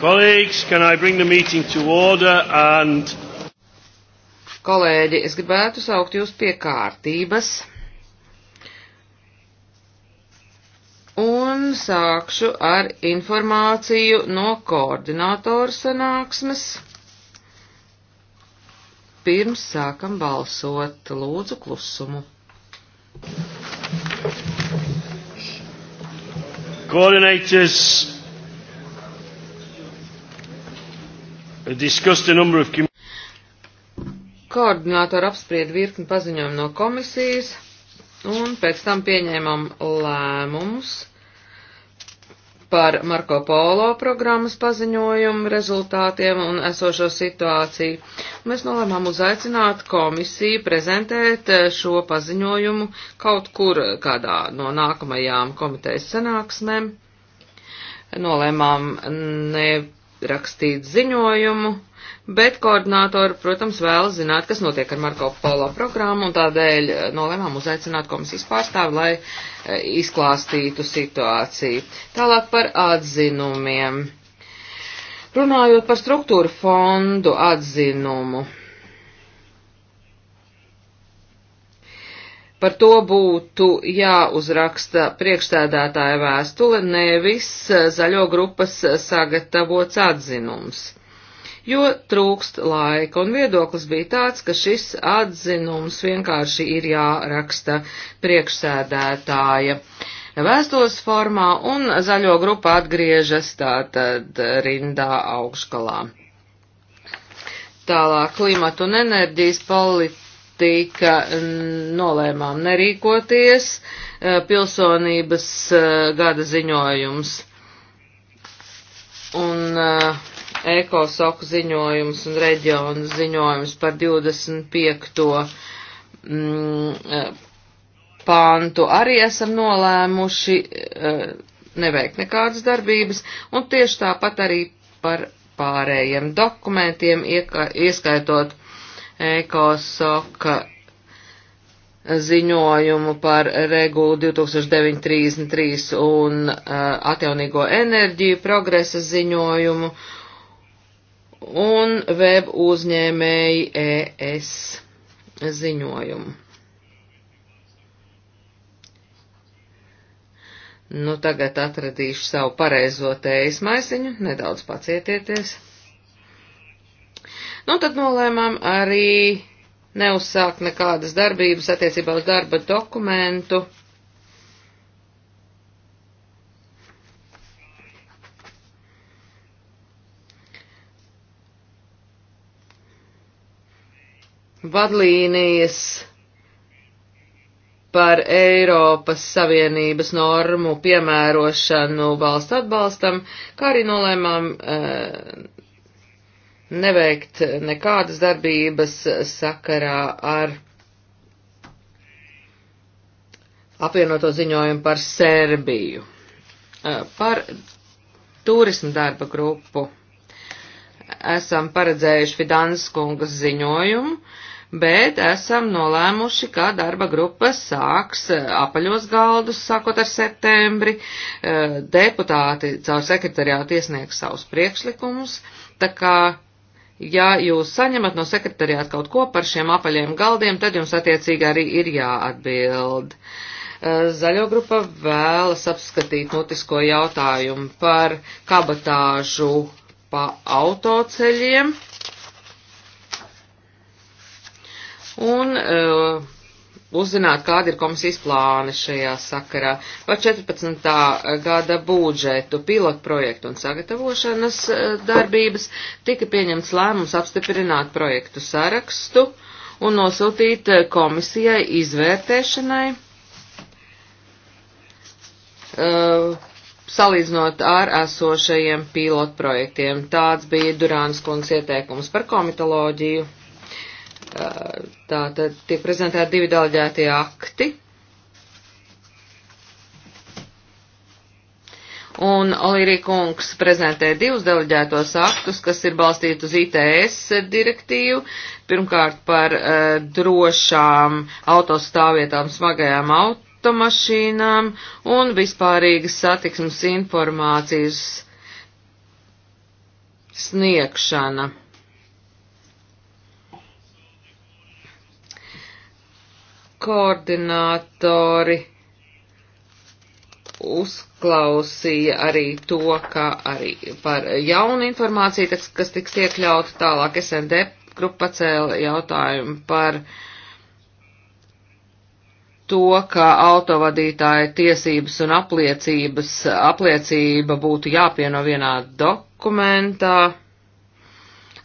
Colleagues, can I bring the meeting to order and... Kolēģi, es gribētu saukt jūs pie kārtības. Un sākšu ar informāciju no koordinātora sanāksmes. Pirms sākam balsot, lūdzu klusumu. Coordinators discussed a number of Koordinātori apspried virkni paziņojumu no komisijas un pēc tam pieņēmām lēmumus par Marko Polo programmas paziņojumu rezultātiem un esošo situāciju. Mēs nolēmām uzaicināt komisiju prezentēt šo paziņojumu kaut kur kādā no nākamajām komitejas sanāksmēm. Nolēmām ne rakstīt ziņojumu, bet koordinātori, protams, vēlas zināt, kas notiek ar Marko Polo programmu, un tādēļ eh, nolēmām uzaicināt komisijas pārstāvi, lai eh, izklāstītu situāciju. Tālāk par atzinumiem. Runājot par struktūru fondu atzinumu Par to būtu jāuzraksta priekšstādātāja vēstule, nevis zaļo grupas sagatavots atzinums. Jo trūkst laika, un viedoklis bija tāds, ka šis atzinums vienkārši ir jāraksta priekšsēdētāja vēstules formā, un zaļo grupa atgriežas tātad rindā augškalā. Tālāk klimatu un enerģijas politika ka nolēmām nerīkoties e, pilsonības e, gada ziņojums un e, ekosoku ziņojums un reģionu ziņojums par 25. pāntu mm, arī esam nolēmuši neveikt nekādas darbības, un tieši tāpat arī par pārējiem dokumentiem, ieskaitot ekosoka ziņojumu par regulu 2933 un uh, atjaunīgo enerģiju progresa ziņojumu un web uzņēmēji ES ziņojumu. Nu, tagad atradīšu savu pareizo tējas maisiņu, nedaudz pacietieties. Nu, tad nolēmām arī neuzsākt nekādas darbības attiecībā uz darba dokumentu. Vadlīnijas par Eiropas Savienības normu piemērošanu valsts atbalstam, kā arī nolēmām e, neveikt nekādas darbības sakarā ar apvienoto ziņojumu par Serbiju, par turismu darba grupu. Esam paredzējuši Fidanskungas ziņojumu, bet esam nolēmuši, ka darba grupa sāks apaļos galdus, sākot ar septembri. Deputāti caur sekretariātu iesniegs savus priekšlikumus, tā kā Ja jūs saņemat no sekretariāta kaut ko par šiem apaļiem galdiem, tad jums attiecīgi arī ir jāatbild. Eh, zaļo grupa vēlas apskatīt mutisko jautājumu par kabatāžu pa autoceļiem. Un uh, uzzināt, kāda ir komisijas plāna šajā sakarā par 14. gada budžetu, pilotu projektu un sagatavošanas e, darbības, tika pieņemts lēmums apstiprināt projektu sarakstu un nosūtīt e, komisijai izvērtēšanai, uh, salīdzinot ar esošajiem pilotu projektiem. Tāds bija Durānas kungs ieteikums par komitoloģiju. Tā tad tiek prezentēti divi deleģētie akti. Un Olīri kungs prezentē divus deleģētos aktus, kas ir balstīti uz ITS direktīvu. Pirmkārt par uh, drošām autostāvvietām smagajām automašīnām un vispārīgas satiksmes informācijas sniegšana. koordinātori uzklausīja arī to, ka arī par jaunu informāciju, kas tiks iekļauta tālāk SND grupa cēla jautājumu par to, ka autovadītāja tiesības un apliecības, apliecība būtu jāpieno vienā dokumentā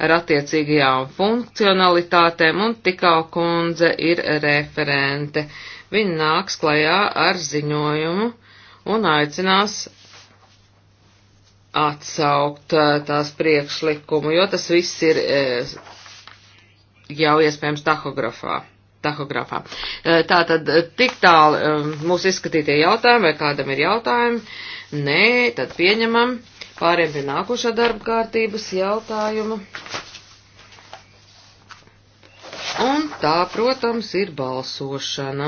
ar attiecīgajām funkcionalitātēm, un tikā kundze ir referente. Viņa nāks klajā ar ziņojumu un aicinās atsaukt eh, tās priekšlikumu, jo tas viss ir eh, jau iespējams tahografā. tahografā. Eh, Tā tad tik tālu mūsu izskatītie jautājumi, vai kādam ir jautājumi? Nē, tad pieņemam. Pāriem pie nākošā darba kārtības jautājuma. Un tā, protams, ir balsošana.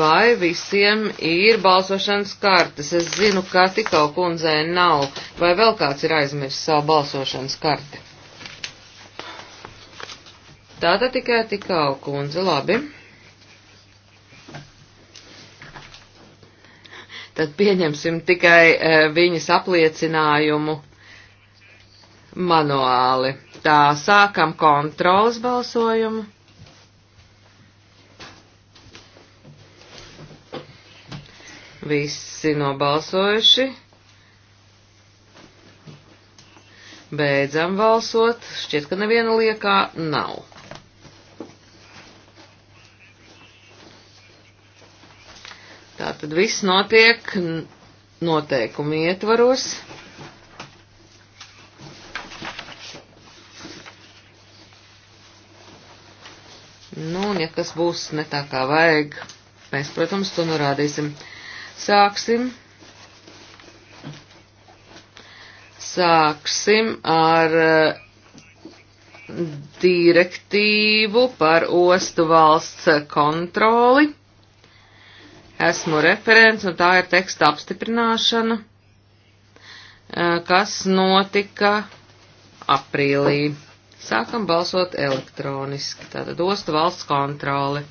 Vai visiem ir balsošanas kartes? Es zinu, ka tikau kundzē nav. Vai vēl kāds ir aizmirsis savu balsošanas karti? Tātad tikai tikau kundze, labi. tad pieņemsim tikai e, viņas apliecinājumu manuāli. Tā, sākam kontrolas balsojumu. Visi nobalsojuši. Beidzam balsot. Šķiet, ka neviena liekā nav. Tad viss notiek noteikumu ietvaros. Nu, un ja kas būs ne tā kā vajag, mēs, protams, to norādīsim. Sāksim. Sāksim ar eh, direktīvu par ostu valsts kontroli. Esmu referents, un tā ir teksta apstiprināšana, eh, kas notika aprīlī. Sākam balsot elektroniski, tātad ostu valsts kontroli.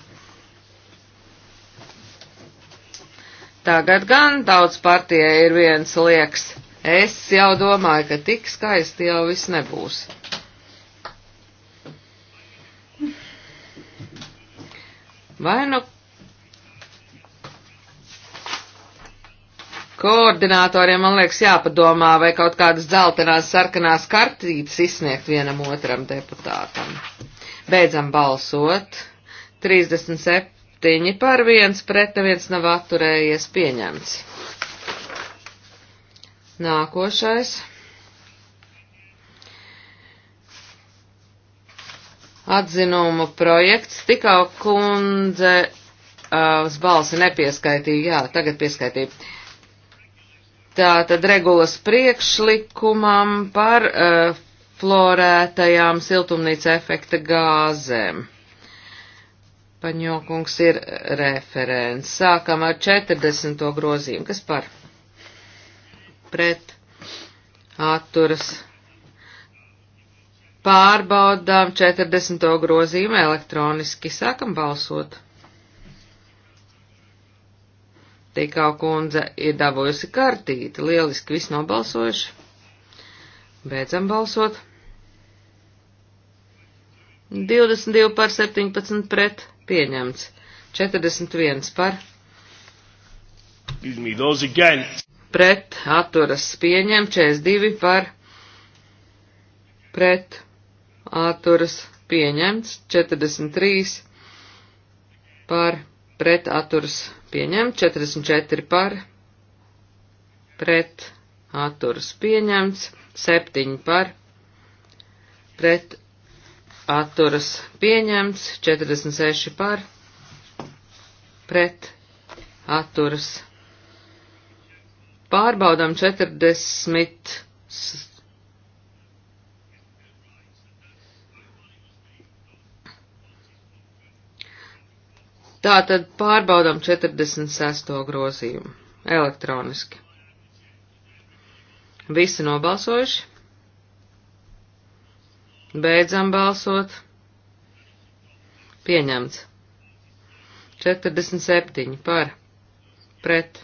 Tagad gan daudz partijai ir viens liekas. Es jau domāju, ka tik skaisti jau viss nebūs. Vai nu Koordinātoriem, man liekas, jāpadomā, vai kaut kādas dzeltenās sarkanās kartītes izsniegt vienam otram deputātam. Beidzam balsot. 37 par 1, pret neviens nav atturējies pieņemts. Nākošais. Atzinuma projekts tikā kundze uh, uz balsi nepieskaitīja, jā, tagad pieskaitīja. Tātad regulas priekšlikumam par uh, florētajām siltumnīca efekta gāzēm. Paņokungs ir referents. Sākam ar 40. grozījumu. Kas par? Pret atturas. Pārbaudām 40. grozījumu elektroniski. Sākam balsot. Tikā kundze ir dabūjusi kartīti, lieliski viss nobalsojuši. Beidzam balsot. 22 par 17 pret pieņemts. 41 par. Pret atturas pieņem 42 par. Pret atturas pieņemts 43 par. Pret atturas pieņemts, 44 par, pret, atturas pieņemts, 7 par, pret, atturas pieņemts, 46 par, pret, atturas. Pārbaudām 40. Tātad pārbaudam 46. grozījumu elektroniski. Visi nobalsojuši. Beidzam balsot. Pieņemts. 47 par, pret,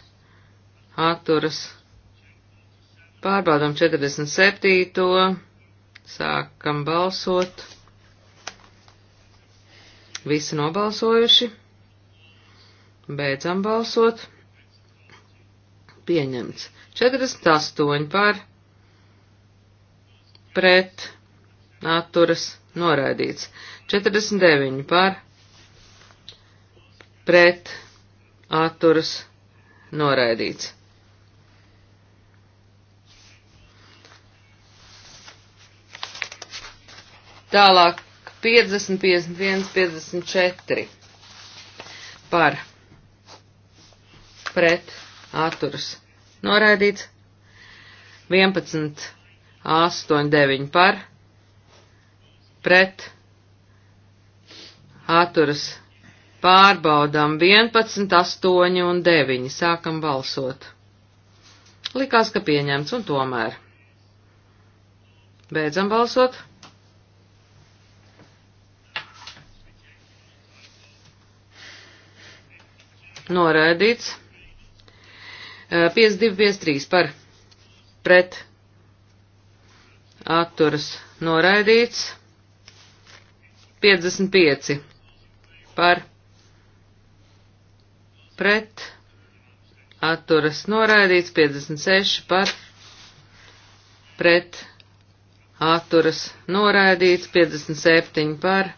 atturas. Pārbaudam 47. To. Sākam balsot. Visi nobalsojuši. Beidzam balsot. Pieņemts. 48 par pret atturas noraidīts. 49 par pret atturas noraidīts. Tālāk 50, 51, 54 par pret atturas noraidīts, 11, 8, 9 par, pret atturas pārbaudām 11, 8 un 9, sākam balsot. Likās, ka pieņemts un tomēr. Beidzam balsot. Noraidīts. 52, eh, 53 par pret atturas noraidīts. 55 par pret atturas noraidīts. 56 par pret atturas noraidīts. 57 par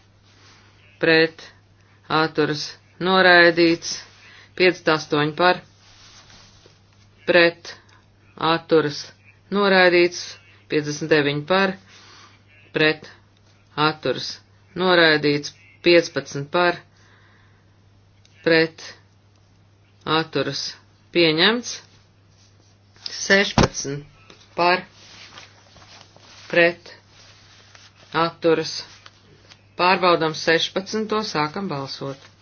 pret atturas noraidīts. 58 par pret pret atturas noraidīts, 59 par pret atturas noraidīts, 15 par pret atturas pieņemts, 16 par pret atturas. Pārbaudam 16. sākam balsot.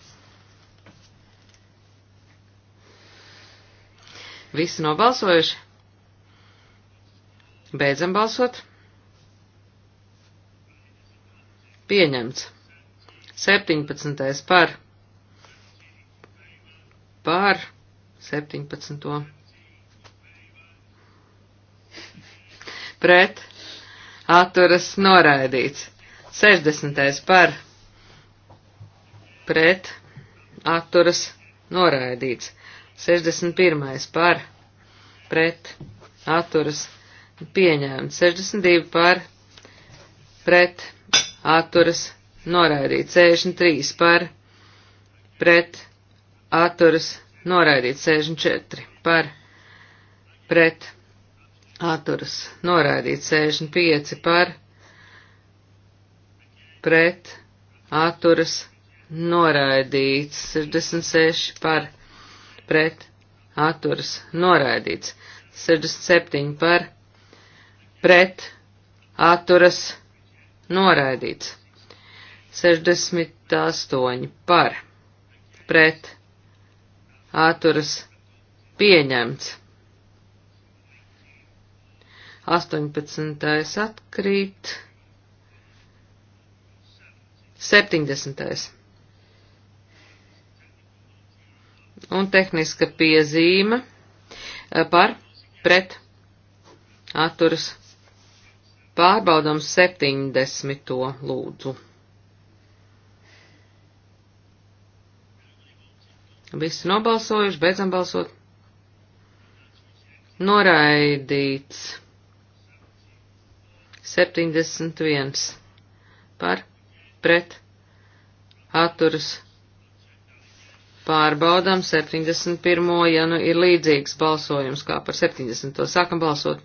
Visi nobalsojuši? Beidzam balsot. Pieņemts. 17. par. Par 17. Pret. Atturas noraidīts. 60. par. Pret. Atturas noraidīts. 61. par pret atturas pieņēmts, 62 par pret atturas noraidīts, 63 par pret atturas noraidīts, 64 par pret atturas noraidīts, 65 par pret atturas noraidīts, 66 par pret atturas noraidīts. 67 par pret atturas noraidīts. 68 par pret atturas pieņemts. 18. atkrīt. 70. Un tehniska piezīme eh, par pret atturas pārbaudam 70. lūdzu. Visi nobalsojuši, beidzam balsot. Noraidīts. 71 par pret atturas pārbaudam Pārbaudām 71. ja nu ir līdzīgs balsojums kā par 70. Sākam balsot.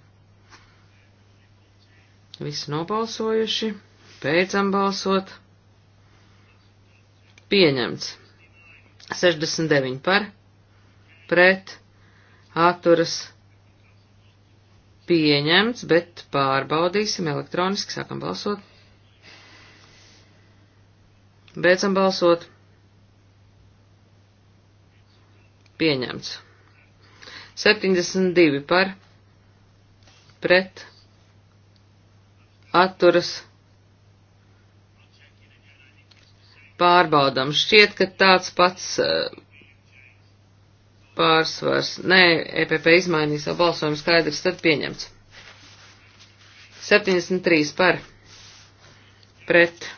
Visi nobalsojuši. Beidzam balsot. Pieņemts. 69 par. Pret. Atturas. Pieņemts, bet pārbaudīsim elektroniski. Sākam balsot. Beidzam balsot. pieņemts. 72 par pret atturas pārbaudam. Šķiet, ka tāds pats eh, pārsvars. Nē, EPP izmainīs savu balsojumu skaidrs, tad pieņemts. 73 par pret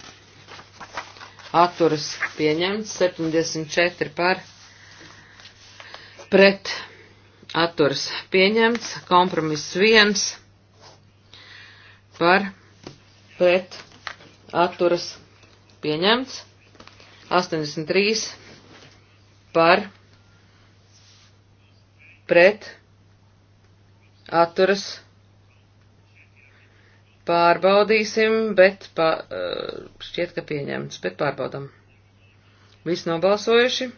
atturas pieņemts, 74 par pret pret atturs pieņemts, kompromiss viens par pret atturas pieņemts, 83 par pret atturas pārbaudīsim, bet pa, eh, šķiet, ka pieņemts, bet pārbaudam. Viss nobalsojuši,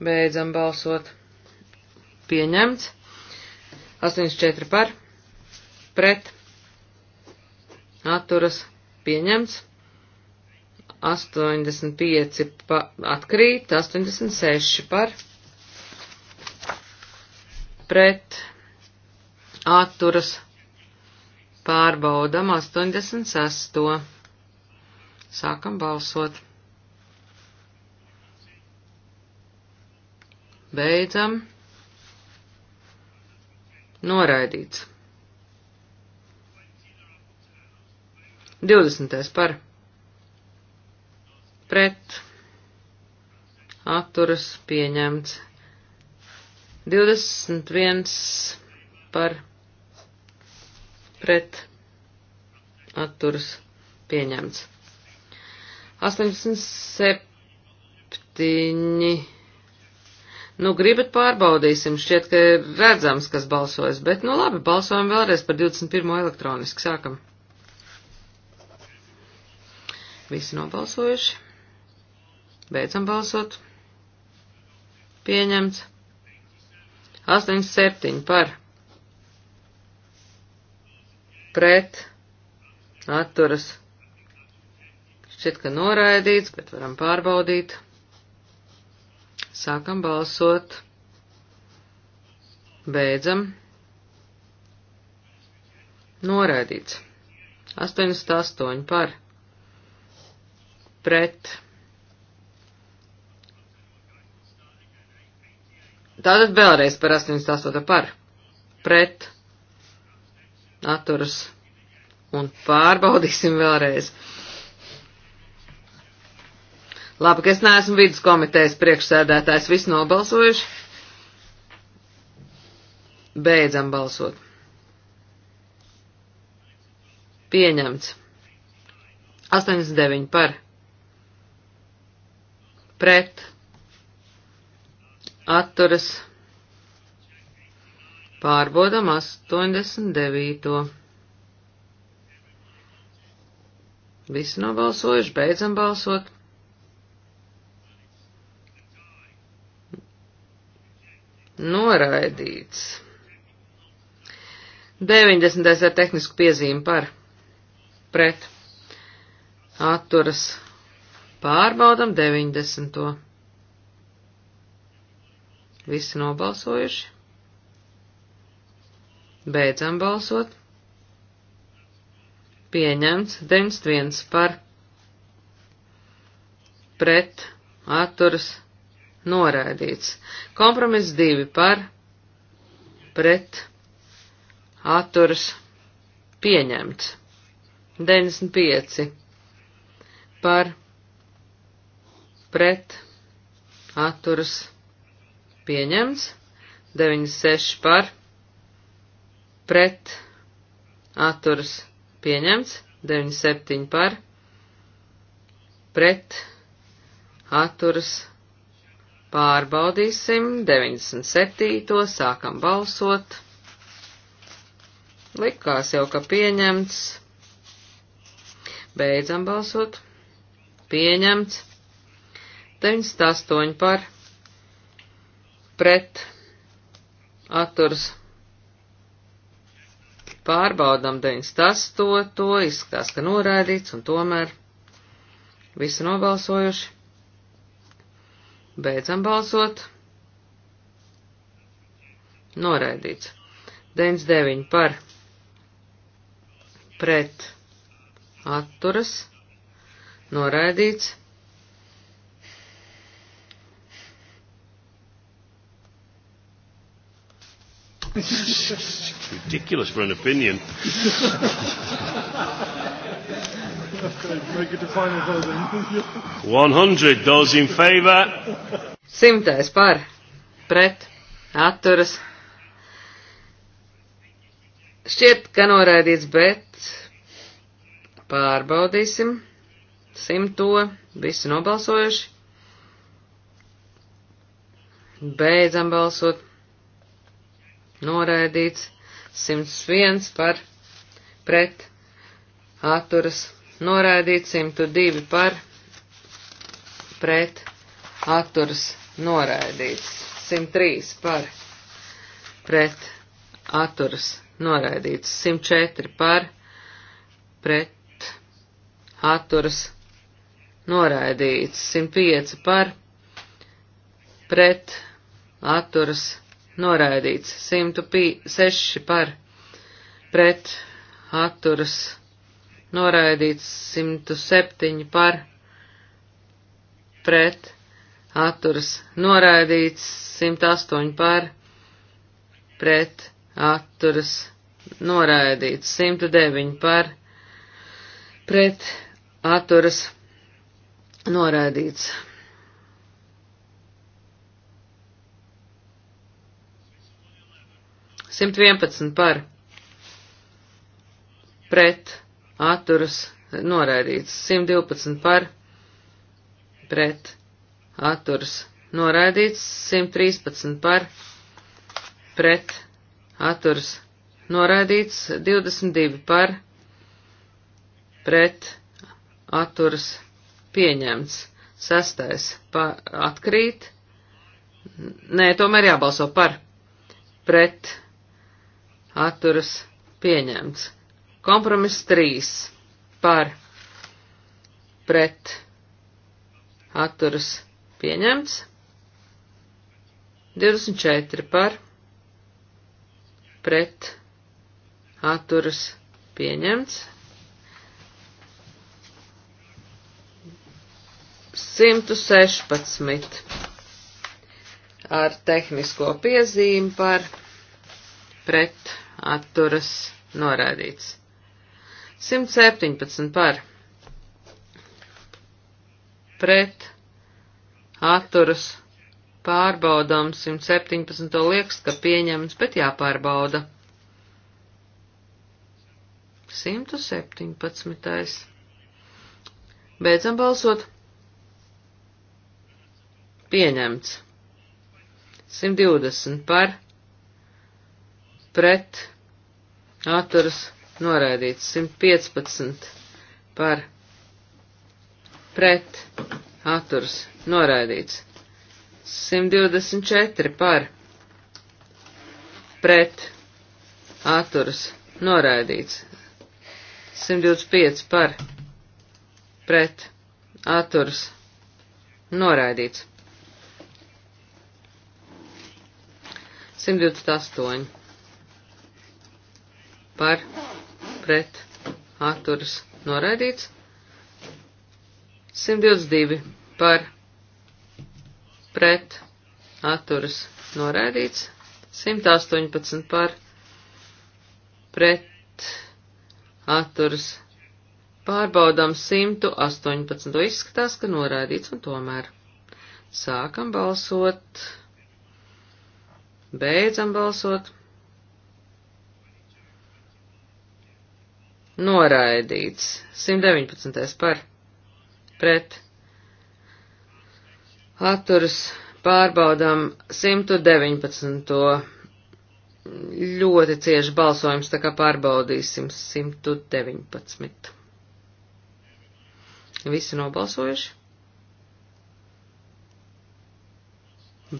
beidzam balsot pieņemts. 84 par, pret, atturas, pieņemts. 85 pa, atkrīt, 86 par, pret, atturas, pārbaudam 86. Sākam balsot. Beidzam. Noraidīts. 20. par pret atturas pieņemts. 21 par pret atturas pieņemts. 87 Nu, gribat pārbaudīsim, šķiet, ka ir redzams, kas balsojas, bet, nu labi, balsojam vēlreiz par 21. elektroniski, sākam. Visi nobalsojuši. Beidzam balsot. Pieņemts. 87 par. Pret. Atturas. Šķiet, ka noraidīts, bet varam pārbaudīt. Sākam balsot. Beidzam. Noraidīts. 88 par. Pret. Tātad vēlreiz par 88 par. Pret. Atturas. Un pārbaudīsim vēlreiz. Labi, ka es neesmu vidus komitejas priekšsēdētājs, viss nobalsojuši. Beidzam balsot. Pieņemts. 89 par. Pret. Atturas. Pārbaudam 89. Visi nobalsojuši, beidzam balsot. Noraidīts. 90. ar tehnisku piezīmi par pret atturas pārbaudam 90. Visi nobalsojuši. Beidzam balsot. Pieņemts 91 par pret atturas pārbaudam noraidīts. Kompromiss divi par, pret, atturas, pieņemts. 95 par, pret, atturas, pieņemts. 96 par, pret, atturas, pieņemts. 97 par, pret, atturas, pieņemts Pārbaudīsim 97. sākam balsot. Likās jau, ka pieņemts. Beidzam balsot. Pieņemts. 98 par. Pret. Atturs. Pārbaudam 98. To izskatās, ka norādīts un tomēr visi nobalsojuši. Beidzam balsot. Noraidīts. 99 par pret atturas. Noraidīts. It's ridiculous for an opinion. Make it a final vote. 100 those in favor. Simtais par, pret, atturas. Šķiet, ka noraidīts, bet pārbaudīsim. Simto, visi nobalsojuši. Beidzam balsot. Noraidīts. 101 par pret atturas noraidīt 102 par pret atturas noraidīts 103 par pret atturas noraidīts 104 par pret atturas noraidīts 105 par pret atturas noraidīts 106 par pret atturas noraidīts noraidīts 107 par pret atturas noraidīts 108 par pret atturas noraidīts 109 par pret atturas noraidīts. Simt vienpadsmit par pret atturas noraidīts. 112 par pret atturas noraidīts. 113 par pret atturas noraidīts. 22 par pret atturas pieņemts. Sestais pa, atkrīt. Nē, tomēr jābalso par pret atturas pieņemts. Kompromiss 3 par pret atturas pieņemts. 24 par pret atturas pieņemts. 116 ar tehnisko piezīmi par pret atturas norādīts. 117 par pret atturas pārbaudām 117. liekas, ka pieņemts, bet jāpārbauda. 117. Beidzam balsot. Pieņemts. 120 par pret atturas pārbaudām noraidīts 115 par pret atturs noraidīts 124 par pret atturs noraidīts 125 par pret atturs noraidīts 128 par pret atturas noraidīts. 122 par pret atturas noraidīts. 118 par pret atturas pārbaudām 118. Izskatās, ka noraidīts un tomēr. Sākam balsot. Beidzam balsot. noraidīts. 119. par pret atturas pārbaudām 119. ļoti cieši balsojums, tā kā pārbaudīsim 119. Visi nobalsojuši?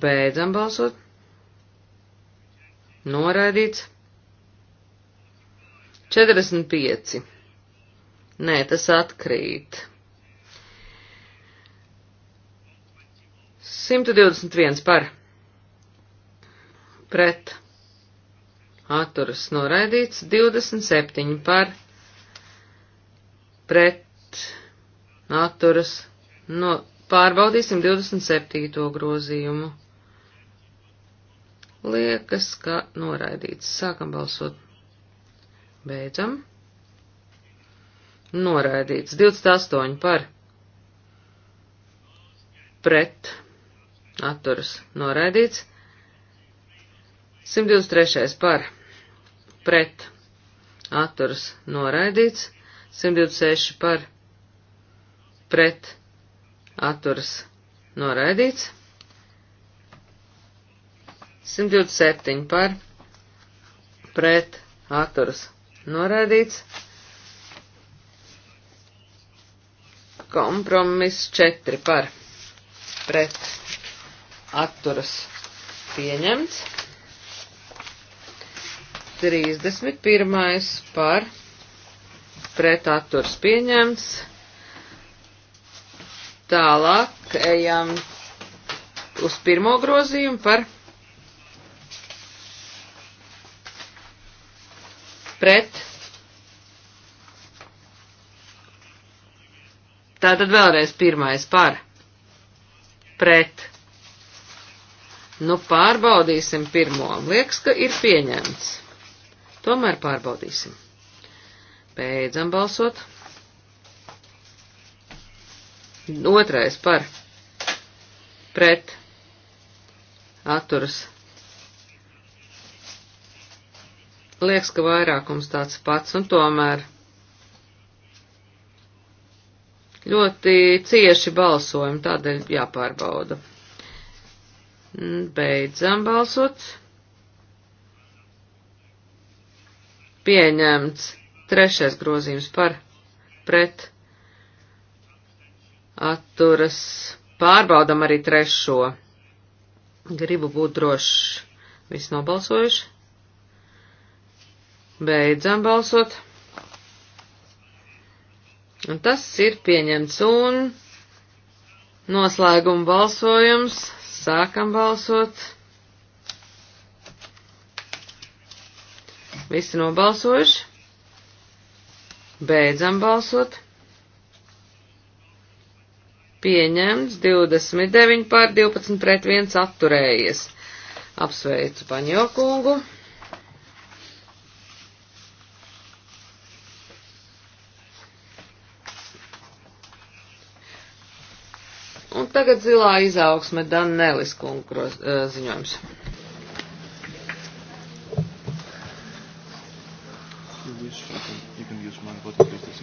Beidzam balsot. Noraidīts. 45. Nē, tas atkrīt. 121 par. Pret. Atturas noraidīts. 27 par. Pret. Atturas. No, pārbaudīsim 27. grozījumu. Liekas, ka noraidīts. Sākam balsot. Beidzam. Noraidīts. 28 par. Pret. Atturas. Noraidīts. 123 par. Pret. Atturas. Noraidīts. 126 par. Pret. Atturas. Noraidīts. 127 par. Pret. Atturas Noraidīts. Kompromiss 4 par pret atturas pieņemts. 31. par pret atturas pieņemts. Tālāk ejam uz pirmo grozījumu par pret pret. Tātad vēlreiz pirmais par, pret. Nu, pārbaudīsim pirmo. Liekas, ka ir pieņemts. Tomēr pārbaudīsim. Beidzam balsot. Otrais par, pret, atturas Liekas, ka vairākums tāds pats, un tomēr ļoti cieši balsojam, tādēļ jāpārbauda. Mm, beidzam balsot. Pieņemts trešais grozījums par pret atturas. Pārbaudam arī trešo. Gribu būt drošs. Viss nobalsojuši. Beidzam balsot. Un tas ir pieņemts un noslēguma balsojums. Sākam balsot. Visi nobalsojuši. Beidzam balsot. Pieņemts 29 pār 12 pret 1 atturējies. Apsveicu paņokungu. Tagad zilā izaugsme Danelis kungu eh, ziņojums.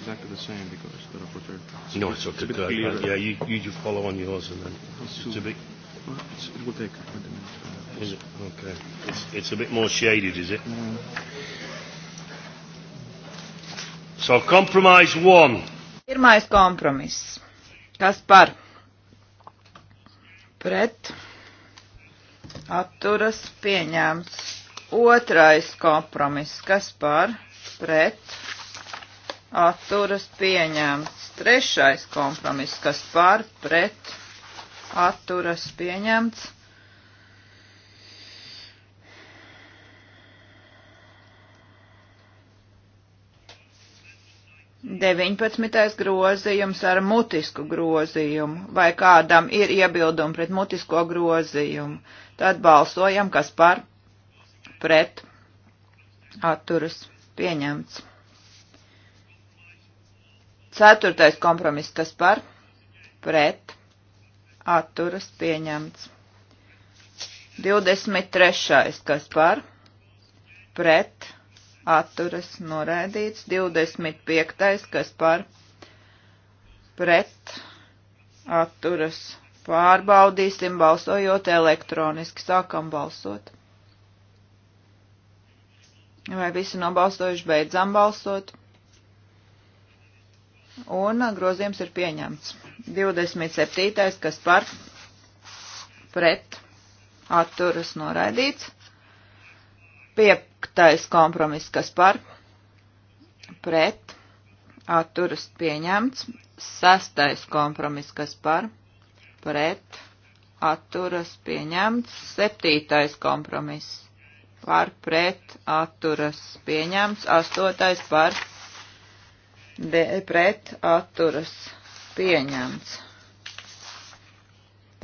exactly the same because the rapporteur. No, it's okay. It's uh, yeah, you, you you follow on yours and then it's, it's a bit. Well, it's, it will take a minute. Is it okay? It's it's a bit more shaded, is it? Mm. So compromise one. Pirmais kompromiss. Kas par? pret atturas pieņemts. Otrais kompromiss, kas par pret atturas pieņemts. Trešais kompromiss, kas par pret atturas pieņemts. 19. grozījums ar mutisku grozījumu, vai kādam ir iebildumi pret mutisko grozījumu. Tad balsojam, kas par pret atturas pieņemts. Ceturtais kompromiss, kas par pret atturas pieņemts. 23. kas par pret atturas noraidīts, 25. kas par pret atturas pārbaudīsim balsojot elektroniski, sākam balsot. Vai visi nobalsojuši beidzam balsot? Un grozījums ir pieņemts. 27. kas par pret atturas noraidīts. Piektais kompromiss, kas par pret atturas pieņemts. Sestais kompromiss, kas par pret atturas pieņemts. Septītais kompromiss par pret atturas pieņemts. Astotais par pret atturas pieņemts.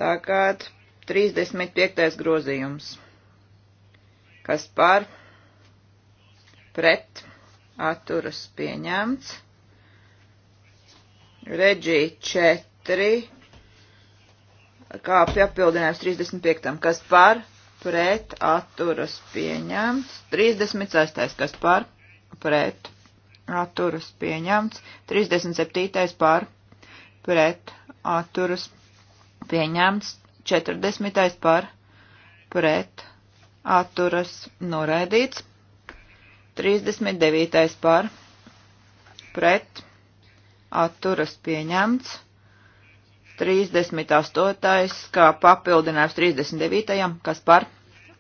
Tagad 35. grozījums kas par pret atturas pieņemts. Reģī 4, kā papildinājums 35, kas par pret atturas pieņemts. 36, kas par pret atturas pieņemts. 37, par pret atturas pieņemts. 40, par pret atturas noraidīts. 39. par pret atturas pieņemts. 38. kā papildinājums 39. kas par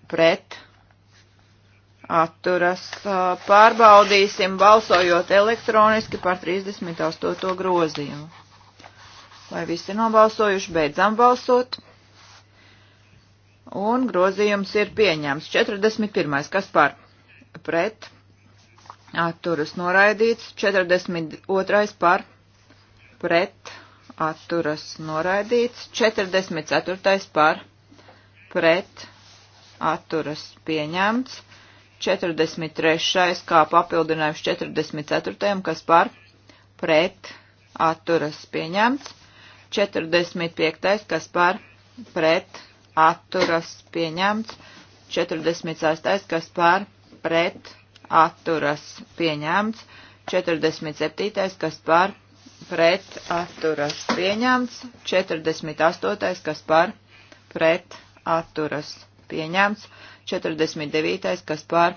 pret atturas. Pārbaudīsim balsojot elektroniski par 38. grozījumu. Vai visi nobalsojuši? Beidzam balsot. Un grozījums ir pieņēmts. 41. Kas par? Pret. Atturas noraidīts. 42. par? Pret. Atturas noraidīts. 44. par? Pret. Atturas pieņemts. 43. kā papildinājums 44. kas par pret atturas pieņemts, 45. kas par pret atturas pieņemts. 46. kas par pret atturas pieņemts. 47. kas par pret atturas pieņemts. 48. kas par pret atturas pieņemts. 49. kas par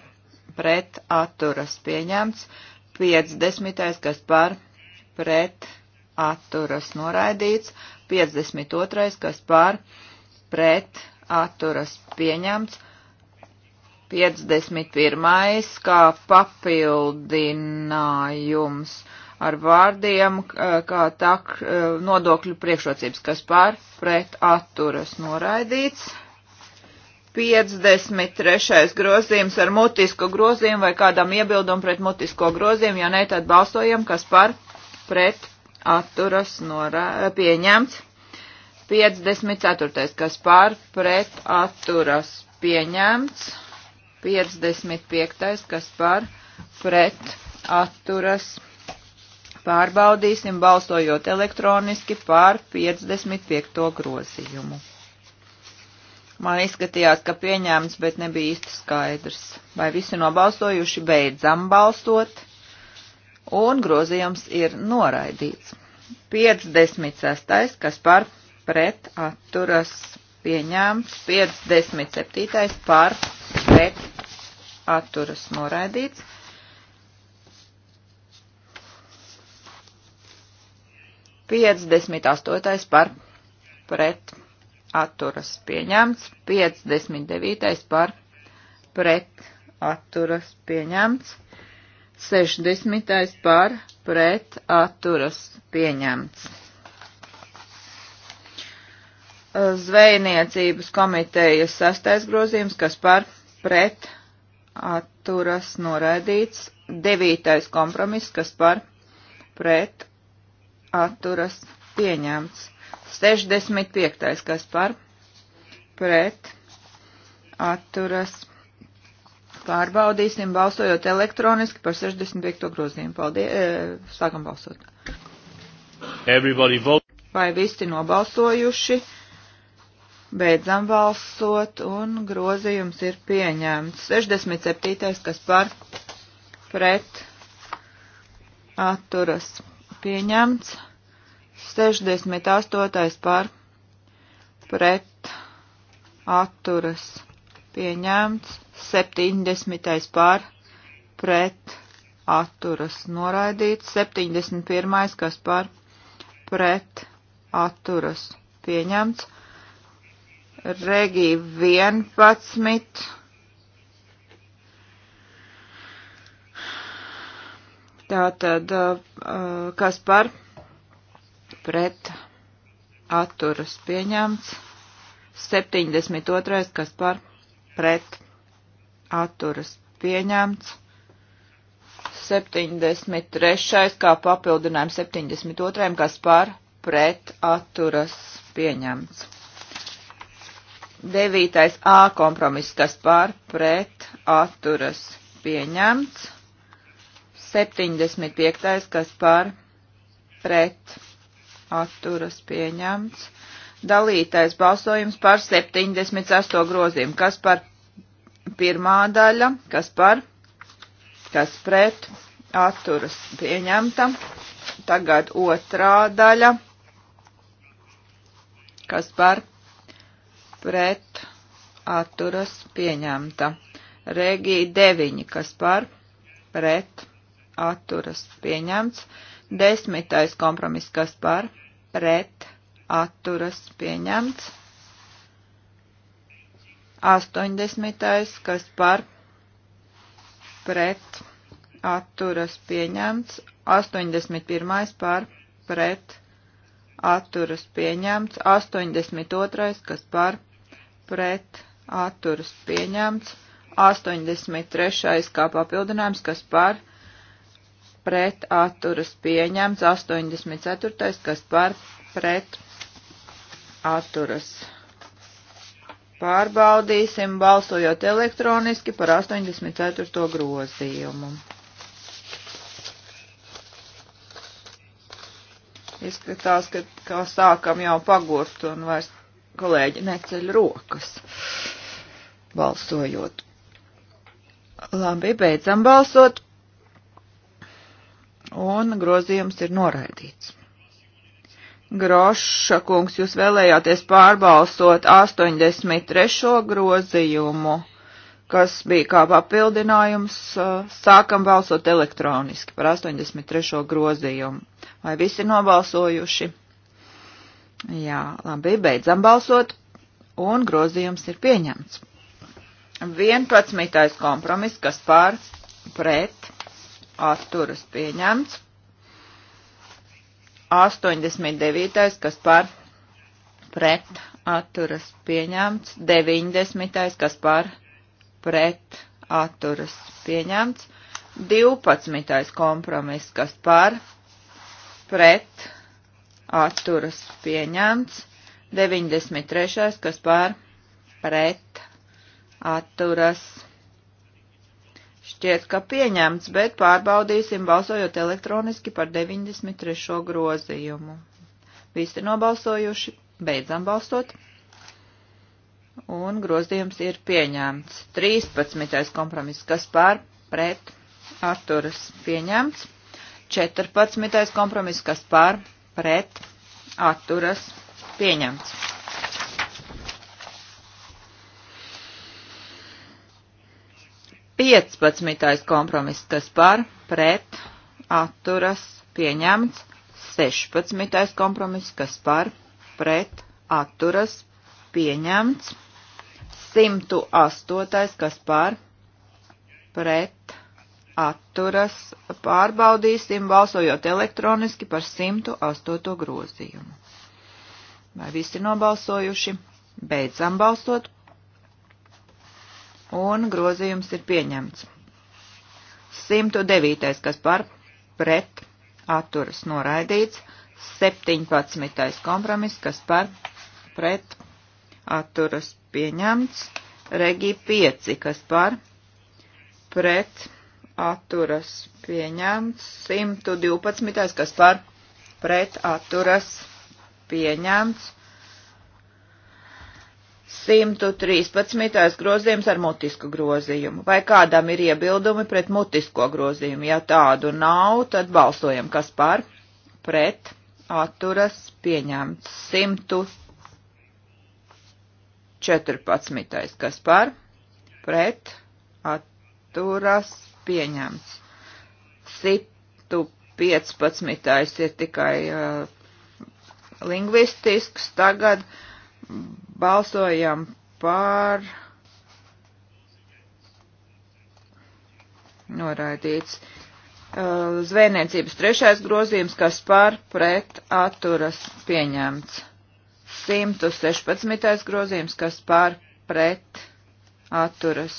pret atturas pieņemts. 50. kas par pret atturas noraidīts. 52. kas par pret pret atturas pieņemts. 51. kā papildinājums ar vārdiem, kā tak e, nodokļu priekšrocības, kas pār pret atturas noraidīts. 53. grozījums ar mutisku grozījumu vai kādam iebildumu pret mutisko grozījumu, ja ne, tad balsojam, kas par pret atturas norā, pieņemts. 54. kas pār pret atturas pieņemts. 55. kas pār pret atturas pārbaudīsim balsojot elektroniski pār 55. grozījumu. Man izskatījās, ka pieņēmts, bet nebija īsti skaidrs. Vai visi nobalsojuši beidzam balsot? Un grozījums ir noraidīts. 56. kas par pret atturas pieņēmts, 57. par pret atturas noraidīts. Piecdesmit astotais par pret atturas pieņemts, 59. par pret atturas pieņemts, 60. par pret atturas pieņemts. Zvejniecības komitejas sastais grozījums, kas par pret atturas noraidīts. Devītais kompromiss, kas par pret atturas pieņemts. 65. kas par pret atturas pārbaudīsim balsojot elektroniski par 65. grozījumu. Paldies, e, sākam balsot. Vai visi nobalsojuši? Beidzam balsot un grozījums ir pieņemts. 67. kas par pret atturas pieņemts. 68. par pret atturas pieņemts. 70. par pret atturas noraidīts. 71. kas par pret atturas pieņemts. Regī 11. Tātad, uh, uh, kas par pret atturas pieņemts, 72. kas par pret atturas pieņemts, 73. kā papildinājums 72. kas par pret atturas pieņemts. Devītais A kompromiss, kas pār pret atturas pieņemts. 75. kas pār pret atturas pieņemts. Dalītais balsojums par 78 grozījumu, kas par pirmā daļa, kas par, kas pret atturas pieņemta. Tagad otrā daļa, kas par pret pret atturas pieņemta. Regija 9, kas par pret atturas pieņemts. Desmitais kompromiss, kas par pret atturas pieņemts. 80. kas par pret atturas pieņemts, 81. par pret atturas pieņemts, 82. kas par pret atturas pieņemts, 83. kā papildinājums, kas par pret atturas pieņemts, 84. kas par pret atturas. Pārbaudīsim balsojot elektroniski par 84. grozījumu. Izskatās, ka kā sākam jau pagurt un vairs kolēģi neceļ rokas balsojot. Labi, beidzam balsot. Un grozījums ir noraidīts. Groša kungs, jūs vēlējāties pārbalsot 83. grozījumu kas bija kā papildinājums, sākam balsot elektroniski par 83. grozījumu. Vai visi ir nobalsojuši? Jā, labi, beidzam balsot, un grozījums ir pieņemts. 11. kompromiss, kas pār pret atturas pieņemts. 89. kas pār pret atturas pieņemts. 90. kas pār pret pret atturas pieņemts. 12. kompromiss, kas par pret atturas pieņemts. 93. kas par pret atturas šķiet, ka pieņemts, bet pārbaudīsim balsojot elektroniski par 93. grozījumu. Visi nobalsojuši, beidzam balsot un grozījums ir pieņemts. 13. kompromiss, kas pār pret atturas pieņemts. 14. kompromiss, kas pār pret atturas pieņemts. Piecpadsmitais kompromiss, kas par, pret, atturas, pieņemts. Sešpadsmitais kompromiss, kas par, pret, atturas, pieņemts. 108. kas par pret atturas pārbaudīsim balsojot elektroniski par 108. grozījumu. Vai visi nobalsojuši? Beidzam balsot. Un grozījums ir pieņemts. 109. kas par pret atturas noraidīts. 17. kompromiss, kas par pret atturas pieņemts. Regi 5, kas par pret atturas pieņemts. 112, kas par pret atturas pieņemts. 113. grozījums ar mutisku grozījumu. Vai kādam ir iebildumi pret mutisko grozījumu? Ja tādu nav, tad balsojam, kas par pret atturas pieņemts. 113 14. kas par pret atturas pieņemts. 115. ir tikai uh, lingvistisks. Tagad balsojam par noraidīts. Uh, Zvejniecības trešais grozījums, kas par pret atturas pieņemts. 116. grozījums, kas pār pret atturas.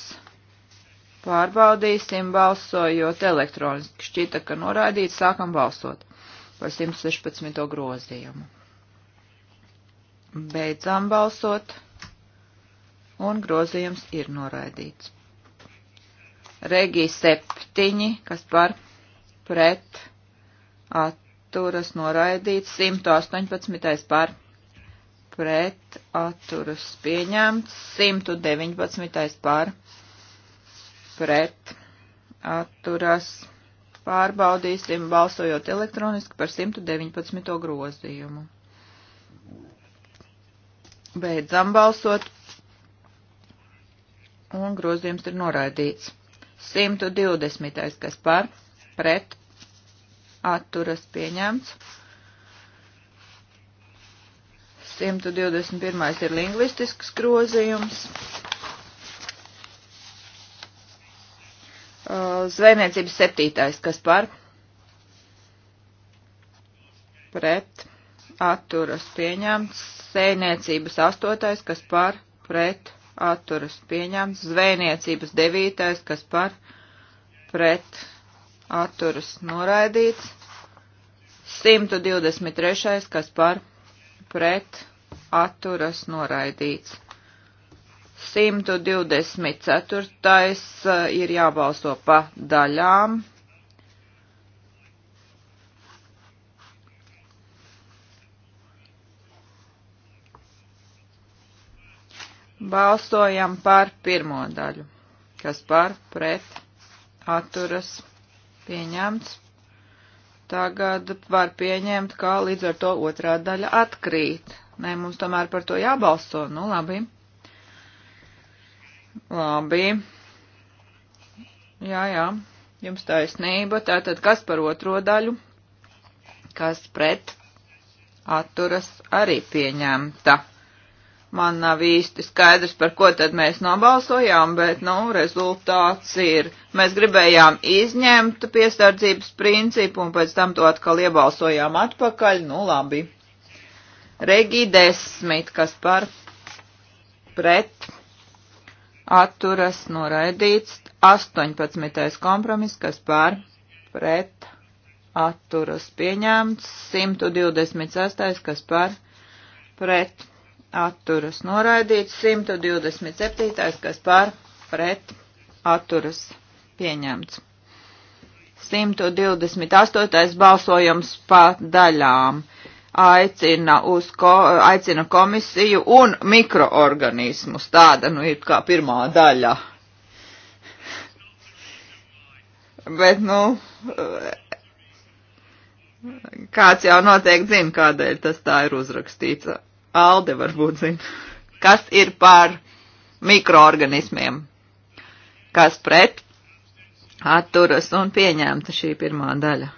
Pārbaudīsim balsojot elektroniski. Šķita, ka noraidīts, sākam balsot par 116. grozījumu. Beidzām balsot, un grozījums ir noraidīts. Regija septiņi, kas par pret atturas noraidīts, 118. par pret pret atturas pieņemts, 119. par pret atturas pārbaudīsim balsojot elektroniski par 119. grozījumu. Beidzam balsot un grozījums ir noraidīts. 120. kas par pret atturas pieņemts. 121. ir lingvistisks grozījums. Zvejniecības septītais, kas par pret atturas pieņemts. Sēniecības astotais, kas par pret atturas pieņemts. Zvejniecības devītais, kas par pret atturas noraidīts. 123. kas par pret pret atturas noraidīts. 124. Eh, ir jābalso pa daļām. Balsojam par pirmo daļu, kas par pret atturas pieņemts tagad var pieņemt, ka līdz ar to otrā daļa atkrīt. Nē, mums tomēr par to jābalso. Nu, labi. Labi. Jā, jā. Jums taisnība. Tātad, kas par otro daļu? Kas pret? Atturas arī pieņemta. Man nav īsti skaidrs, par ko tad mēs nobalsojām, bet, nu, rezultāts ir. Mēs gribējām izņemt piesardzības principu un pēc tam to atkal iebalsojām atpakaļ. Nu, labi. Regi desmit, kas par pret atturas noraidīts. 18. kompromis, kas par pret atturas pieņemts. 126. kas par pret atturas atturas noraidīts, 127. kas par pret atturas pieņemts. 128. balsojums pa daļām aicina, uz ko, aicina komisiju un mikroorganismus. Tāda nu ir kā pirmā daļa. Bet, nu, kāds jau noteikti zina, kādēļ tas tā ir uzrakstīts Alde varbūt zina. Kas ir par mikroorganismiem? Kas pret? Atturas un pieņemta šī pirmā daļa.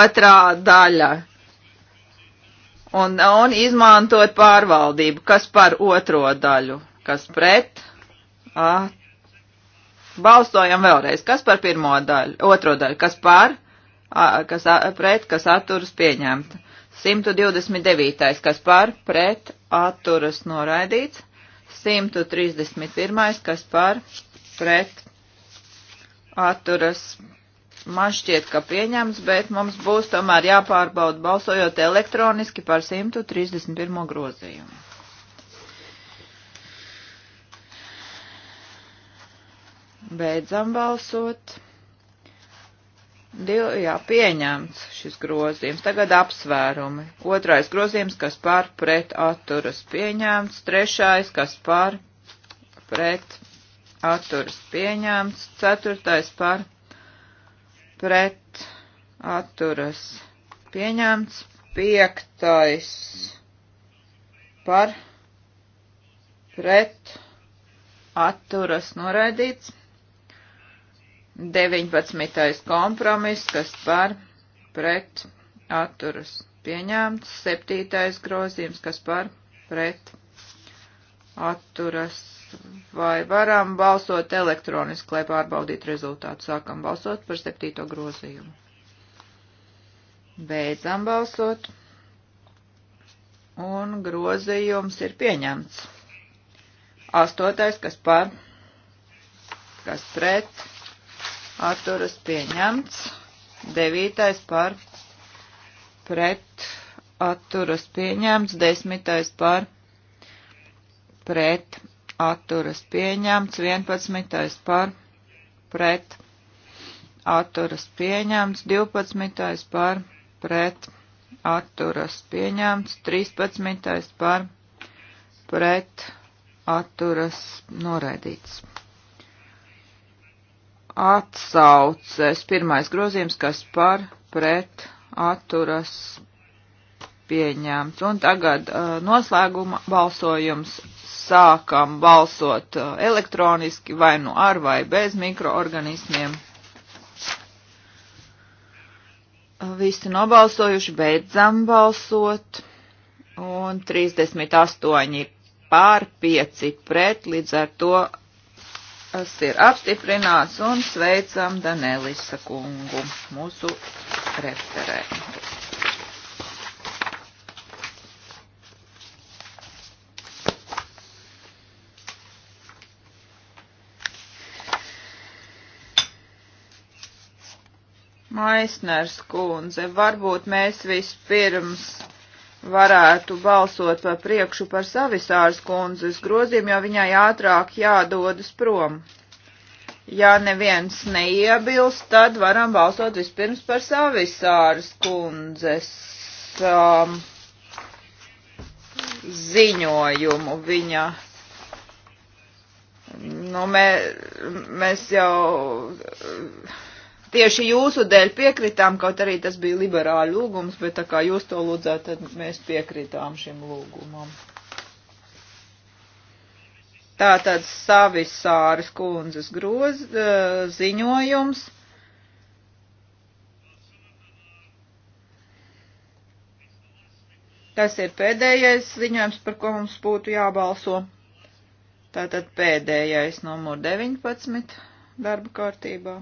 Otrā daļa. Un, un izmantot pārvaldību. Kas par otro daļu? Kas pret? At Balstojam vēlreiz. Kas par pirmo daļu? Otro daļu. Kas par? Kas pret? Kas atturas pieņemta? 129. kas par pret atturas noraidīts. 131. kas par pret atturas man šķiet, ka pieņemts, bet mums būs tomēr jāpārbauda balsojot elektroniski par 131. grozījumu. Beidzam balsot. Div, jā, pieņemts šis grozījums. Tagad apsvērumi. Otrais grozījums, kas par pret atturas pieņemts. Trešais, kas par pret atturas pieņemts. Ceturtais par pret atturas pieņemts. Piektais par pret atturas noraidīts. 19. kompromiss, kas par pret atturas pieņemts. 7. grozījums, kas par pret atturas. Vai varam balsot elektroniski, lai pārbaudītu rezultātu? Sākam balsot par 7. grozījumu. Beidzam balsot. Un grozījums ir pieņemts. Astotais, kas par, kas pret, atturas pieņemts. Devītais par pret atturas pieņemts. Desmitais par pret atturas pieņemts. Vienpadsmitais par pret atturas pieņemts. Divpadsmitais par pret atturas pieņemts. Trīspadsmitais par pret atturas noraidīts atsauces. Pirmais grozījums, kas par pret atturas pieņemts. Un tagad uh, noslēguma balsojums. Sākam balsot uh, elektroniski vai nu ar vai bez mikroorganismiem. Uh, visi nobalsojuši, beidzam balsot. Un 38 pār 5 pret, līdz ar to Tas ir apstiprināts un sveicam Danelisa kungu, mūsu referentu. Maisners kundze, varbūt mēs vispirms varētu balsot pa priekšu par savisārs kundzes grozīm, jo viņai ātrāk jādodas prom. Ja neviens neiebilst, tad varam balsot vispirms par savisārs kundzes um, ziņojumu. Viņa, nu, mē, mēs jau. Uh, tieši jūsu dēļ piekritām, kaut arī tas bija liberāļu lūgums, bet tā kā jūs to lūdzāt, tad mēs piekritām šim lūgumam. Tātad Savisāras kundzes groz, eh, ziņojums. Tas ir pēdējais ziņojums, par ko mums būtu jābalso. Tātad pēdējais numur 19 darba kārtībā.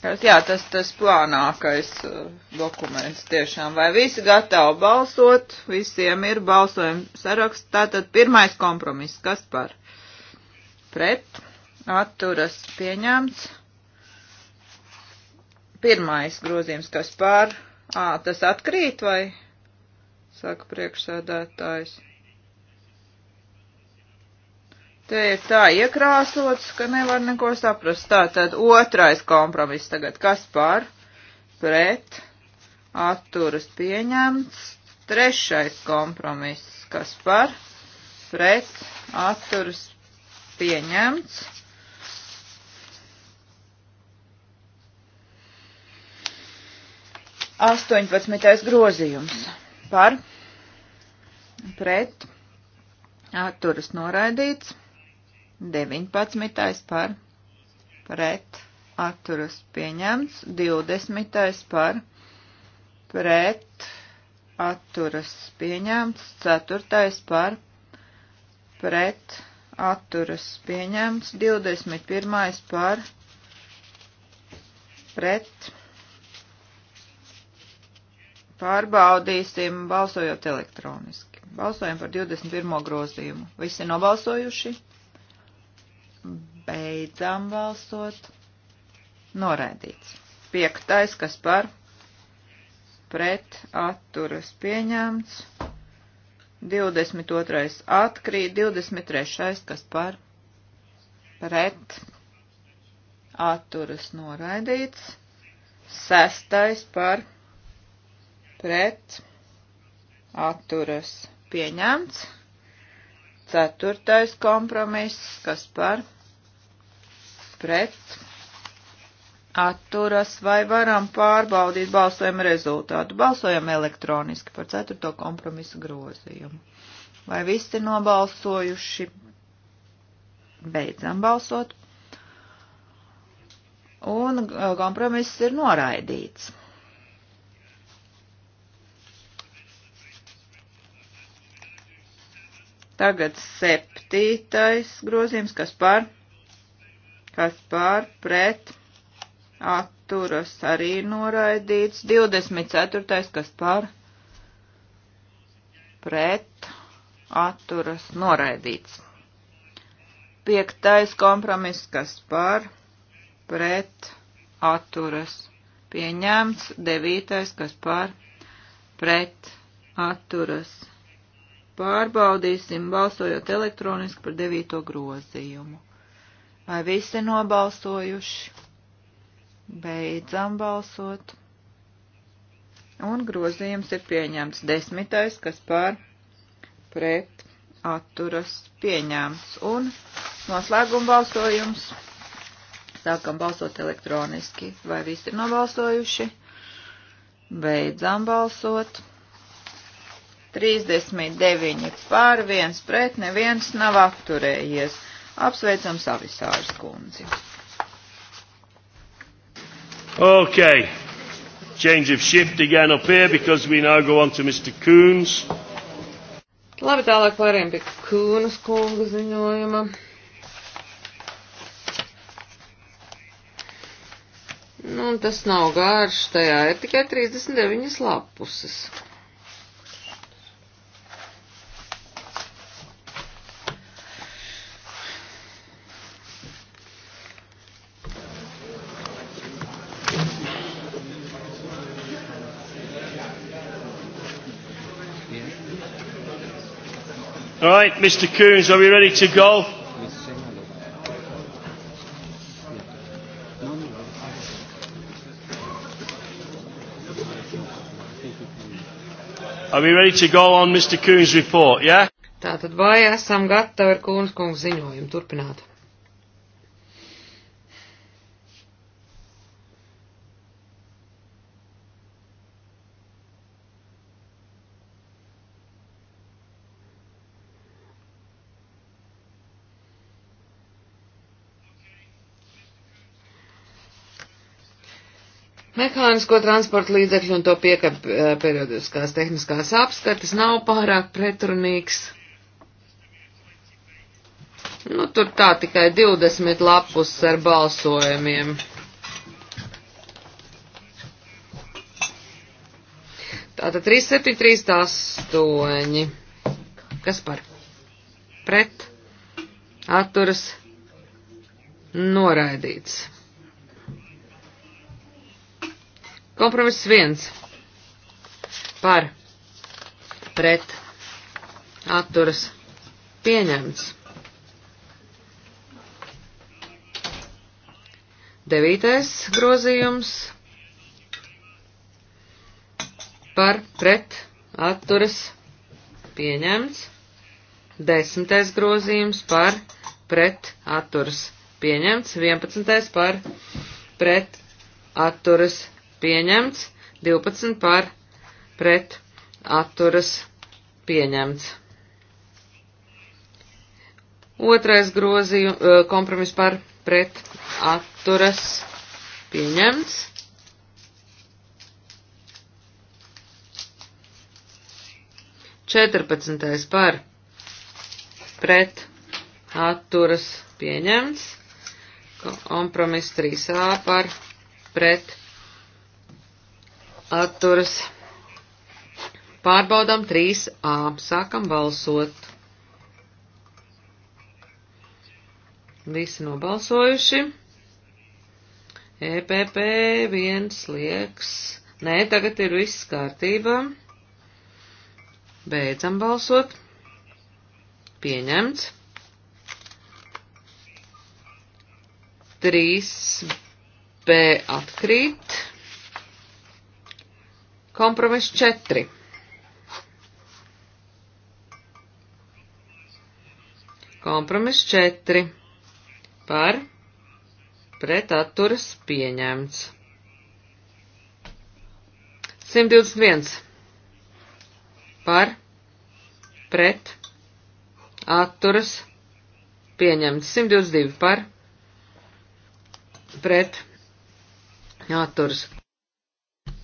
Jā, tas tas plānākais uh, dokuments tiešām. Vai visi gatavi balsot? Visiem ir balsojuma saraksts. Tātad pirmais kompromiss. Kas par? Pret. Atturas pieņemts. Pirmais grozījums. Kas par? Ā, tas atkrīt vai? Saka priekšsēdētājs. Te ir tā iekrāsots, ka nevar neko saprast. Tā tad otrais kompromiss tagad. Kas par? Pret. Atturas pieņemts. Trešais kompromiss. Kas par? Pret. Atturas pieņemts. Astoņpadsmitais grozījums. Par. Pret. Atturas noraidīts. 19. par pret atturas pieņemts, 20. par pret atturas pieņemts, 4. par pret atturas pieņemts, 21. par pret pārbaudīsim balsojot elektroniski. Balsojam par 21. grozījumu. Visi nobalsojuši? Beidzam balsot. Noraidīts. Piektais, kas par pret atturas pieņemts. 22. atkrīt, 23. kas par pret atturas noraidīts. Sestais par pret atturas pieņemts. Ceturtais kompromiss, kas par pret atturas vai varam pārbaudīt balsojumu rezultātu. Balsojam elektroniski par ceturto kompromisu grozījumu. Vai visi ir nobalsojuši? Beidzam balsot. Un eh, kompromiss ir noraidīts. Tagad septītais grozījums, kas par, kas par, pret, atturas arī noraidīts. 24. kas par, pret, atturas noraidīts. Piektais kompromiss, kas par, pret, atturas pieņemts. Devītais, kas par, pret, atturas Pārbaudīsim, balsojot elektroniski par devīto grozījumu. Vai visi nobalsojuši? Beidzam balsot. Un grozījums ir pieņemts desmitais, kas pār pret atturas pieņēmts. Un noslēguma balsojums. Sākam balsot elektroniski. Vai visi ir nobalsojuši? Beidzam balsot. 39 pār, viens pret, neviens nav apturējies. Apsveicam Savisārs kundzi. Okay. Change of shift again up here because we now go on to Mr. Coons. Labi, tālāk pārējiem pie Kūnas kunga ziņojuma. Nu, tas nav garš, tajā ir tikai 39 lapuses. Right, Mr. Coons, are we ready to go? Are we ready to go on Mr. Coons report, yeah? Tātad vai esam gatavi ar Kūnas kungu ziņojumu turpināt? Mehānisko transporta līdzekļu un to piekap eh, periodiskās tehniskās apskates nav pārāk pretrunīgs. Nu, tur tā tikai 20 lapus ar balsojumiem. Tātad 3, 7, 3, 8. Kas par? Pret. Atturas. Noraidīts. Kompromiss viens par pret atturas pieņemts. Devītais grozījums par pret atturas pieņemts. Desmitais grozījums par pret atturas pieņemts. Vienpadsmitais par pret atturas pieņemts pieņemts, 12 par pret atturas pieņemts. Otrais grozījum, eh, kompromis par pret atturas pieņemts. Četrpadsmitais par pret atturas pieņemts. Kompromis 3A par pret atturas. Pārbaudām 3A. Sākam balsot. Visi nobalsojuši. EPP viens liekas. Nē, tagad ir viss kārtībā. Beidzam balsot. Pieņemts. 3B atkrīt. Kompromiss 4. Kompromiss 4. Par pret atturas pieņemts. 121. Par pret atturas pieņemts. 122 par pret atturas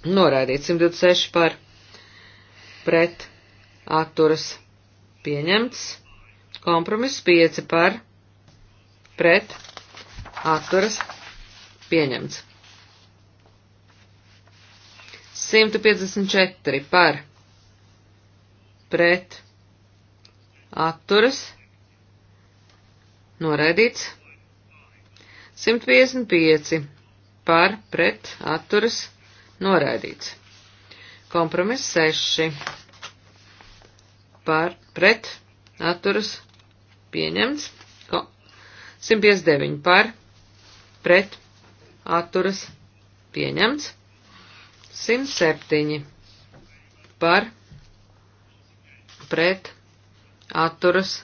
Noraidīts 126 par pret atturas pieņemts. Kompromiss 5 par pret atturas pieņemts. 154 par pret atturas noraidīts. 155 par pret atturas pieņemts noraidīts. Kompromiss 6 par pret atturas pieņemts. Ko, 159 par pret atturas pieņemts. 107 par pret atturas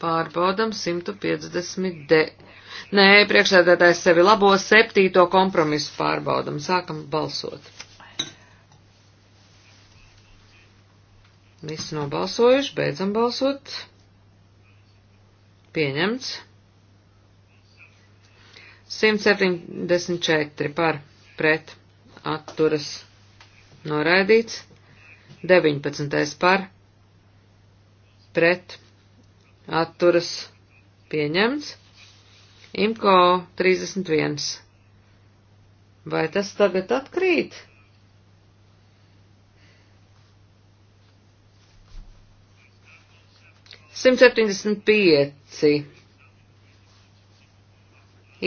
pārbaudam 159. Nē, priekšsēdētājs sevi labo septīto kompromisu pārbaudam. Sākam balsot. Visi nobalsojuši, beidzam balsot. Pieņemts. 174 par pret atturas noraidīts. 19 par pret atturas pieņemts. Imko 31. Vai tas tagad atkrīt? Simt septiņdesmit pieci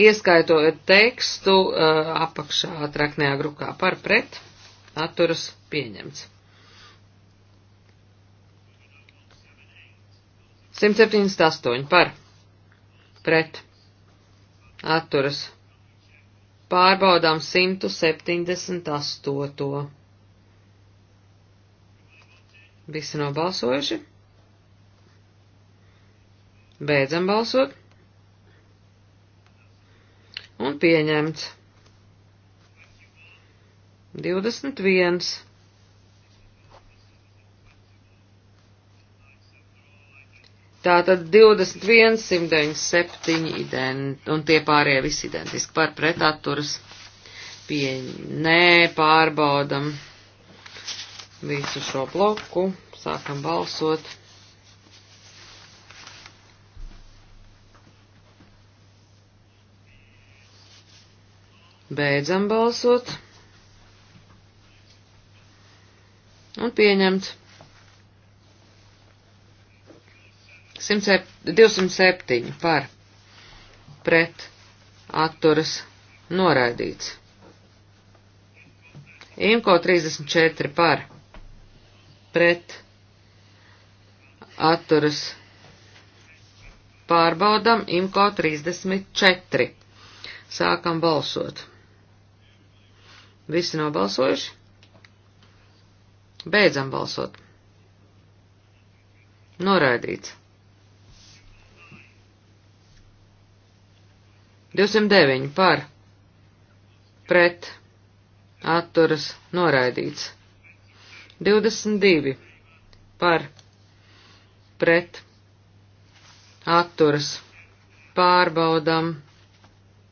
ieskaitot tekstu uh, apakšā traknējā grupā par pret, atturas pieņemts. 178 par pret, atturas. Pārbaudām 178. Visi nobalsojuši. Beidzam balsot. Un pieņemts. 21. Tātad 21, 197 ident, un tie pārējie visi identiski par pretatturas pieņ. Nē, pārbaudam visu šo bloku, sākam balsot. Beidzam balsot. Un pieņemt. 207 par pret atturas noraidīts. Imko 34 par pret atturas pārbaudam Imko 34. Sākam balsot. Visi nobalsojuši? Beidzam balsot. Noraidīts. 209 par pret atturas noraidīts. 22 par pret atturas pārbaudam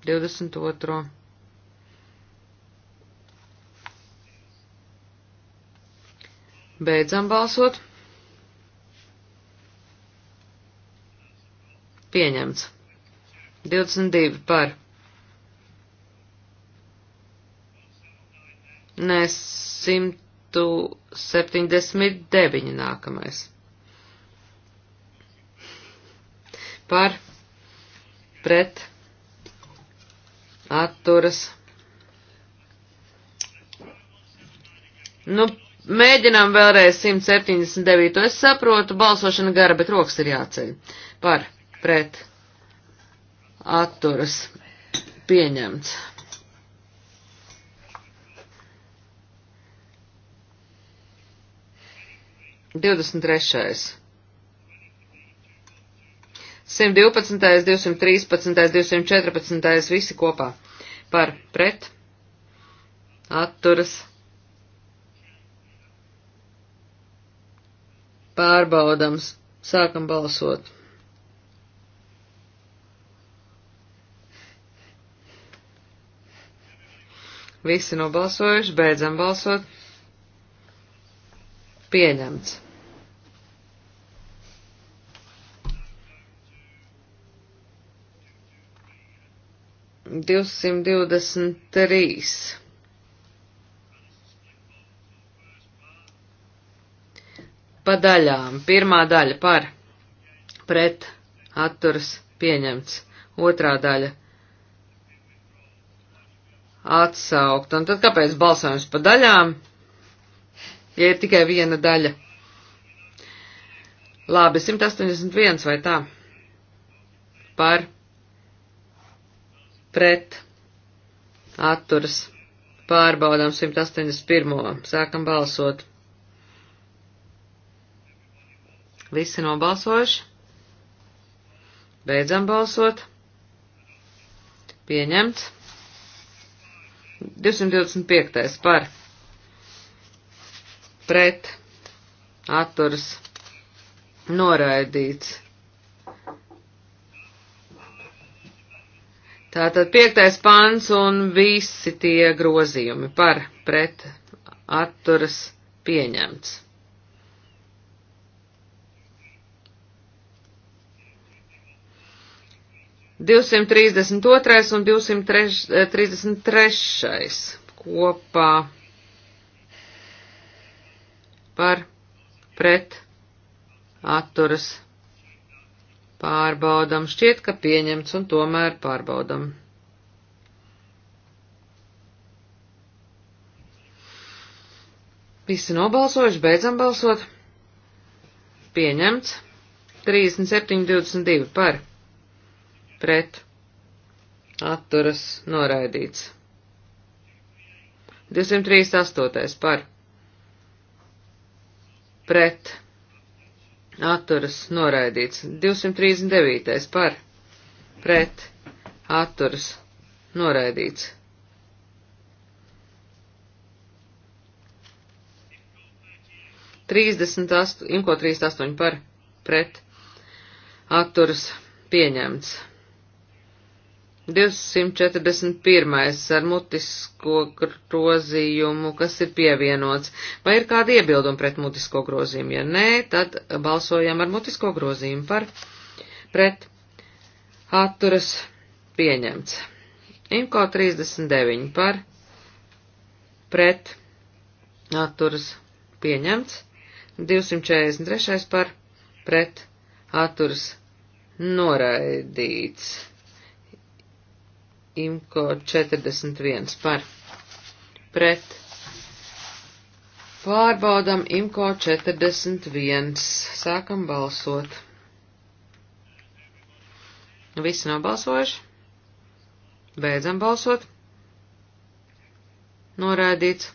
22. Beidzam balsot. Pieņemts. 22 par. Nē, 179 nākamais. Par, pret, atturas. Nu, mēģinām vēlreiz 179. Es saprotu, balsošana gara, bet rokas ir jāceļ. Par, pret, atturas atturas pieņemts. Divdesmit trešais. 112, 213, 214, visi kopā par pret, atturas, pārbaudams, sākam balsot. Visi nobalsojuši, beidzam balsot. Pieņemts. Divsimt divdesmit trīs. Pa daļām. Pirmā daļa par pret atturas pieņemts. Otrā daļa atsaukt. Un tad kāpēc balsojums pa daļām, ja ir tikai viena daļa? Labi, 181 vai tā? Par, pret, atturas, pārbaudām 181. Sākam balsot. Visi nobalsojuši. Beidzam balsot. Pieņemts. 225. par pret atturs noraidīts. Tātad piektais pants un visi tie grozījumi par pret atturas pieņemts. 232 un 233 eh, kopā par pret atturas pārbaudam. Šķiet, ka pieņemts un tomēr pārbaudam. Visi nobalsojuši, beidzam balsot. Pieņemts. 37,22 par pret, atturas, noraidīts. 238. par, pret, atturas, noraidīts. 239. par, pret, atturas, noraidīts. Trīsdesmit astoņi, imko trīsdesmit astoņi par, pret, atturas, pieņemts. 241. ar mutisko grozījumu, kas ir pievienots. Vai ir kādi iebildumi pret mutisko grozījumu? Ja nē, tad balsojam ar mutisko grozījumu par pret atturas pieņemts. Imko 39 par pret atturas pieņemts. 243 par pret atturas noraidīts. Imko 41 par pret. Pārbaudam Imko 41. Sākam balsot. Visi nobalsojuši. Beidzam balsot. Norādīts.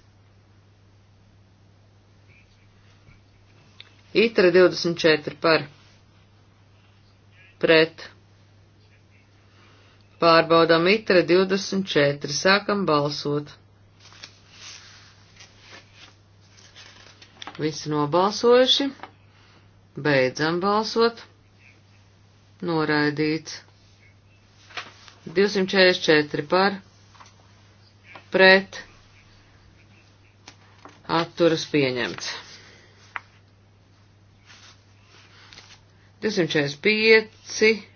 Itra 24 par pret Pārbaudām itre 24. Sākam balsot. Visi nobalsojuši. Beidzam balsot. Noraidīts. 244 par. Pret. Atturas pieņemts. 245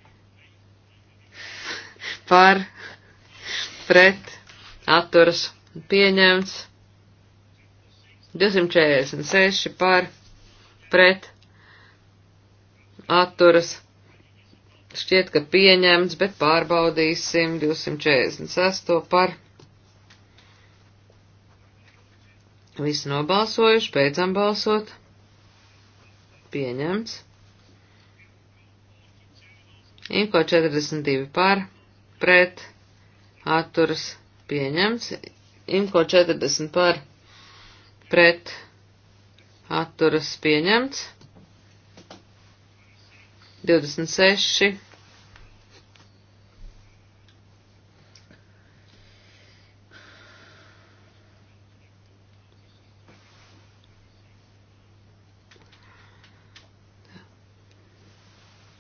par pret atturas pieņemts. 246 par pret atturas šķiet, ka pieņemts, bet pārbaudīsim 246 par Visi nobalsojuši, beidzam balsot. Pieņemts. Info 42 par pret atturas pieņemts, imko 40 par pret atturas pieņemts, 26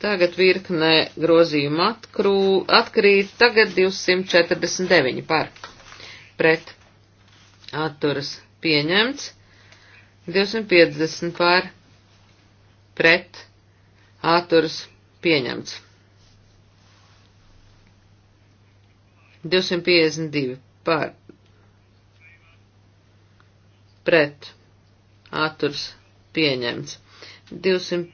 Tagad virknē grozījumu atkrū, atkrīt, tagad 249 par pret atturas pieņemts, 250 par pret atturas pieņemts, 252 par pret atturas pieņemts, 200.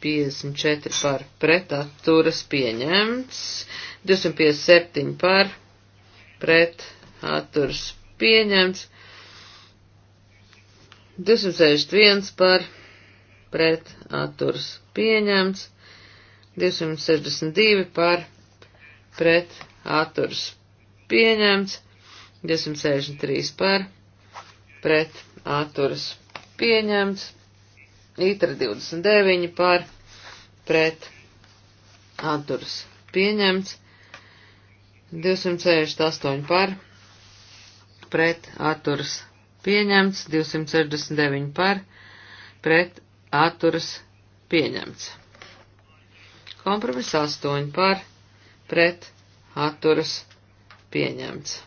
54 par pret atturas pieņemts, 257 par pret atturas pieņemts, 261 par pret atturas pieņemts, 262 par pret atturas pieņemts, 263 par pret atturas pieņemts. Itra 29 par pret atturas pieņemts. 268 par pret atturas pieņemts. 269 par pret atturas pieņemts. Kompromiss 8 par pret atturas pieņemts.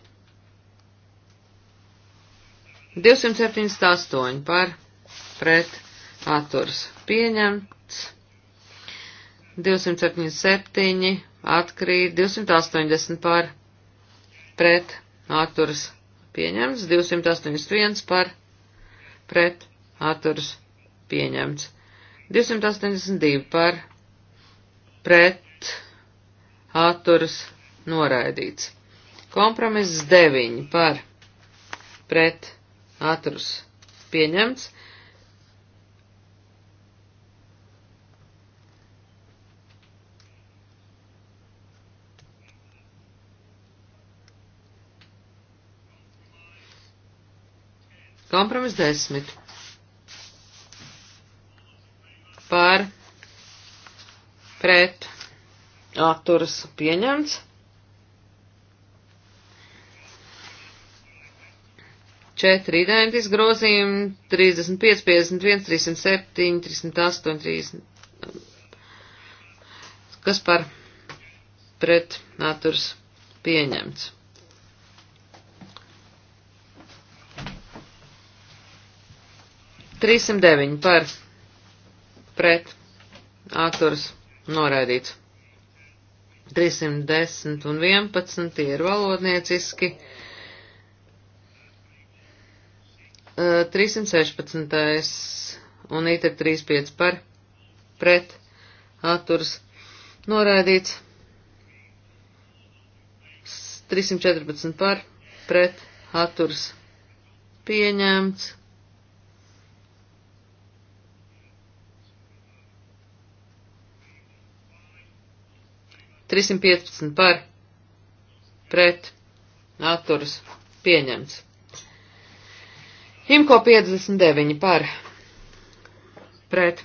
278 par pret atturas pieņemts atturas pieņemts, 277 atkrīt, 280 par pret atturas pieņemts, 281 par pret atturas pieņemts, 282 par pret atturas noraidīts. Kompromiss 9 par pret atturas pieņemts, Kompromis 10. Par pret atturas pieņemts. 4 identiski grozījumi, 35, 51, 307, 308, 30. Kas par pret naturs pieņemts? 309 par pret atturs noraidīts. 310 un 11 tie ir valodnieciski. 316 un it 35 par pret atturs noraidīts. 314 par pret atturs pieņemts. 315 par pret atturas pieņemts. Imko 59 par pret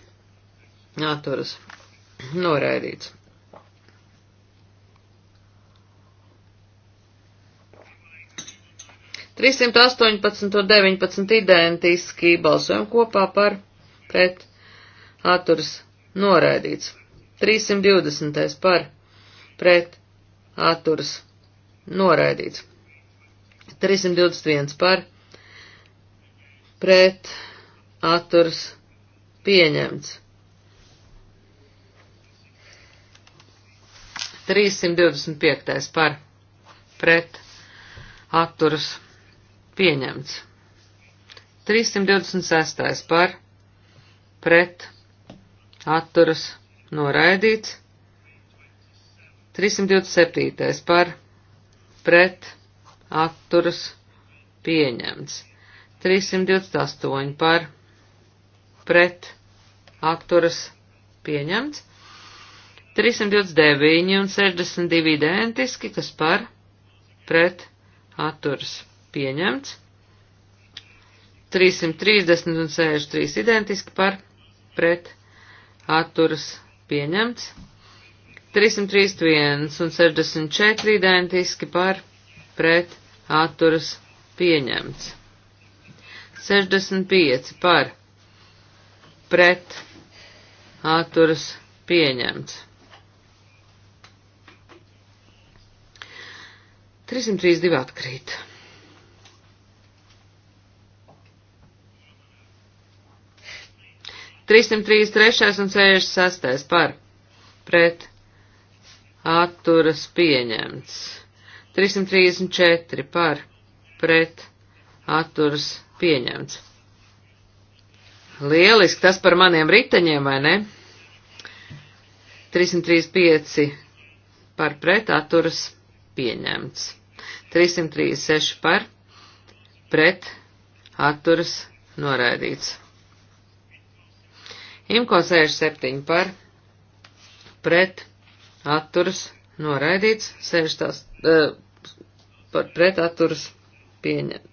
atturas noraidīts. Trīsimt astoņpadsmit un deviņpadsmit identiski balsojam kopā par pret atturas noraidīts. 320. par pret pret atturas noraidīts. 321 par pret atturas pieņemts. 325 par pret atturas pieņemts. 326 par pret atturas noraidīts. 327. par pret atturas pieņemts. 328 par pret atturas pieņemts. 329 un 62 identiski, kas par pret atturas pieņemts. 330 un 63 identiski par pret atturas pieņemts. 331 un 64 identiski par pret atturas pieņemts. 65 par pret atturas pieņemts. 332 atkrīt. Trīsim trīs trešais un sešas sastais par pret atturas pieņemts. 334 par pret atturas pieņemts. Lieliski tas par maniem riteņiem, vai ne? 335 par pret atturas pieņemts. 336 par pret atturas noraidīts. Imko 67 par pret atturas atturas noraidīts, 68 uh, eh, par pret atturas pieņem.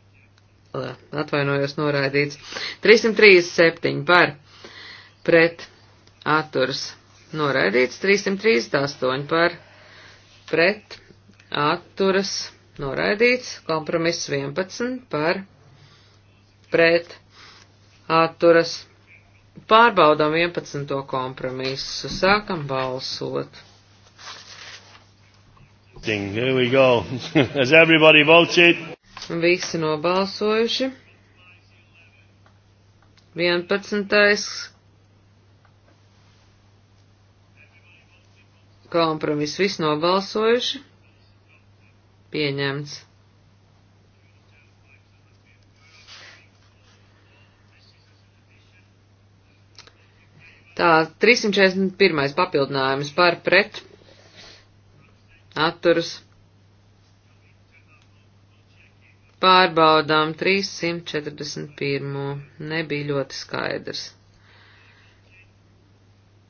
Atvainojos, noraidīts. 337 par pret atturas noraidīts, 338 par pret atturas noraidīts, kompromiss 11 par pret atturas. Pārbaudām 11. kompromisu, sākam balsot. Here we go. Has everybody voted? Visi nobalsojuši. 11. Kompromiss viss nobalsojuši. Pieņemts. Tā, 341. papildinājums par pret atturas. Pārbaudām 341. Nebija ļoti skaidrs.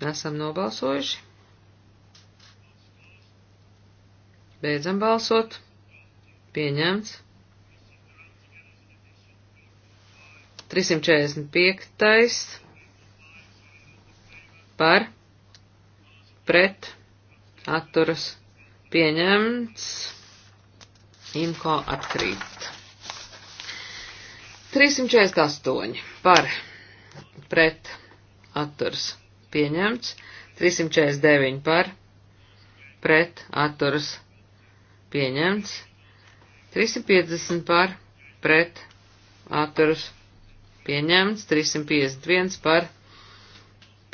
Esam nobalsojuši. Beidzam balsot. Pieņemts. 345. par pret atturas Pieņemts. Imko atkrīt. 348 par pret atturs pieņemts, 349 par pret atturs pieņemts, 350 par pret atturs pieņemts, 351 par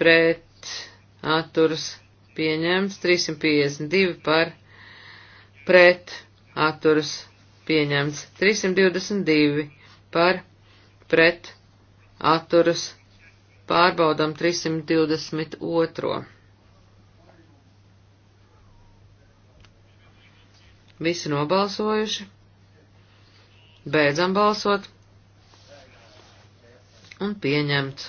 pret atturs pieņemts, 352 par pret pret atturas pieņemts 322 par pret atturas pārbaudam 322. Visi nobalsojuši. Beidzam balsot. Un pieņemts.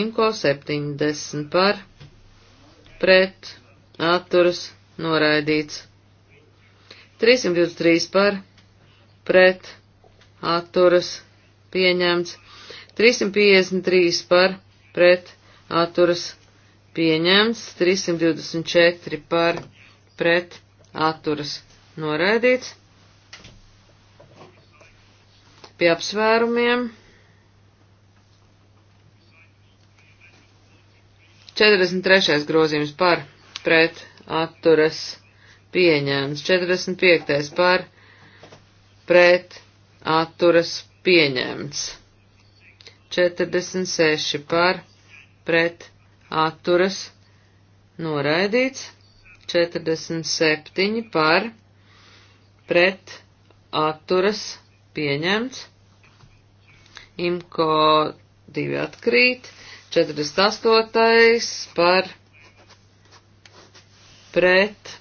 Imko 70 par pret atturas noraidīts. 323 par, pret, atturas, pieņemts. 353 par, pret, atturas, pieņemts. 324 par, pret, atturas, noraidīts. Pie apsvērumiem. 43. grozījums par, pret atturas pieņemts. 45. par pret atturas pieņemts. 46 par pret atturas noraidīts. 47 par pret atturas pieņemts. Imko 2 atkrīt. 48 par pret pret,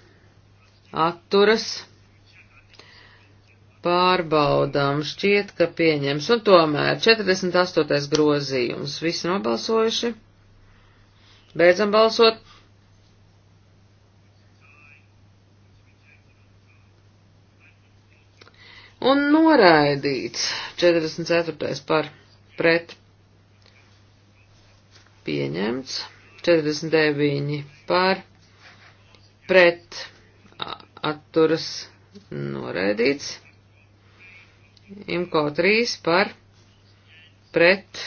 atturas, pārbaudām, šķiet, ka pieņems. Un tomēr 48. grozījums. Visi nobalsojuši. Beidzam balsot. Un noraidīts 44. par pret. Pieņemts 49 par pret atturas noraidīts. Imko 3 par pret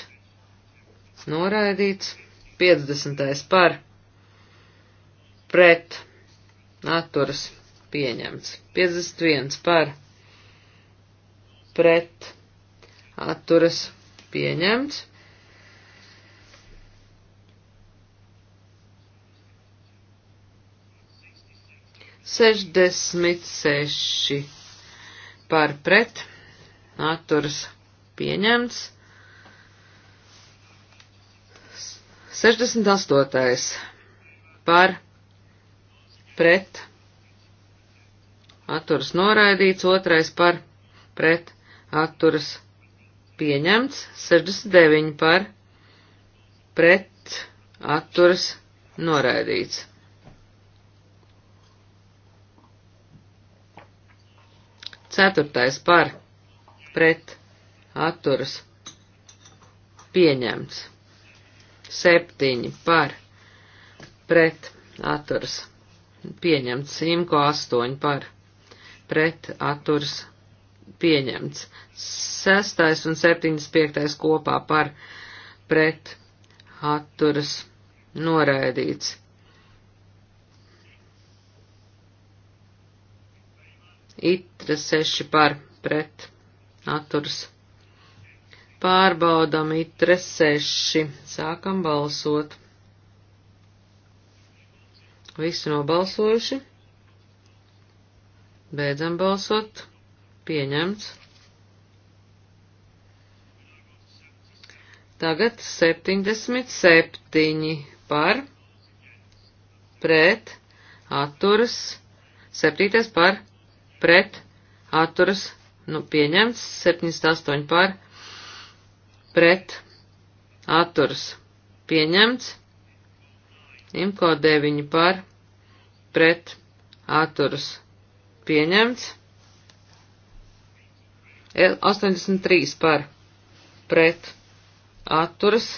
noraidīts. 50. par pret atturas pieņemts. 51 par pret atturas pieņemts. 66 par pret atturas pieņemts. 68. par pret atturas noraidīts, otrais par pret atturas pieņemts, 69 par pret atturas noraidīts. Ceturtais par pret atturas pieņemts. Septiņi par pret atturas pieņemts. Simko astoņi par pret atturas pieņemts. Sestais un septiņas piektais kopā par pret atturas noraidīts. Itra 6 par pret atturs. Pārbaudām itre 6. Sākam balsot. Visi nobalsojuši. Beidzam balsot. Pieņemts. Tagad 77 par, pret, atturas, 7 par, pret, atturas, nu, pieņemts, 78 par, pret, atturas, pieņemts, imko 9 par, pret, atturas, pieņemts, 83 par, pret, atturas,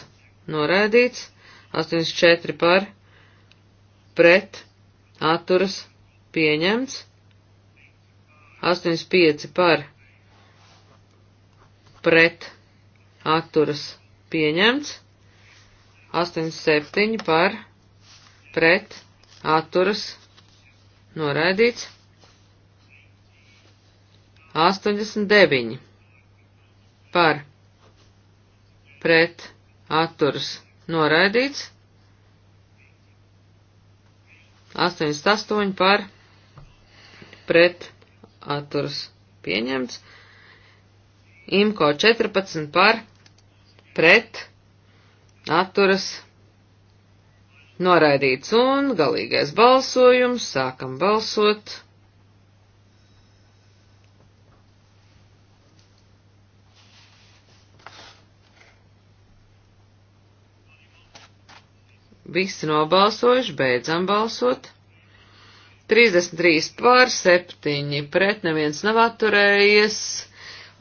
norēdīts, 84 par, pret, atturas, pieņemts, 85 par pret atturas pieņemts, 87 par pret atturas noraidīts, 89 par pret atturas noraidīts, 88 par pret atturas atturas pieņemts. Imko 14 par, pret, atturas noraidīts un galīgais balsojums, sākam balsot. Visi nobalsojuši, beidzam balsot. 33 pār 7 pret neviens nav atturējies.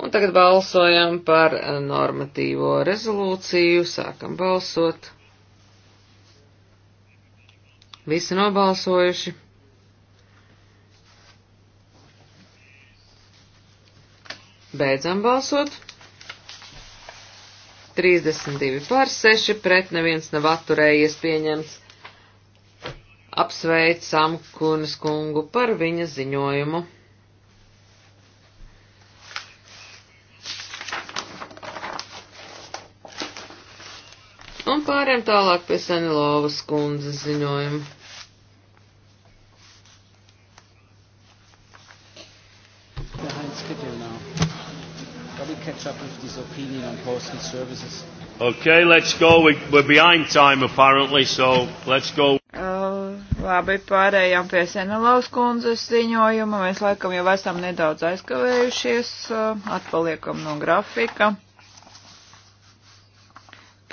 Un tagad balsojam par eh, normatīvo rezolūciju. Sākam balsot. Visi nobalsojuši. Beidzam balsot. 32 pār 6 pret neviens nav atturējies pieņemts apsveicam Kunis kungu par viņa ziņojumu. Un pāriem tālāk pie Senilovas kundzes ziņojuma. Okay, let's go. We, we're behind time apparently, so let's go. Labi, pārējām pie Senelaus kundzes ziņojuma. Mēs laikam jau esam nedaudz aizkavējušies, atpaliekam no grafika.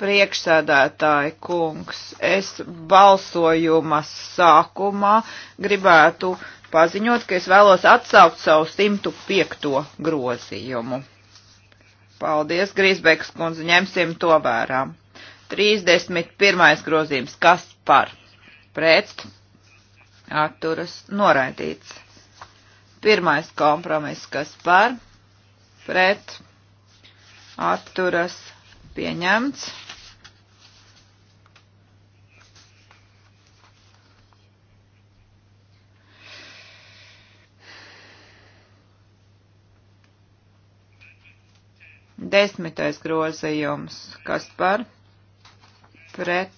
Priekšsēdētāji kungs, es balsojuma sākumā gribētu paziņot, ka es vēlos atsaukt savu 105. grozījumu. Paldies, Grīsbeks kundze, ņemsim to vērā. 31. grozījums, kas par? pret atturas noraidīts. Pirmais kompromiss, kas par, pret, atturas pieņemts. Desmitais grozījums, kas par pret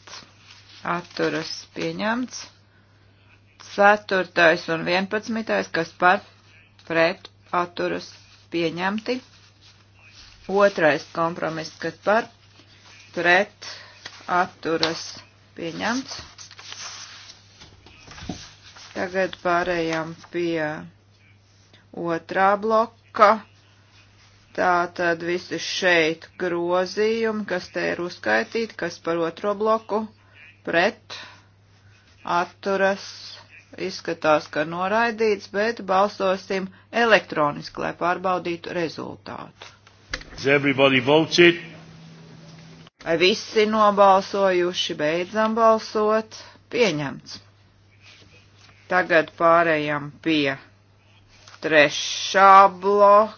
atturas pieņemts. 4. un 11. kas par pret atturas pieņemti. Otrais kompromiss, kas par pret atturas pieņemts. Tagad pārējām pie otrā bloka. Tātad visi šeit grozījumi, kas te ir uzskaitīti, kas par otro bloku pret atturas izskatās, ka noraidīts, bet balsosim elektroniski, lai pārbaudītu rezultātu. Vai visi nobalsojuši beidzam balsot? Pieņemts. Tagad pārējām pie trešā bloka.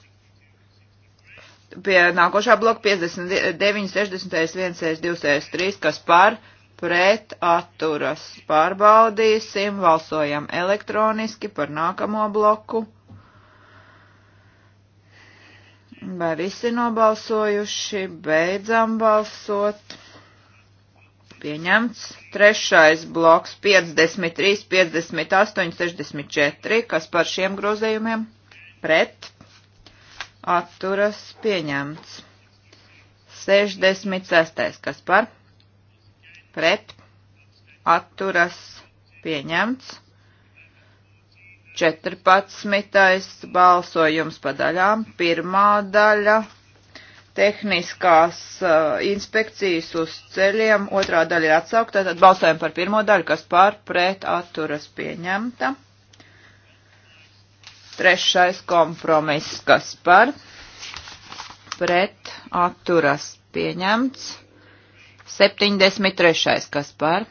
Pie nākošā bloka 59, 60, 1, 2, 3, kas par pret atturas. Pārbaudīsim, valsojam elektroniski par nākamo bloku. Vai visi nobalsojuši? Beidzam balsot. Pieņemts. Trešais bloks 53, 58, 64. Kas par šiem grozējumiem? Pret. Atturas pieņemts. 66. Kas par? pret, atturas, pieņemts. 14. balsojums pa daļām, pirmā daļa, tehniskās uh, inspekcijas uz ceļiem, otrā daļa ir atsaukta, tad balsojam par pirmo daļu, kas pār pret atturas pieņemta. Trešais kompromiss, kas par pret atturas pieņemts. 73. kas par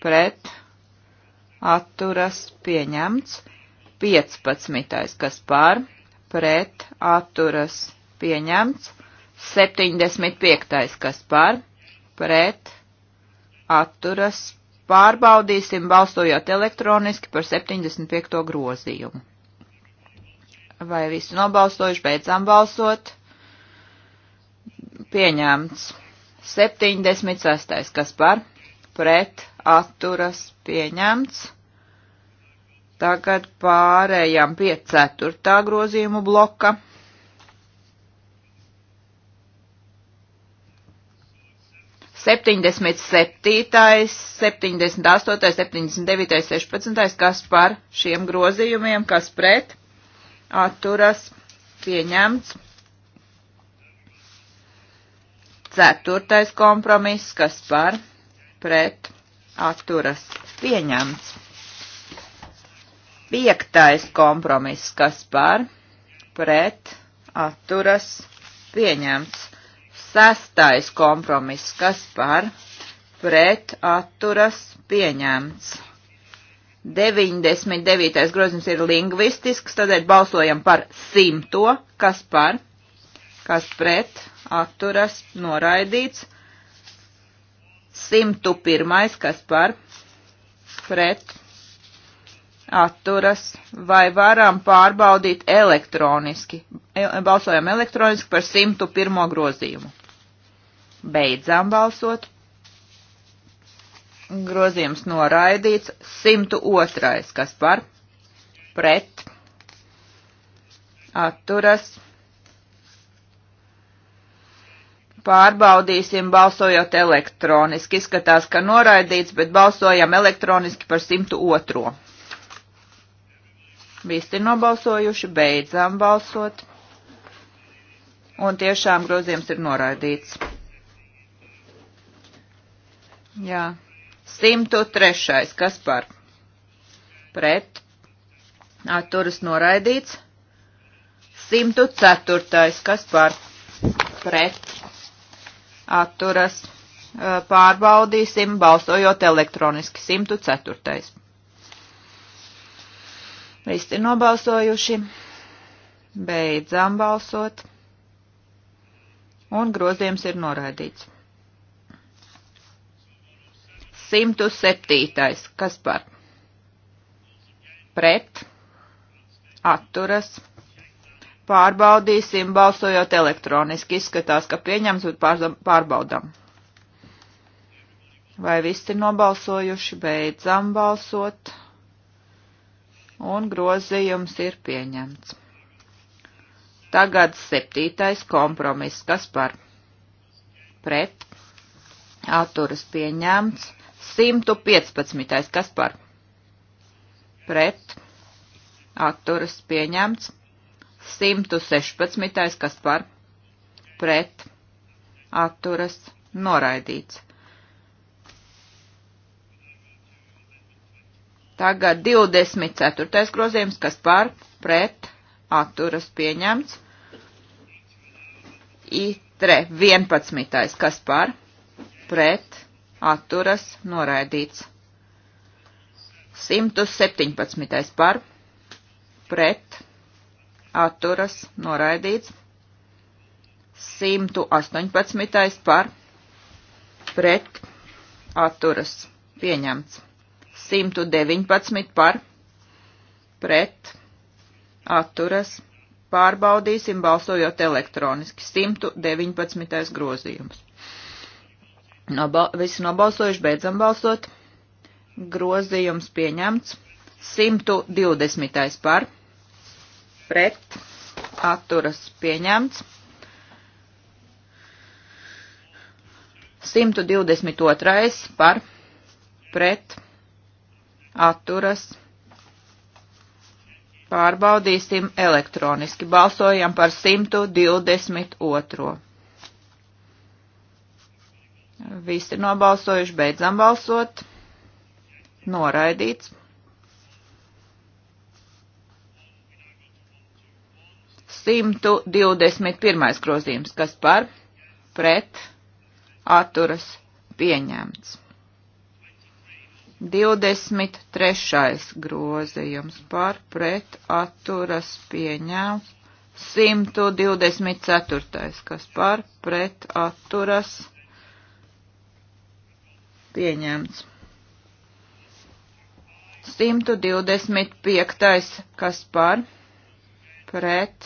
pret atturas pieņemts. 15. kas par pret atturas pieņemts. 75. kas par pret atturas pārbaudīsim balsojot elektroniski par 75. grozījumu. Vai visi nobalsojuši, beidzām balsot? Pieņemts. 76. kas par pret atturas pieņemts. Tagad pārējām pie 4. grozījumu bloka. Septiņdesmit septītais, septiņdesmit astotais, septiņdesmit devītais, sešpadsmitais, kas par šiem grozījumiem, kas pret, atturas, pieņemts. Ceturtais kompromiss, kas par pret atturas pieņemts. Piektais kompromiss, kas par pret atturas pieņemts. Sestais kompromiss, kas par pret atturas pieņemts. 99. grozījums ir lingvistisks, tādēļ balsojam par simto, kas par, kas pret atturas noraidīts. 101. kas par pret atturas vai varam pārbaudīt elektroniski. E, balsojam elektroniski par 101. grozījumu. Beidzām balsot. Grozījums noraidīts. 102. kas par pret atturas Pārbaudīsim balsojot elektroniski. Izskatās, ka noraidīts, bet balsojam elektroniski par 102. Visi ir nobalsojuši, beidzām balsot. Un tiešām grozījums ir noraidīts. Jā. 103. Kas par? Pret. Atturas noraidīts. 104. Kas par? Pret atturas uh, pārbaudīsim, balsojot elektroniski 104. Visi ir nobalsojuši, beidzām balsot, un grozījums ir noraidīts. 107. kas par pret, atturas, Pārbaudīsim, balsojot elektroniski. Izskatās, ka pieņems, bet pārbaudam. Vai visi ir nobalsojuši? Beidzam balsot. Un grozījums ir pieņemts. Tagad septītais kompromiss. Kas par? Pret. Atturas pieņemts. 115. Kas par? Pret. Atturas pieņemts. 116. kas par pret atturas noraidīts. Tagad 24. grozījums, kas par pret atturas pieņemts. Itre 11. kas par pret atturas noraidīts. 117. par pret atturas noraidīts. 118. par pret atturas pieņemts. 119 par pret atturas pārbaudīsim balsojot elektroniski. 119. grozījums. Noba visi nobalsojuši, beidzam balsot. Grozījums pieņemts. 120. par pret pret atturas pieņemts. 122. par pret atturas pārbaudīsim elektroniski. Balsojam par 122. Visi nobalsojuši, beidzam balsot. Noraidīts. 121. grozījums, kas par pret atturas pieņemts. 23. grozījums par pret atturas pieņemts. 124. kas par pret atturas pieņemts. 125. kas par pret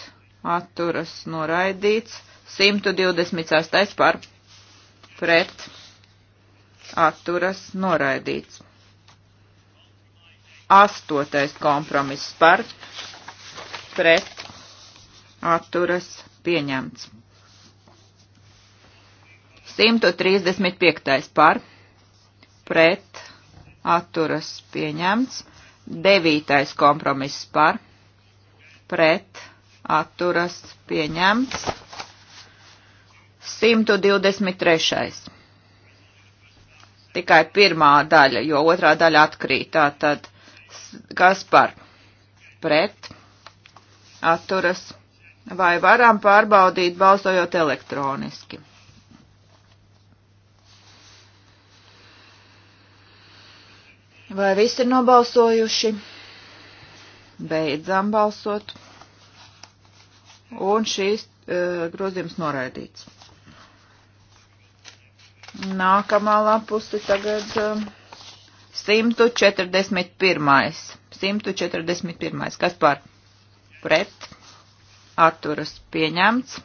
atturas noraidīts, 126 par pret atturas noraidīts. Astotais kompromiss par pret atturas pieņemts. 135 par pret atturas pieņemts. Devītais kompromiss par pret atturas pieņemts atturas pieņemts. 123. Tikai pirmā daļa, jo otrā daļa atkrīt. Tātad, kas par pret atturas vai varam pārbaudīt balsojot elektroniski. Vai visi ir nobalsojuši? Beidzam balsot un šīs uh, grozījums noraidīts. Nākamā lapusi tagad uh, 141. 141. Kas par pret atturas pieņemts?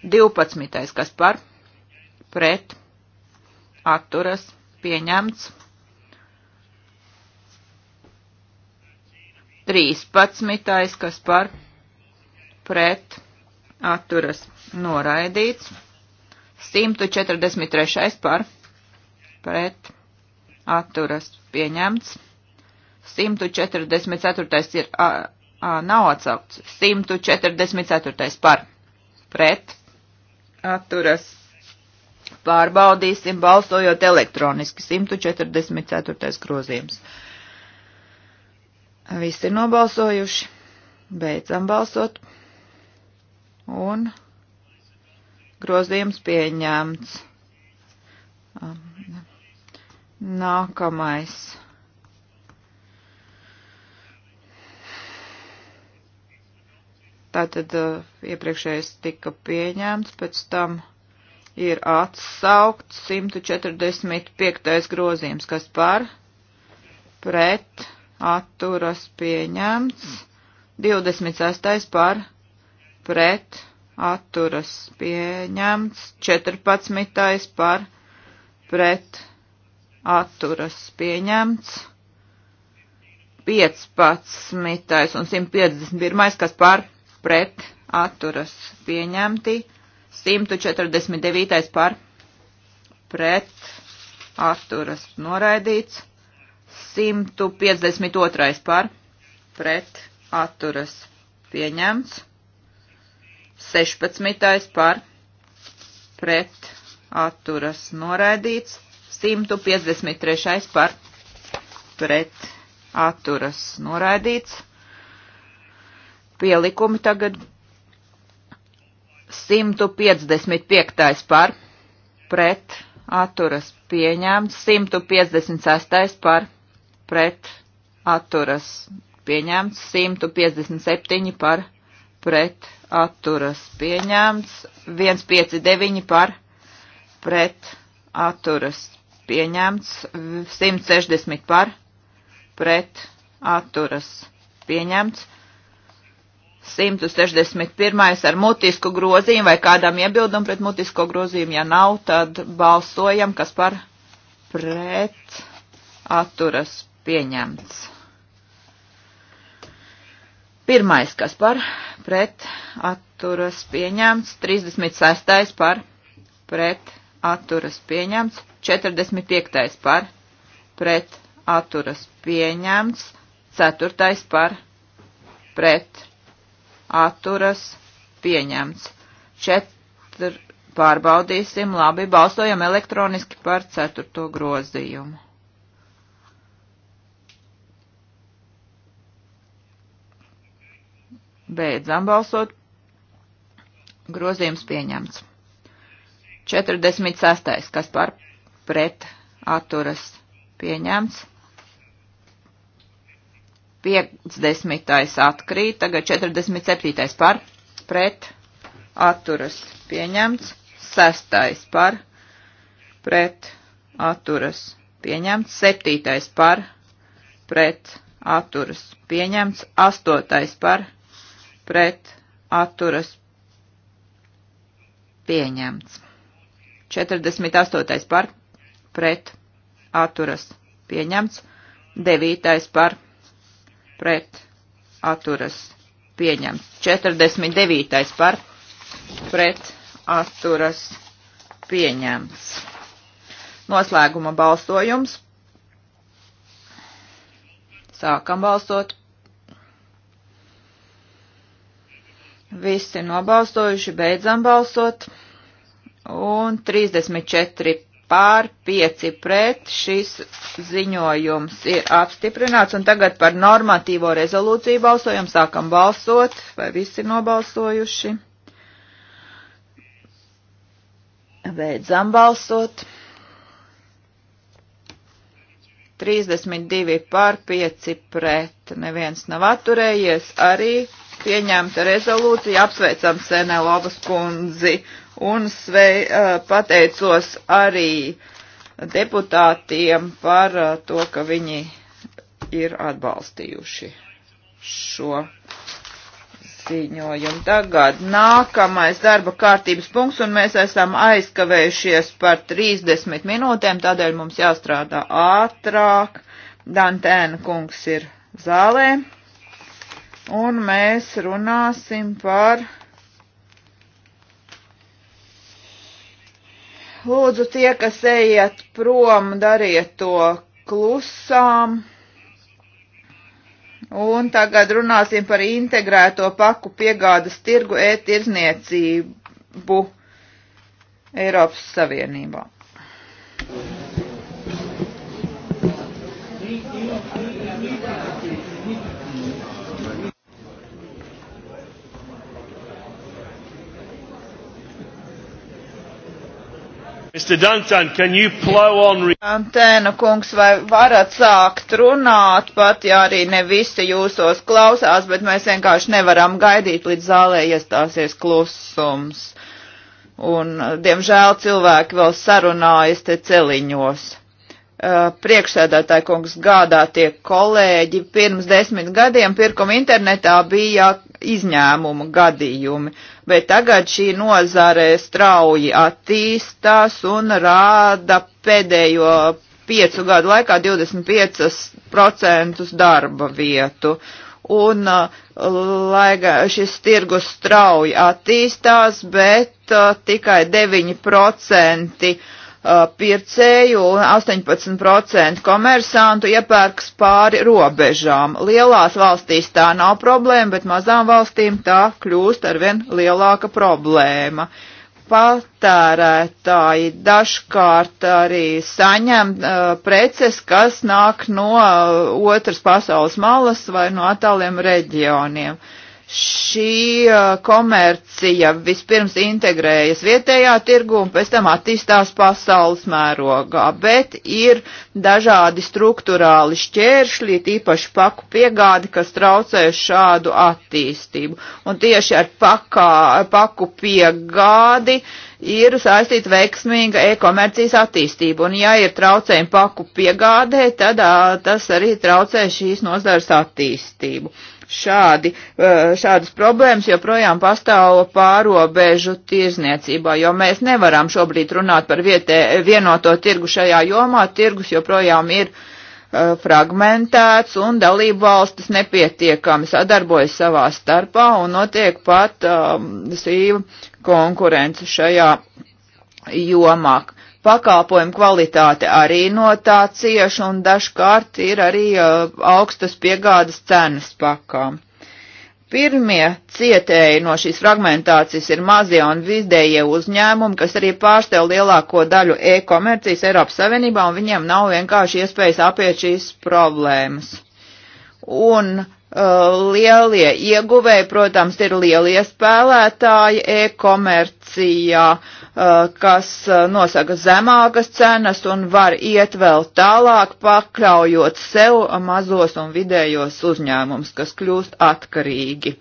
12. Kas par pret atturas pieņemts? 13. kas par pret atturas noraidīts. 143. par pret atturas pieņemts. 144. ir, a, a, nav atsaukts. 144. par pret atturas pārbaudīsim balsojot elektroniski. 144. grozījums. Visi ir nobalsojuši. Beidzam balsot. Un grozījums pieņemts. Um, nākamais. Tātad uh, iepriekšējais tika pieņemts, pēc tam ir atsaukts 145. grozījums, kas par pret atturas pieņemts, 26. par pret atturas pieņemts, 14. par pret atturas pieņemts. 15. un 151. kas par pret atturas pieņemti, 149. par pret atturas noraidīts, 152. par pret atturas pieņemts. 16. par pret atturas noraidīts. 153. par pret atturas noraidīts. Pielikumi tagad 155. par pret atturas pieņemts. 156. par pret pret atturas pieņemts, 157 par pret atturas pieņemts, 159 par pret atturas pieņemts, 160 par pret atturas pieņemts. 161. ar mutisku grozījumu vai kādam iebildumu pret mutisko grozījumu. Ja nav, tad balsojam, kas par pret atturas pieņemts. Pirmais, kas par pret atturas pieņemts, 36. par pret atturas pieņemts, 45. par pret atturas pieņemts, 4. par pret atturas pieņemts. 4. Pārbaudīsim, labi, balsojam elektroniski par 4. grozījumu. Beidzam balsot. Grozījums pieņemts. 46. Kas par pret atturas pieņemts. 50. atkrīt, tagad 47. par pret atturas pieņemts. 6. par pret atturas pieņemts. 7. par pret atturas pieņemts. 8. par pret pret atturas pieņemts. 48. par pret atturas pieņemts. 9. par pret atturas pieņemts. 49. par pret atturas pieņemts. Noslēguma balsojums. Sākam balsot. Visi nobalsojuši, beidzam balsot. Un 34 pār 5 pret šis ziņojums ir apstiprināts. Un tagad par normatīvo rezolūciju balsojam. Sākam balsot, vai visi ir nobalsojuši. Beidzam balsot. 32 pār 5 pret. Neviens nav atturējies. Arī pieņemta rezolūcija, apsveicam Senelovas kundzi un svei, pateicos arī deputātiem par to, ka viņi ir atbalstījuši šo ziņojumu. Tagad nākamais darba kārtības punkts, un mēs esam aizkavējušies par 30 minūtēm, tādēļ mums jāstrādā ātrāk. Dantēna kungs ir zālē un mēs runāsim par. Lūdzu, tie, kas ejiet prom, dariet to klusām. Un tagad runāsim par integrēto paku piegādas tirgu e-tirzniecību Eiropas Savienībā. Dantan, on... Antēna kungs, vai varat sākt runāt, pat ja arī ne visi jūsos klausās, bet mēs vienkārši nevaram gaidīt, līdz zālē iestāsies klusums. Un, diemžēl, cilvēki vēl sarunājas te celiņos. Uh, priekšsēdētāji kungs gādā tie kolēģi pirms desmit gadiem pirkuma internetā bija izņēmumu gadījumi, bet tagad šī nozare strauji attīstās un rāda pēdējo piecu gadu laikā 25% darba vietu. Un, uh, lai šis tirgus strauji attīstās, bet uh, tikai 9% Uh, pircēju un 18% komersantu iepērks pāri robežām. Lielās valstīs tā nav problēma, bet mazām valstīm tā kļūst arvien lielāka problēma. Patērētāji dažkārt arī saņem uh, preces, kas nāk no uh, otras pasaules malas vai no attāliem reģioniem. Uh, šī komercija vispirms integrējas vietējā tirgu un pēc tam attīstās pasaules mērogā, bet ir dažādi struktūrāli šķēršļi, tīpaši paku piegādi, kas traucē šādu attīstību. Un tieši ar pakā, paku piegādi ir saistīta veiksmīga e-komercijas attīstība, un ja ir traucējumi paku piegādē, tad tā, tas arī traucē šīs nozars attīstību šādi, eh, šādas problēmas joprojām pastāv pārobežu tirzniecībā, jo mēs nevaram šobrīd runāt par vietē, vienoto tirgu šajā jomā. Tirgus joprojām ir eh, fragmentēts un dalību valstis nepietiekami sadarbojas savā starpā un notiek pat um, sīva konkurence šajā jomā. Pakāpojumu kvalitāte arī no tā cieši un dažkārt ir arī uh, augstas piegādas cenas pakām. Pirmie cietēji no šīs fragmentācijas ir mazie un vidējie uzņēmumi, kas arī pārstāv lielāko daļu e-komercijas Eiropas Savienībā, un viņiem nav vienkārši iespējas apiet šīs problēmas. Un uh, lielie ieguvēji, protams, ir lielie spēlētāji e-komercijā, uh, Uh, kas uh, nosaka zemākas cenas un var iet vēl tālāk, pakļaujot sev mazos un vidējos uzņēmumus, kas kļūst atkarīgi.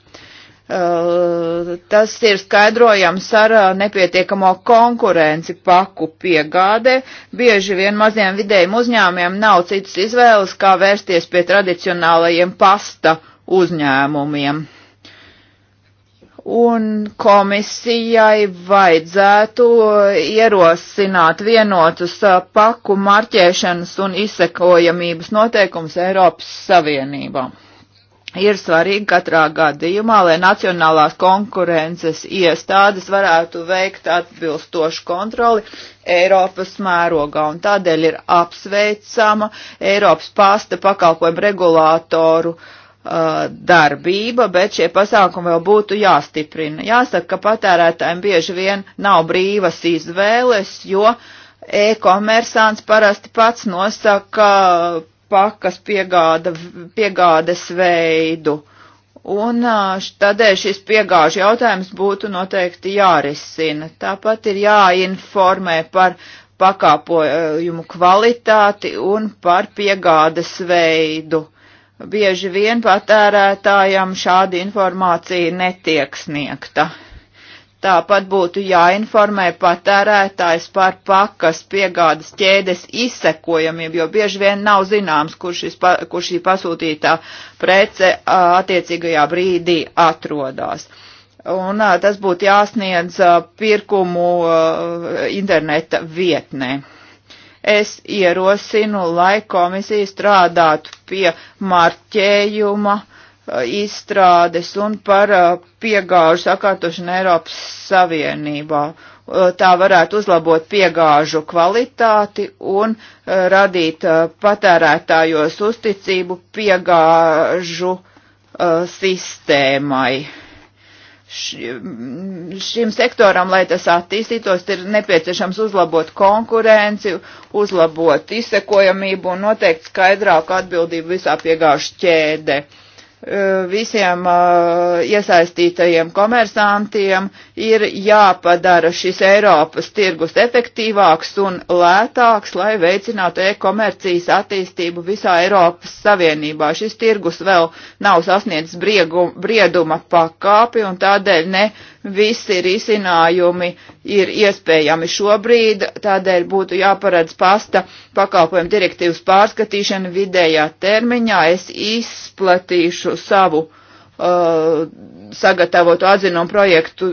Uh, tas ir skaidrojams ar nepietiekamo konkurenci paku piegādē. Bieži vien maziem vidējiem uzņēmiem nav citas izvēles, kā vērsties pie tradicionālajiem pasta uzņēmumiem un komisijai vajadzētu ierosināt vienotus uh, paku marķēšanas un izsekojamības noteikumus Eiropas Savienībā. Ir svarīgi katrā gadījumā, lai nacionālās konkurences iestādes varētu veikt atbilstošu kontroli Eiropas mērogā, un tādēļ ir apsveicama Eiropas pasta pakalpojumu regulātoru uh, Uh, darbība, bet šie pasākumi vēl būtu jāstiprina. Jāsaka, ka patērētājiem bieži vien nav brīvas izvēles, jo e-komersants parasti pats nosaka pakas piegāda, piegādes veidu. Un uh, tādēļ šis piegāžu jautājums būtu noteikti jārisina. Tāpat ir jāinformē par pakāpojumu kvalitāti un par piegādes veidu bieži vien patērētājam šāda informācija netiek sniegta. Tāpat būtu jāinformē patērētājs par pakas piegādas ķēdes izsekojamību, jo bieži vien nav zināms, kur, šis, kur šī pasūtītā prece attiecīgajā brīdī atrodas. Un tas būtu jāsniedz pirkumu interneta vietnē es ierosinu, lai komisija strādātu pie marķējuma uh, izstrādes un par uh, piegāžu sakārtošanu Eiropas Savienībā. Uh, tā varētu uzlabot piegāžu kvalitāti un radīt patērētājos uzticību piegāžu sistēmai Mm, šim sektoram, lai tas attīstītos, ir nepieciešams uzlabot konkurenci, uzlabot izsekojamību un noteikt skaidrāku atbildību visā piegāžu ķēdē. Eh, visiem eh, iesaistītajiem komersantiem ir jāpadara šis Eiropas tirgus efektīvāks un lētāks, lai veicinātu e-komercijas attīstību visā Eiropas Savienībā. Šis tirgus vēl nav sasniedzis briegu, brieduma pakāpi un tādēļ ne visi risinājumi ir iespējami šobrīd, tādēļ būtu jāparedz pasta pakalpojumu direktīvas pārskatīšana vidējā termiņā. Es izplatīšu iesniegšu savu uh, sagatavotu atzinumu projektu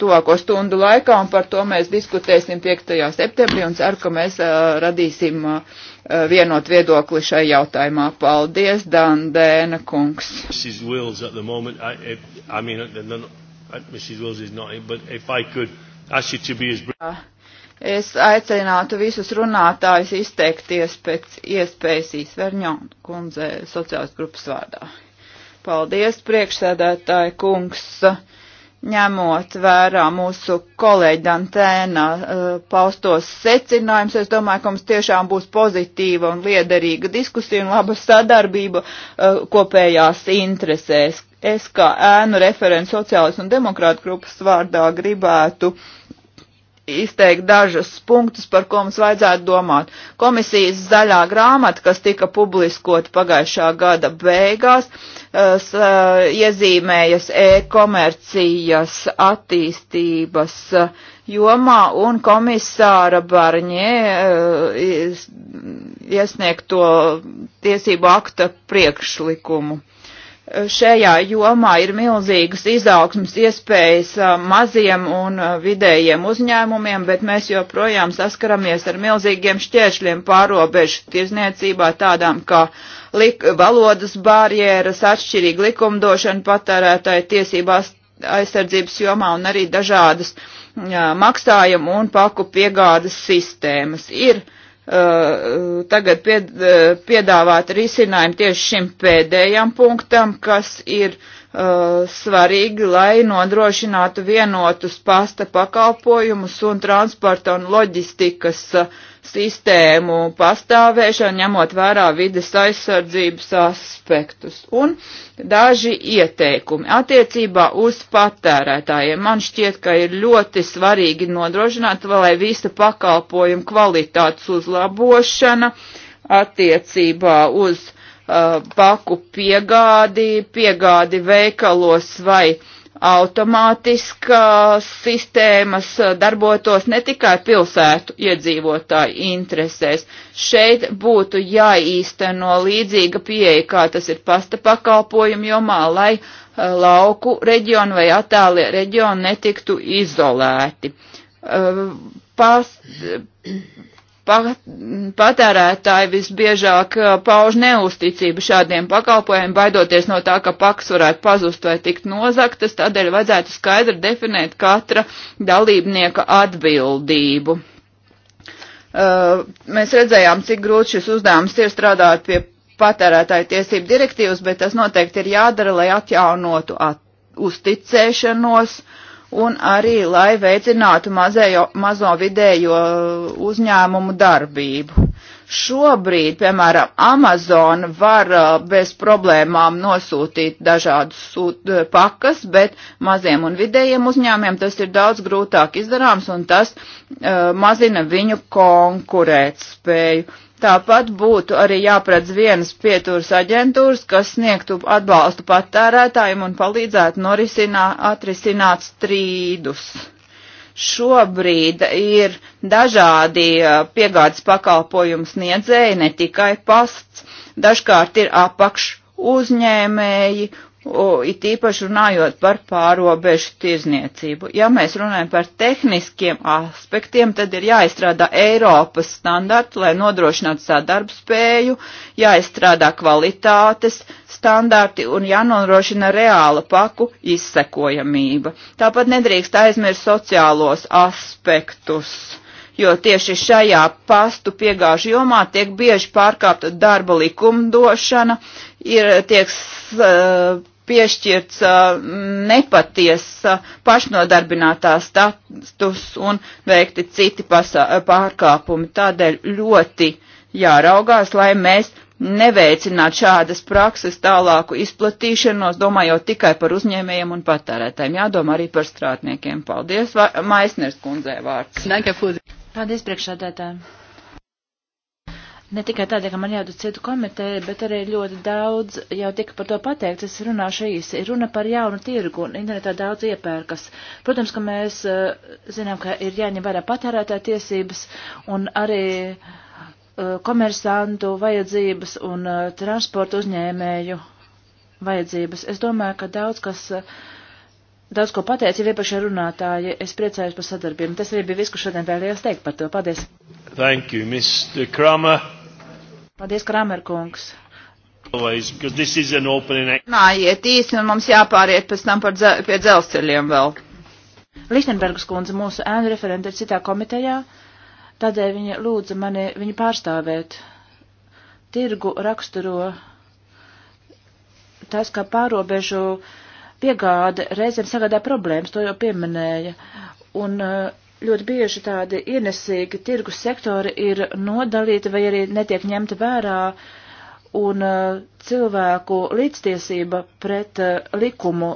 tuvāko stundu laikā, un par to mēs diskutēsim 5. septembrī, un ceru, ka mēs uh, radīsim uh, vienot viedokli šai jautājumā. Paldies, Dandēna kungs. Es aicinātu visus runātājus izteikties pēc iespējas īsverņā kundze sociālas grupas vārdā. Paldies, priekšsēdētāji kungs, ņemot vērā mūsu kolēģi Dantēna eh, paustos secinājums. Es domāju, ka mums tiešām būs pozitīva un liederīga diskusija un laba sadarbība eh, kopējās interesēs. Es kā ēnu referents sociālas un demokrāta grupas vārdā gribētu izteikt dažus punktus, par ko mums vajadzētu domāt. Komisijas zaļā grāmata, kas tika publiskota pagājušā gada beigās, uh, Uh, iezīmējas e-komercijas attīstības jomā un komisāra Barņē uh, iesniegto tiesību akta priekšlikumu šajā jomā ir milzīgas izaugsmas iespējas uh, maziem un uh, vidējiem uzņēmumiem, bet mēs joprojām saskaramies ar milzīgiem šķēršļiem pārobežu tirzniecībā, tādām kā lik, valodas barjeras, atšķirīga likumdošana patērētāja tiesībās aizsardzības jomā un arī dažādas jā, uh, maksājumu un paku piegādes sistēmas. Ir uh, Uh, tagad uh, piedāvāt risinājumu tieši šim pēdējam punktam, kas ir uh, svarīgi, lai nodrošinātu vienotus pasta pakalpojumus un transporta un loģistikas uh, sistēmu pastāvēšanu, ņemot vērā vides aizsardzības aspektus. Un daži ieteikumi attiecībā uz patērētājiem. Man šķiet, ka ir ļoti svarīgi nodrošināt, lai visa pakalpojuma kvalitātes uzlabošana attiecībā uz uh, paku piegādi, piegādi veikalos vai uh, automātiskās sistēmas darbotos ne tikai pilsētu iedzīvotāju interesēs. Šeit būtu jāīsteno līdzīga pieeja, kā tas ir pasta pakalpojumu jomā, lai eh, lauku reģionu vai attālie reģionu netiktu izolēti. Eh, Past, patērētāji visbiežāk uh, pauž neusticību šādiem pakalpojumiem, baidoties no tā, ka paks varētu pazust vai tikt nozaktas, tādēļ vajadzētu skaidri definēt katra dalībnieka atbildību. Uh, mēs redzējām, cik grūti šis uzdevums ir strādāt pie patērētāju tiesību direktīvas, bet tas noteikti ir jādara, lai atjaunotu at uzticēšanos un arī, lai veicinātu mazējo, mazo vidējo uzņēmumu darbību. Šobrīd, piemēram, Amazon var uh, bez problēmām nosūtīt dažādus sūt, uh, pakas, bet maziem un vidējiem uzņēmiem tas ir daudz grūtāk izdarāms un tas uh, mazina viņu konkurētspēju. Tāpat būtu arī jāpredz vienas pieturas aģentūras, kas sniegtu atbalstu patērētājiem un palīdzētu norisināt, atrisināt strīdus. Šobrīd ir dažādi piegādes pakalpojumu sniedzēji, ne tikai pasts, dažkārt ir apakš uzņēmēji U, it īpaši runājot par pārobežu tirzniecību. Ja mēs runājam par tehniskiem aspektiem, tad ir jāizstrādā Eiropas standarti, lai nodrošinātu sadarbspēju, jāizstrādā kvalitātes standarti un jānodrošina reāla paku izsekojamība. Tāpat nedrīkst aizmirst sociālos aspektus jo tieši šajā pastu piegāžu jomā tiek bieži pārkāpta darba likumdošana, ir tiek eh, piešķirts eh, nepatiesa pašnodarbinātā status un veikti citi eh, pārkāpumi. Tādēļ ļoti jāraugās, lai mēs neveicināt šādas prakses tālāku izplatīšanos, domājot tikai par uzņēmējiem un patērētājiem. Jādomā arī par strādniekiem. Paldies, Maisners kundzē vārds. Paldies, priekšādētājiem. Ne tikai tādēļ, ka man jādodas citu komiteju, bet arī ļoti daudz jau tika par to pateikt. Es runāšu īsi. Ir runa par jaunu tirgu un internetā daudz iepērkas. Protams, ka mēs eh, zinām, ka ir jāņem vērā patērētāja tiesības un arī uh, komersantu vajadzības un uh, transporta uzņēmēju vajadzības. Es domāju, ka daudz kas. Daudz ko pateicu jau iepriekšējā runātāja, es priecājos par sadarbību. Tas arī bija viss, ko šodien vēlējos teikt par to. Paldies! Thank you, Mr. Kramer. Paldies, Kramerkungs. Nā, iet īsi, un mums jāpāriet pēc tam dzel pie dzelzceļiem vēl. Lichtenbergas kundze mūsu ēnu referente ir citā komitejā, tādēļ viņa lūdza mani viņu pārstāvēt. Tirgu raksturo tas, ka pārobežu piegāde reizēm sagādā problēmas, to jau pieminēja. Un uh, ļoti bieži tādi ienesīgi tirgus sektori ir nodalīti vai arī netiek ņemta vērā un uh, cilvēku līdztiesība pret uh, likumu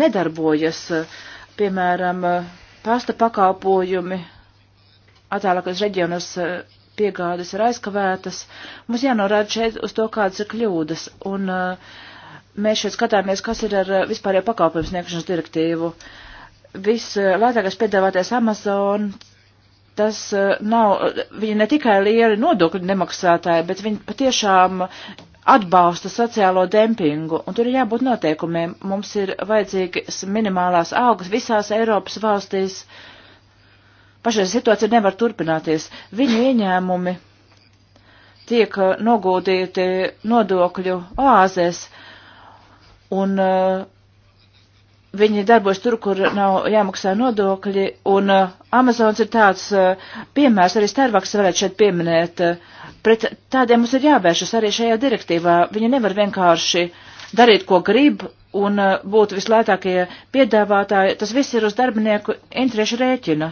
nedarbojas, uh, piemēram, eh, pasta pakalpojumi attālākos reģionos piegādes ir aizkavētas. Mums jānorāda šeit uz to, kādas ir kļūdas. Un mēs šeit skatāmies, kas ir ar vispārējo pakalpojumu sniegšanas direktīvu. Uh, vislētākais piedāvātais Amazon, tas eh, nav, viņi ne tikai lieli nodokļu nemaksātāji, bet viņi patiešām atbalsta sociālo dempingu, un tur ir jābūt noteikumiem. Mums ir vajadzīgas minimālās algas visās Eiropas valstīs. Pašreiz situācija nevar turpināties. Viņu ieņēmumi tiek eh, nogūdīti nodokļu oāzēs, un uh, viņi darbojas tur, kur nav jāmaksā nodokļi, un uh, Amazons ir tāds uh, piemērs, arī Starbucks varētu šeit pieminēt, uh, pret tādiem mums ir jāvēršas arī šajā direktīvā. Viņi nevar vienkārši darīt, ko grib, un uh, būt vislētākie piedāvātāji. Tas viss ir uz darbinieku interešu rēķina.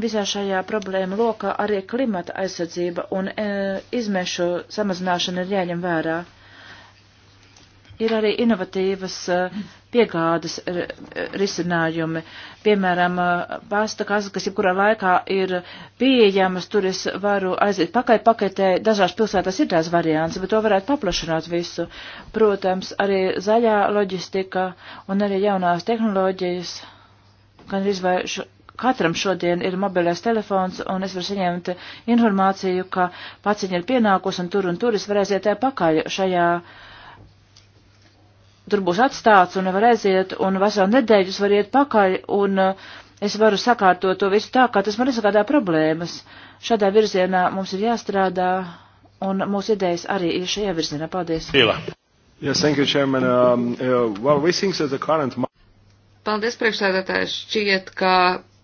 Visā šajā problēma lokā arī klimata aizsardzība un e, izmešu samazināšana ir jāņem vērā ir arī inovatīvas eh, piegādes eh, eh, risinājumi. Piemēram, pasta kases, kas jebkurā laikā ir pieejamas, tur es varu aiziet pakaļ paketē. Dažās pilsētās ir tās variants, bet to varētu paplašināt visu. Protams, arī zaļā loģistika un arī jaunās tehnoloģijas, gan arī vai katram šodien ir mobilais telefons, un es varu saņemt informāciju, ka paciņa ir pienākusi, un tur un tur es varēsiet tā pakaļ šajā uh, tur būs atstāts un nevar aiziet, un veselu nedēļu es varu iet pakaļ, un eh, es varu sakārtot to visu tā, kā tas man izsakādā problēmas. Šādā virzienā mums ir jāstrādā, un mūsu idejas arī ir šajā virzienā. Paldies! Pīlā. Yes, thank you, Chairman. Um, uh, well, we think that the current... Paldies, priekšsēdētājs. Šķiet, ka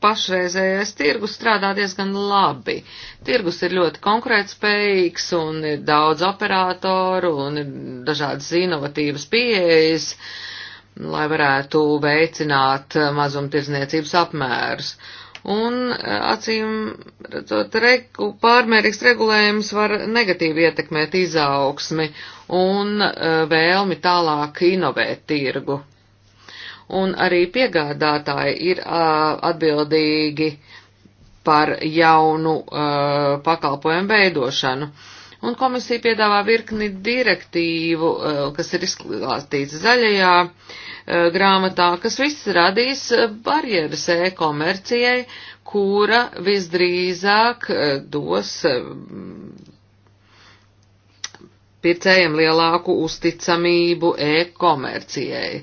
pašreizējais tirgus strādā diezgan labi. Tirgus ir ļoti konkurētspējīgs un ir daudz operātoru un ir dažādas inovatīvas pieejas, lai varētu veicināt mazumtirdzniecības apmērus. Un acīm redzot, regu, pārmērīgs regulējums var negatīvi ietekmēt izaugsmi un eh, vēlmi tālāk inovēt tirgu un arī piegādātāji ir atbildīgi par jaunu pakalpojumu veidošanu. Un komisija piedāvā virkni direktīvu, kas ir izklāstīts zaļajā grāmatā, kas viss radīs barjeras e-komercijai, kura visdrīzāk dos pircējiem lielāku uzticamību e-komercijai.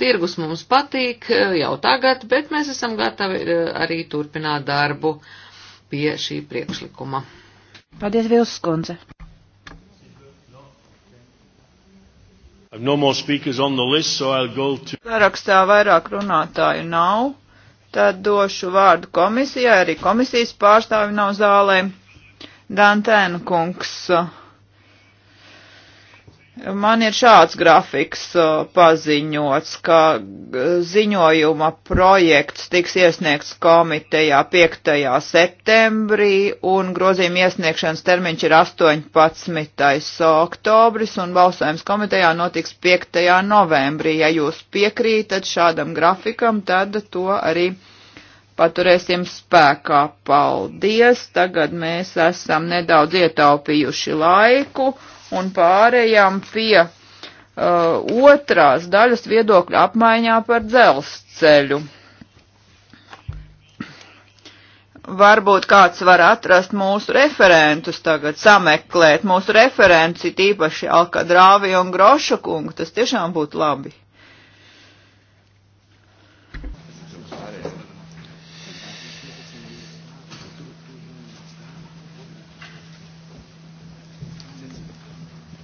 Tirgus mums patīk eh, jau tagad, bet mēs esam gatavi eh, arī turpināt darbu pie šī priekšlikuma. Paldies, Vils Skundze. No list, so to... Sarakstā vairāk runātāju nav, tad došu vārdu komisijai, arī komisijas pārstāvi nav zālē. Dantēna kungs. Uh, Man ir šāds grafiks uh, paziņots, ka uh, ziņojuma projekts tiks iesniegts komitejā 5. septembrī un grozījuma iesniegšanas termiņš ir 18. oktobris un balsojums komitejā notiks 5. novembrī. Ja jūs piekrītat šādam grafikam, tad to arī paturēsim spēkā. Paldies! Tagad mēs esam nedaudz ietaupījuši laiku un pārējām pie uh, otrās daļas viedokļa apmaiņā par dzelzceļu. Varbūt kāds var atrast mūsu referentus tagad, sameklēt mūsu referenci, tīpaši Alkadrāvi un Groša kungu, tas tiešām būtu labi.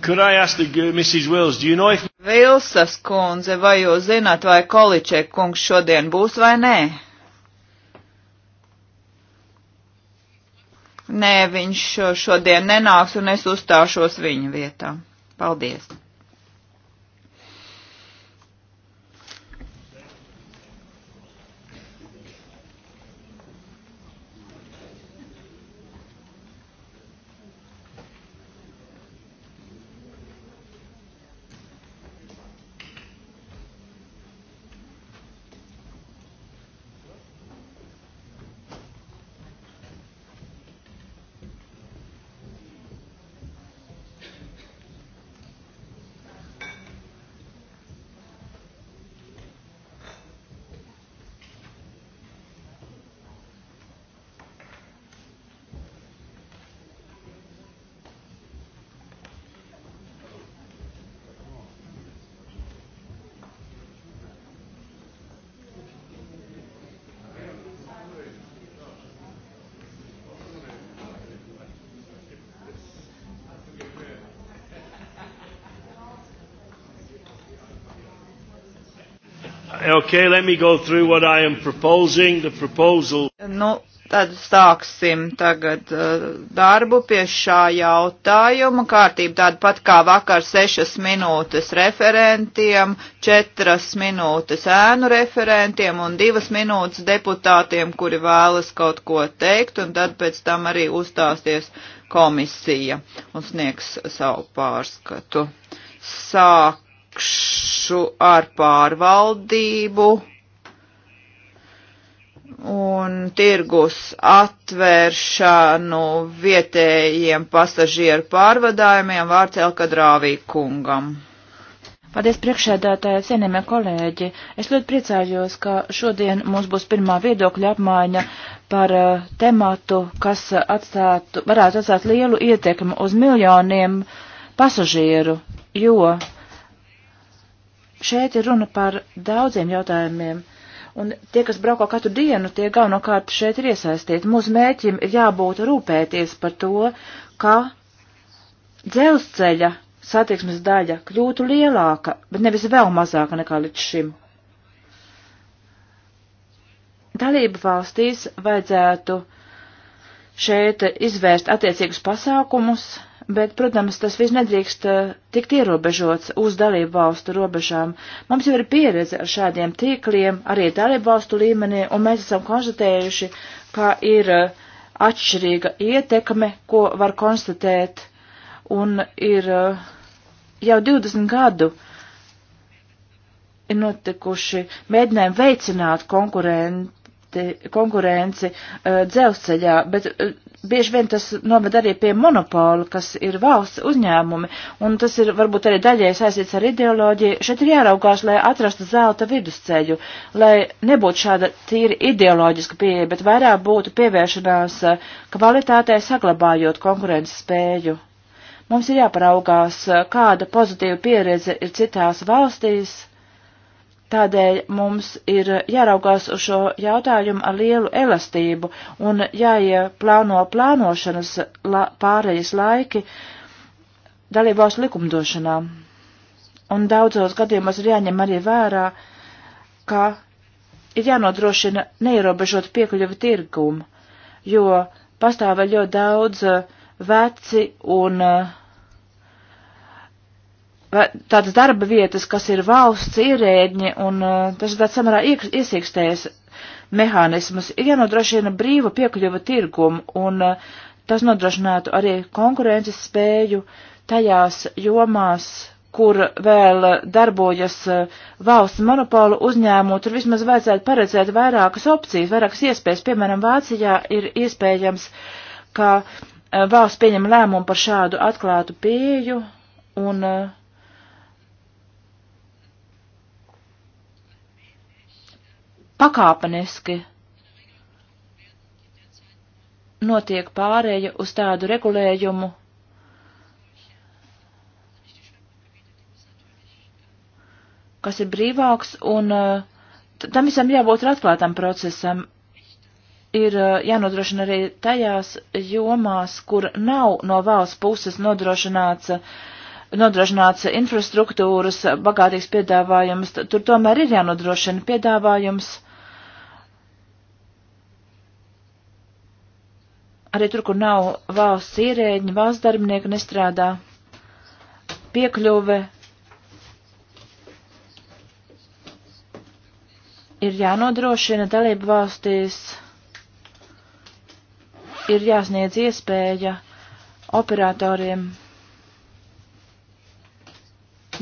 Could I ask the, uh, Mrs. Wills, do you know if... Vilsas kundze, vai jūs zināt, vai Količek kungs šodien būs vai nē? Nē, viņš šodien nenāks un es uzstāšos viņa vietā. Paldies. Okay, let me go through what I am proposing. The proposal. Nu, tad sāksim tagad uh, darbu pie šā jautājuma. Kārtība tāda pat kā vakar 6 minūtes referentiem, 4 minūtes ēnu referentiem un 2 minūtes deputātiem, kuri vēlas kaut ko teikt, un tad pēc tam arī uzstāsties komisija un sniegs savu pārskatu. Sāk priekšu ar pārvaldību un tirgus atvēršanu vietējiem pasažieru pārvadājumiem Vārcelka Drāvī kungam. Paldies priekšēdātāji, cienījamie kolēģi. Es ļoti priecājos, ka šodien mums būs pirmā viedokļa apmaiņa par uh, tematu, kas atstātu, varētu atstāt lielu ietekmi uz miljoniem pasažieru, jo šeit ir runa par daudziem jautājumiem. Un tie, kas brauko katru dienu, tie galvenokārt šeit ir iesaistīti. Mūsu mēķim ir jābūt rūpēties par to, ka dzelzceļa satiksmes daļa kļūtu lielāka, bet nevis vēl mazāka nekā līdz šim. Dalību valstīs vajadzētu šeit izvērst attiecīgus pasākumus, bet, protams, tas viss nedrīkst eh, tikt ierobežots uz dalību valstu robežām. Mums jau ir pieredze ar šādiem tīkliem, arī dalību valstu līmenī, un mēs esam konstatējuši, ka ir eh, atšķirīga ietekme, ko var konstatēt, un ir eh, jau 20 gadu ir notikuši mēģinājumi veicināt konkurenci konkurenci uh, dzelzceļā, bet uh, bieži vien tas noved arī pie monopola, kas ir valsts uzņēmumi, un tas ir varbūt arī daļai saistīts ar ideoloģiju. Šeit ir jāraugās, lai atrastu zelta vidusceļu, lai nebūtu šāda tīri ideoloģiska pieeja, bet vairāk būtu pievēršanās eh, kvalitātei saglabājot konkurences spēju. Mums ir jāparaugās, eh, kāda pozitīva pieredze ir citās valstīs Tādēļ mums ir jāraugās uz šo jautājumu ar lielu elastību un jāieplāno plānošanas la pārējas laiki dalībās likumdošanā. Un daudzos gadījumos ir jāņem arī vērā, ka ir jānodrošina neierobežot piekļuvi tirgumu, jo pastāv ļoti daudz veci un uh, tādas darba vietas, kas ir valsts ierēģi, un uh, tas ir tāds samērā iesīkstējis mehānismus. Ir jānodrošina brīva piekļuva tirgumu, un uh, tas nodrošinātu arī konkurences spēju tajās jomās, kur vēl darbojas uh, valsts monopolu uzņēmumu, tur vismaz vajadzētu paredzēt vairākas opcijas, vairākas iespējas. Piemēram, Vācijā ir iespējams, ka valsts pieņem lēmumu par šādu atklātu pieju, un uh, pakāpeniski notiek pārēja uz tādu regulējumu, kas ir brīvāks, un tam visam jābūt ir atklātam procesam. Ir jānodrošina arī tajās jomās, kur nav no valsts puses nodrošināts, nodrošināts infrastruktūras bagātīgs piedāvājums, tur tomēr ir jānodrošina piedāvājums arī tur, kur nav valsts ierēģi, valsts darbinieki nestrādā, piekļuve ir jānodrošina dalību valstīs, ir jāsniedz iespēja operatoriem,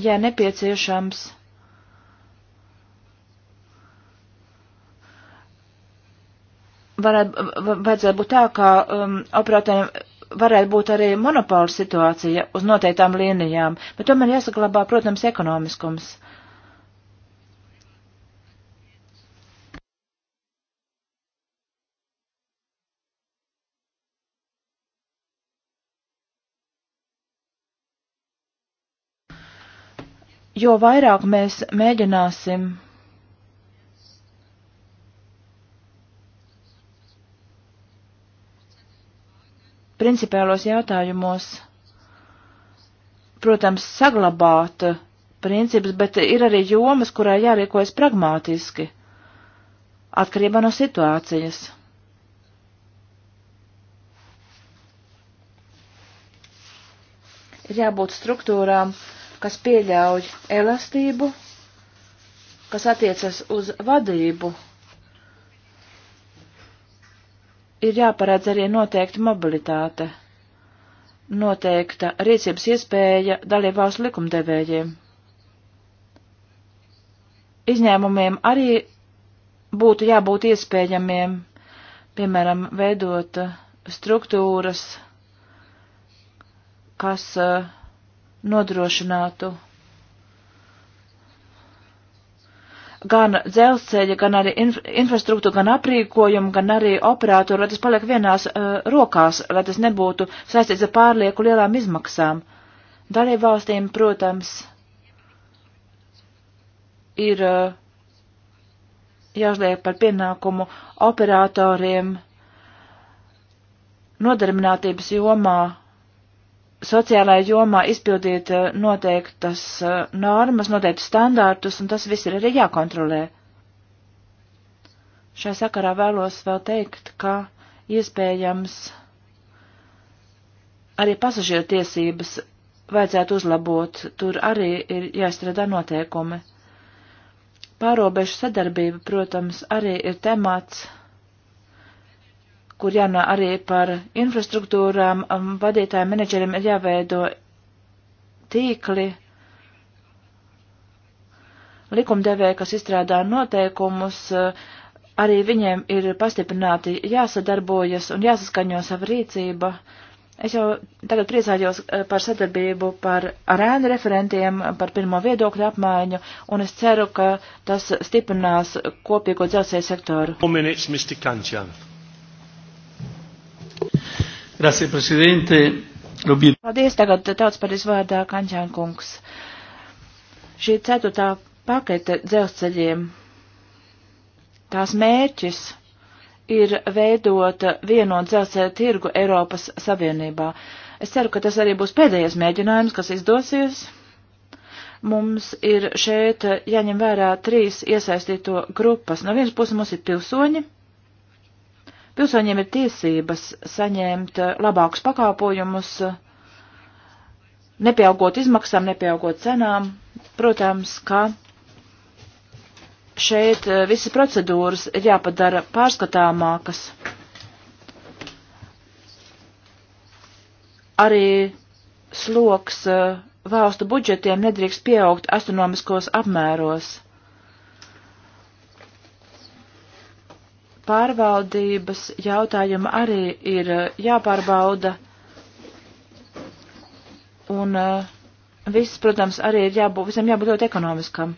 ja nepieciešams varētu, vajadzētu būt tā, ka um, operatoriem varētu būt arī monopola situācija uz noteiktām līnijām, bet tomēr jāsaglabā, protams, ekonomiskums. Jo vairāk mēs mēģināsim principiālos jautājumos, protams, saglabāt principus, bet ir arī jomas, kurā jārīkojas pragmātiski, atkarībā no situācijas. Ir jābūt struktūrām, kas pieļauj elastību, kas attiecas uz vadību ir jāparādz arī noteikta mobilitāte, noteikta rīcības iespēja dalībvalstu likumdevējiem. Izņēmumiem arī būtu jābūt iespējamiem, piemēram, veidot uh, struktūras, kas uh, nodrošinātu gan dzelzceļa, gan arī inf infrastruktūru, gan aprīkojumu, gan arī operātoru, lai tas paliek vienās uh, rokās, lai tas nebūtu saistīts ar pārlieku lielām izmaksām. Dalību valstīm, protams, ir uh, jāuzliek par pienākumu operatoriem nodarbinātības jomā sociālajā jomā izpildīt eh, noteiktas eh, normas, noteiktas standārtus, un tas viss ir arī jākontrolē. Šai sakarā vēlos vēl teikt, ka iespējams arī pasažieru tiesības vajadzētu uzlabot, tur arī ir jāstrādā noteikumi. Pārobežu sadarbība, protams, arī ir temats, kur jārunā arī par infrastruktūrām, um, vadītājiem, menedžeriem ir jāveido tīkli, likumdevēja, kas izstrādā noteikumus, uh, arī viņiem ir pastiprināti jāsadarbojas un jāsaskaņo sava rīcība. Es jau tagad priecājos uh, par sadarbību par arēnu referentiem, par pirmo viedokļu apmaiņu, un es ceru, ka tas stiprinās kopīgo dzelzceļa sektoru. Un minutes, Mr. Kančan. Grazie, prezidente. Rubīr. Paldies tagad tautas par izvārdā Kančāna kungs. Šī ceturtā pakete dzelzceļiem, tās mērķis ir veidot vienot dzelzceļa tirgu Eiropas Savienībā. Es ceru, ka tas arī būs pēdējais mēģinājums, kas izdosies. Mums ir šeit jāņem vērā trīs iesaistīto grupas. No vienas puses mums ir pilsoņi Pilsoņiem ir tiesības saņemt eh, labākus pakāpojumus, nepieaugot izmaksām, nepieaugot cenām. Protams, ka šeit eh, visas procedūras ir jāpadara pārskatāmākas. Arī sloks eh, valstu budžetiem nedrīkst pieaugt astronomiskos apmēros. pārvaldības jautājumi arī ir eh, jāpārbauda. Un uh, viss, protams, arī ir jābūt, visam jābūt ļoti ekonomiskam.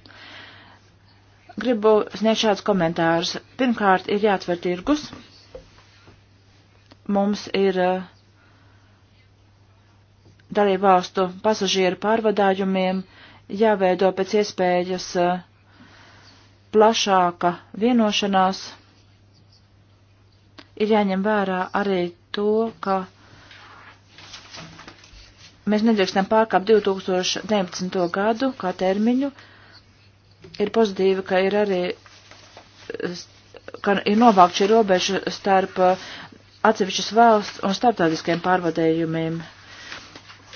Gribu sniegt šādus komentārus. Pirmkārt, ir jāatver tirgus. Mums ir uh, eh, dalību valstu pasažieru pārvadājumiem jāveido pēc iespējas uh, plašāka vienošanās ir jāņem vērā arī to, ka mēs nedrīkstam pārkāpt 2019. gadu kā termiņu. Ir pozitīvi, ka ir arī ka ir novākt šī robeža starp uh, atsevišķas valsts un starptautiskiem pārvadējumiem.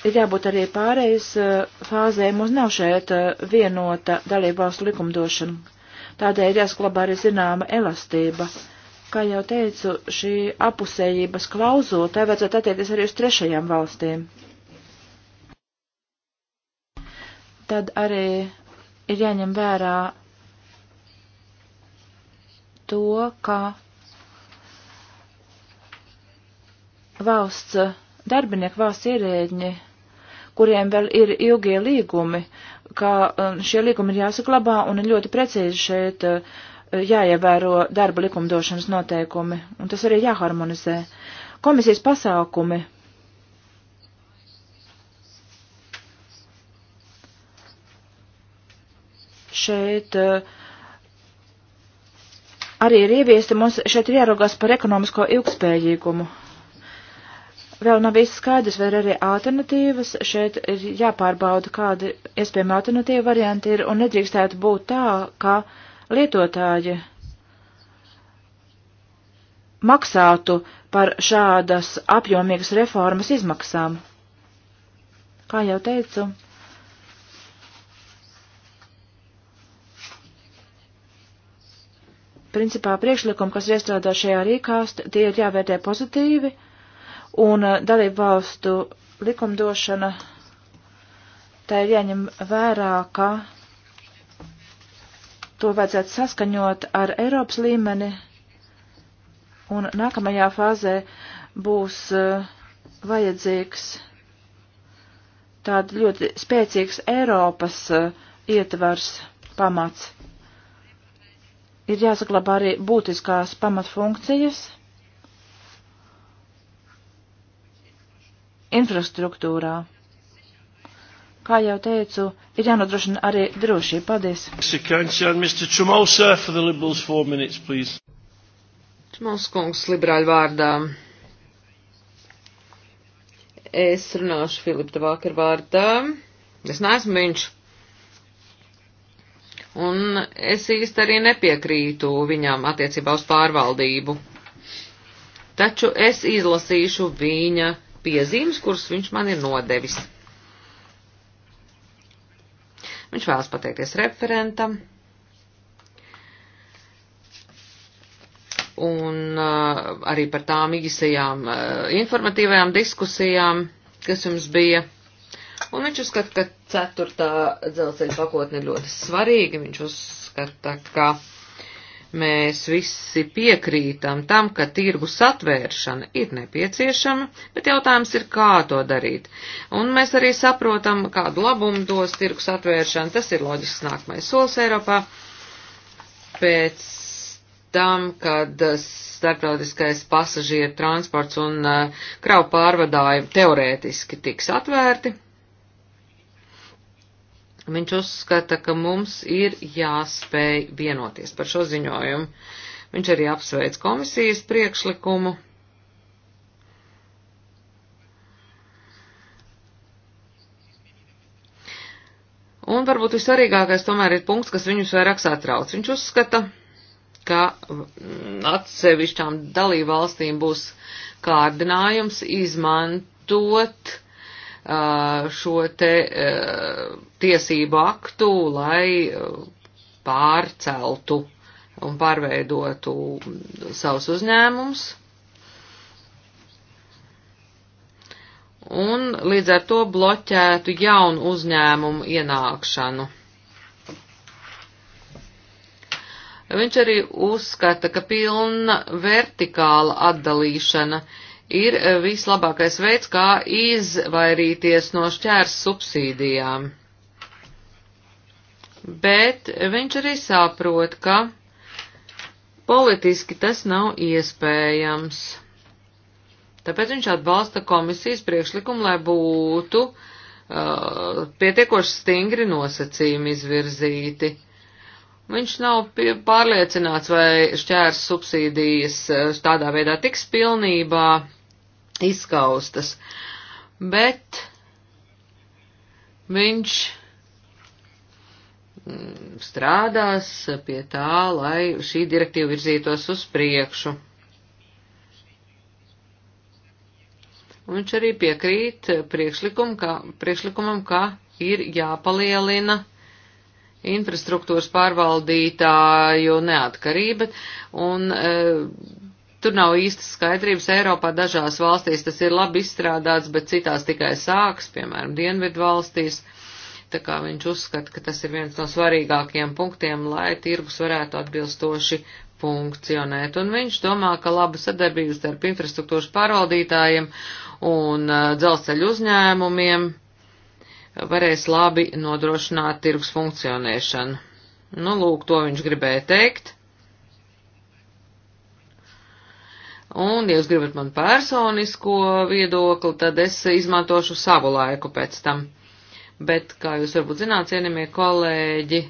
Ir jābūt arī pārējais uh, fāzē, mums nav šeit uh, vienota dalībvalstu likumdošana. Tādēļ jāsklabā arī zināma elastība kā jau teicu, šī apusējības klauzula, tai vajadzētu attiekties arī uz trešajām valstīm. Tad arī ir jāņem vērā to, ka valsts darbinieki, valsts ierēģi, kuriem vēl ir ilgie līgumi, ka um, šie līgumi ir jāsaklabā un ir ļoti precīzi šeit uh, jāievēro darba likumdošanas noteikumi, un tas arī jāharmonizē. Komisijas pasākumi šeit eh, arī ir ieviesti, mums šeit ir jāraugās par ekonomisko ilgspējīgumu. Vēl nav viss skaidrs, vai ir arī alternatīvas. Šeit ir jāpārbauda, kādi iespējami alternatīva varianti ir, un nedrīkstētu būt tā, ka uh, lietotāji maksātu par šādas apjomīgas reformas izmaksām. Kā jau teicu, principā priekšlikumi, kas ir iestrādāti šajā rīkāst, tie ir jāvērtē pozitīvi, un uh, dalību valstu likumdošana, tā ir jāņem vērā, ka to vajadzētu saskaņot ar Eiropas līmeni, un nākamajā fāzē būs uh, vajadzīgs tāds ļoti spēcīgs Eiropas uh, ietvars pamats. Ir jāsaklabā arī būtiskās pamatfunkcijas, infrastruktūrā. Kā jau teicu, ir jānodrošina arī drošība. Paldies. Čumals kungs, liberāļu vārdā. Es runāšu Filipa Tavākar vārdā. Es neesmu viņš. Un es īsti arī nepiekrītu viņām attiecībā uz pārvaldību taču es izlasīšu viņa piezīmes, kuras viņš man ir nodevis. Viņš vēlas pateikties referentam. Un uh, arī par tām īsajām uh, informatīvajām diskusijām, kas jums bija. Un viņš uzskata, ka ceturtā dzelzceļa pakotne ir ļoti svarīga. Viņš uzskata, ka Mēs visi piekrītam tam, ka tirgus atvēršana ir nepieciešama, bet jautājums ir, kā to darīt. Un mēs arī saprotam, kādu labumu dos tirgus atvēršana. Tas ir loģisks nākamais solis Eiropā. Pēc tam, kad starptautiskais pasažieru transports un eh, kravu pārvadājumi teorētiski tiks atvērti, Viņš uzskata, ka mums ir jāspēj vienoties par šo ziņojumu. Viņš arī apsveic komisijas priekšlikumu. Un varbūt visvarīgākais tomēr ir punkts, kas viņus vairāk satrauc. Viņš uzskata, ka atsevišķām dalībvalstīm būs kārdinājums izmantot šo te tiesību aktu, lai pārceltu un pārveidotu savus uzņēmumus. Un līdz ar to bloķētu jaunu uzņēmumu ienākšanu. Viņš arī uzskata, ka pilna vertikāla atdalīšana uh, ir e, vislabākais veids, kā izvairīties no šķērs subsīdijām. Bet viņš arī saprot, ka politiski tas nav iespējams. Tāpēc viņš atbalsta komisijas priekšlikumu, lai būtu uh, pietiekoši stingri nosacījumi izvirzīti. Viņš nav pārliecināts, vai šķērs subsīdijas eh, tādā veidā tiks pilnībā izskaustas, bet viņš mm, strādās pie tā, lai šī direktīva virzītos uz priekšu. Un viņš arī piekrīt priekšlikum, ka, priekšlikumam, ka ir jāpalielina infrastruktūras pārvaldītāju neatkarība, un e, tur nav īstas skaidrības. Eiropā dažās valstīs tas ir labi izstrādāts, bet citās tikai sāks, piemēram, Dienvidu valstīs. Tā kā viņš uzskata, ka tas ir viens no svarīgākajiem punktiem, lai tirgus varētu atbilstoši funkcionēt. Un viņš domā, ka laba sadarbības starp infrastruktūras pārvaldītājiem un eh, dzelzceļu uzņēmumiem varēs labi nodrošināt tirgus funkcionēšanu. Nu, lūk, to viņš gribēja teikt. Un, ja jūs gribat man personisko viedokli, tad es izmantošu savu laiku pēc tam. Bet, kā jūs varbūt zināt, cienījamie kolēģi,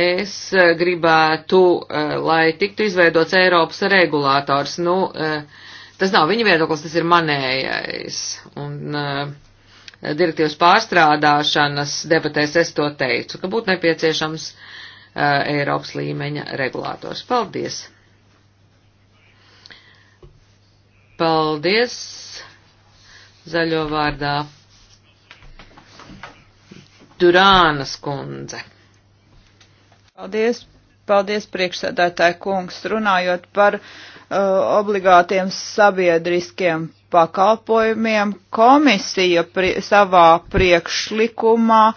es gribētu, eh, lai tiktu izveidots Eiropas regulātors. Nu, eh, tas nav viņa viedoklis, tas ir manējais. Un, uh, direktīvas pārstrādāšanas debatēs es to teicu, ka būtu nepieciešams uh, Eiropas līmeņa regulātors. Paldies! Paldies! Zaļo vārdā Durānas kundze. Paldies! Paldies, priekšsēdētāji kungs, runājot par uh, obligātiem sabiedriskiem pakalpojumiem, komisija pri savā priekšlikumā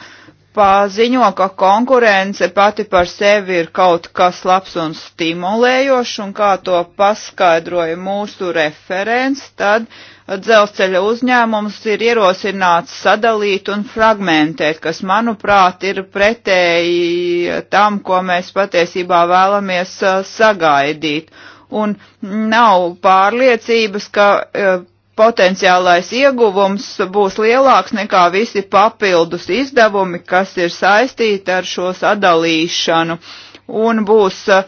paziņo, ka konkurence pati par sevi ir kaut kas labs un stimulējošs, un kā to paskaidroja mūsu referents, tad dzelzceļa uzņēmums ir ierosināts sadalīt un fragmentēt, kas, manuprāt, ir pretēji tam, ko mēs patiesībā vēlamies uh, sagaidīt un nav pārliecības, ka uh, potenciālais ieguvums būs lielāks nekā visi papildus izdevumi, kas ir saistīti ar šo sadalīšanu. Un būs uh,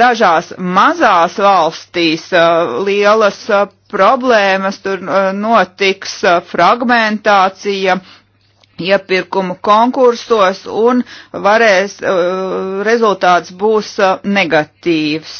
dažās mazās valstīs uh, lielas uh, problēmas, tur uh, notiks uh, fragmentācija iepirkumu konkursos un varēs, uh, rezultāts būs negatīvs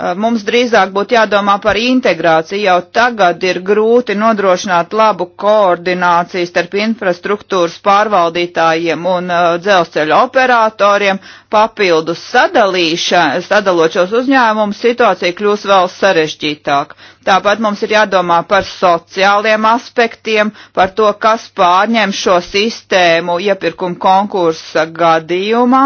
Eh, mums drīzāk būtu jādomā par integrāciju. Jau tagad ir grūti nodrošināt labu koordināciju starp infrastruktūras pārvaldītājiem un eh, dzelzceļa operatoriem. Papildus sadalot šos uzņēmumus, situācija kļūs vēl sarežģītāk. Tāpat mums ir jādomā par sociāliem aspektiem, par to, kas pārņem šo sistēmu iepirkuma konkursa gadījumā.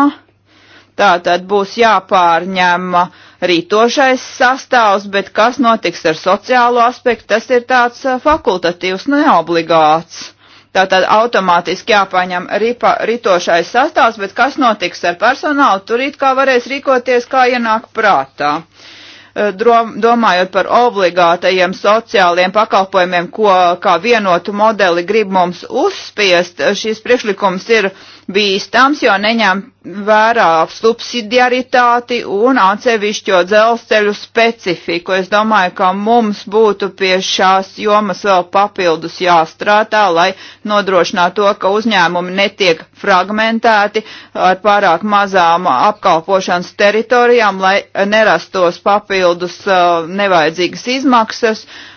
Tātad būs jāpārņem uh, rītošais sastāvs, bet kas notiks ar sociālo aspektu, tas ir tāds fakultatīvs, neobligāts. Tātad automātiski jāpaņem ripa, ritošais sastāvs, bet kas notiks ar personālu, tur it kā varēs rīkoties, kā ienāk prātā. Domājot par obligātajiem sociāliem pakalpojumiem, ko kā vienotu modeli grib mums uzspiest, šis priekšlikums ir uh, bīstams, jo neņem vērā subsidiaritāti un atsevišķo dzelzceļu specifiku. Es domāju, ka mums būtu pie šās jomas vēl papildus jāstrādā, lai nodrošinātu to, ka uzņēmumi netiek fragmentēti ar pārāk mazām apkalpošanas teritorijām, lai nerastos papildus uh, nevajadzīgas izmaksas. Uh,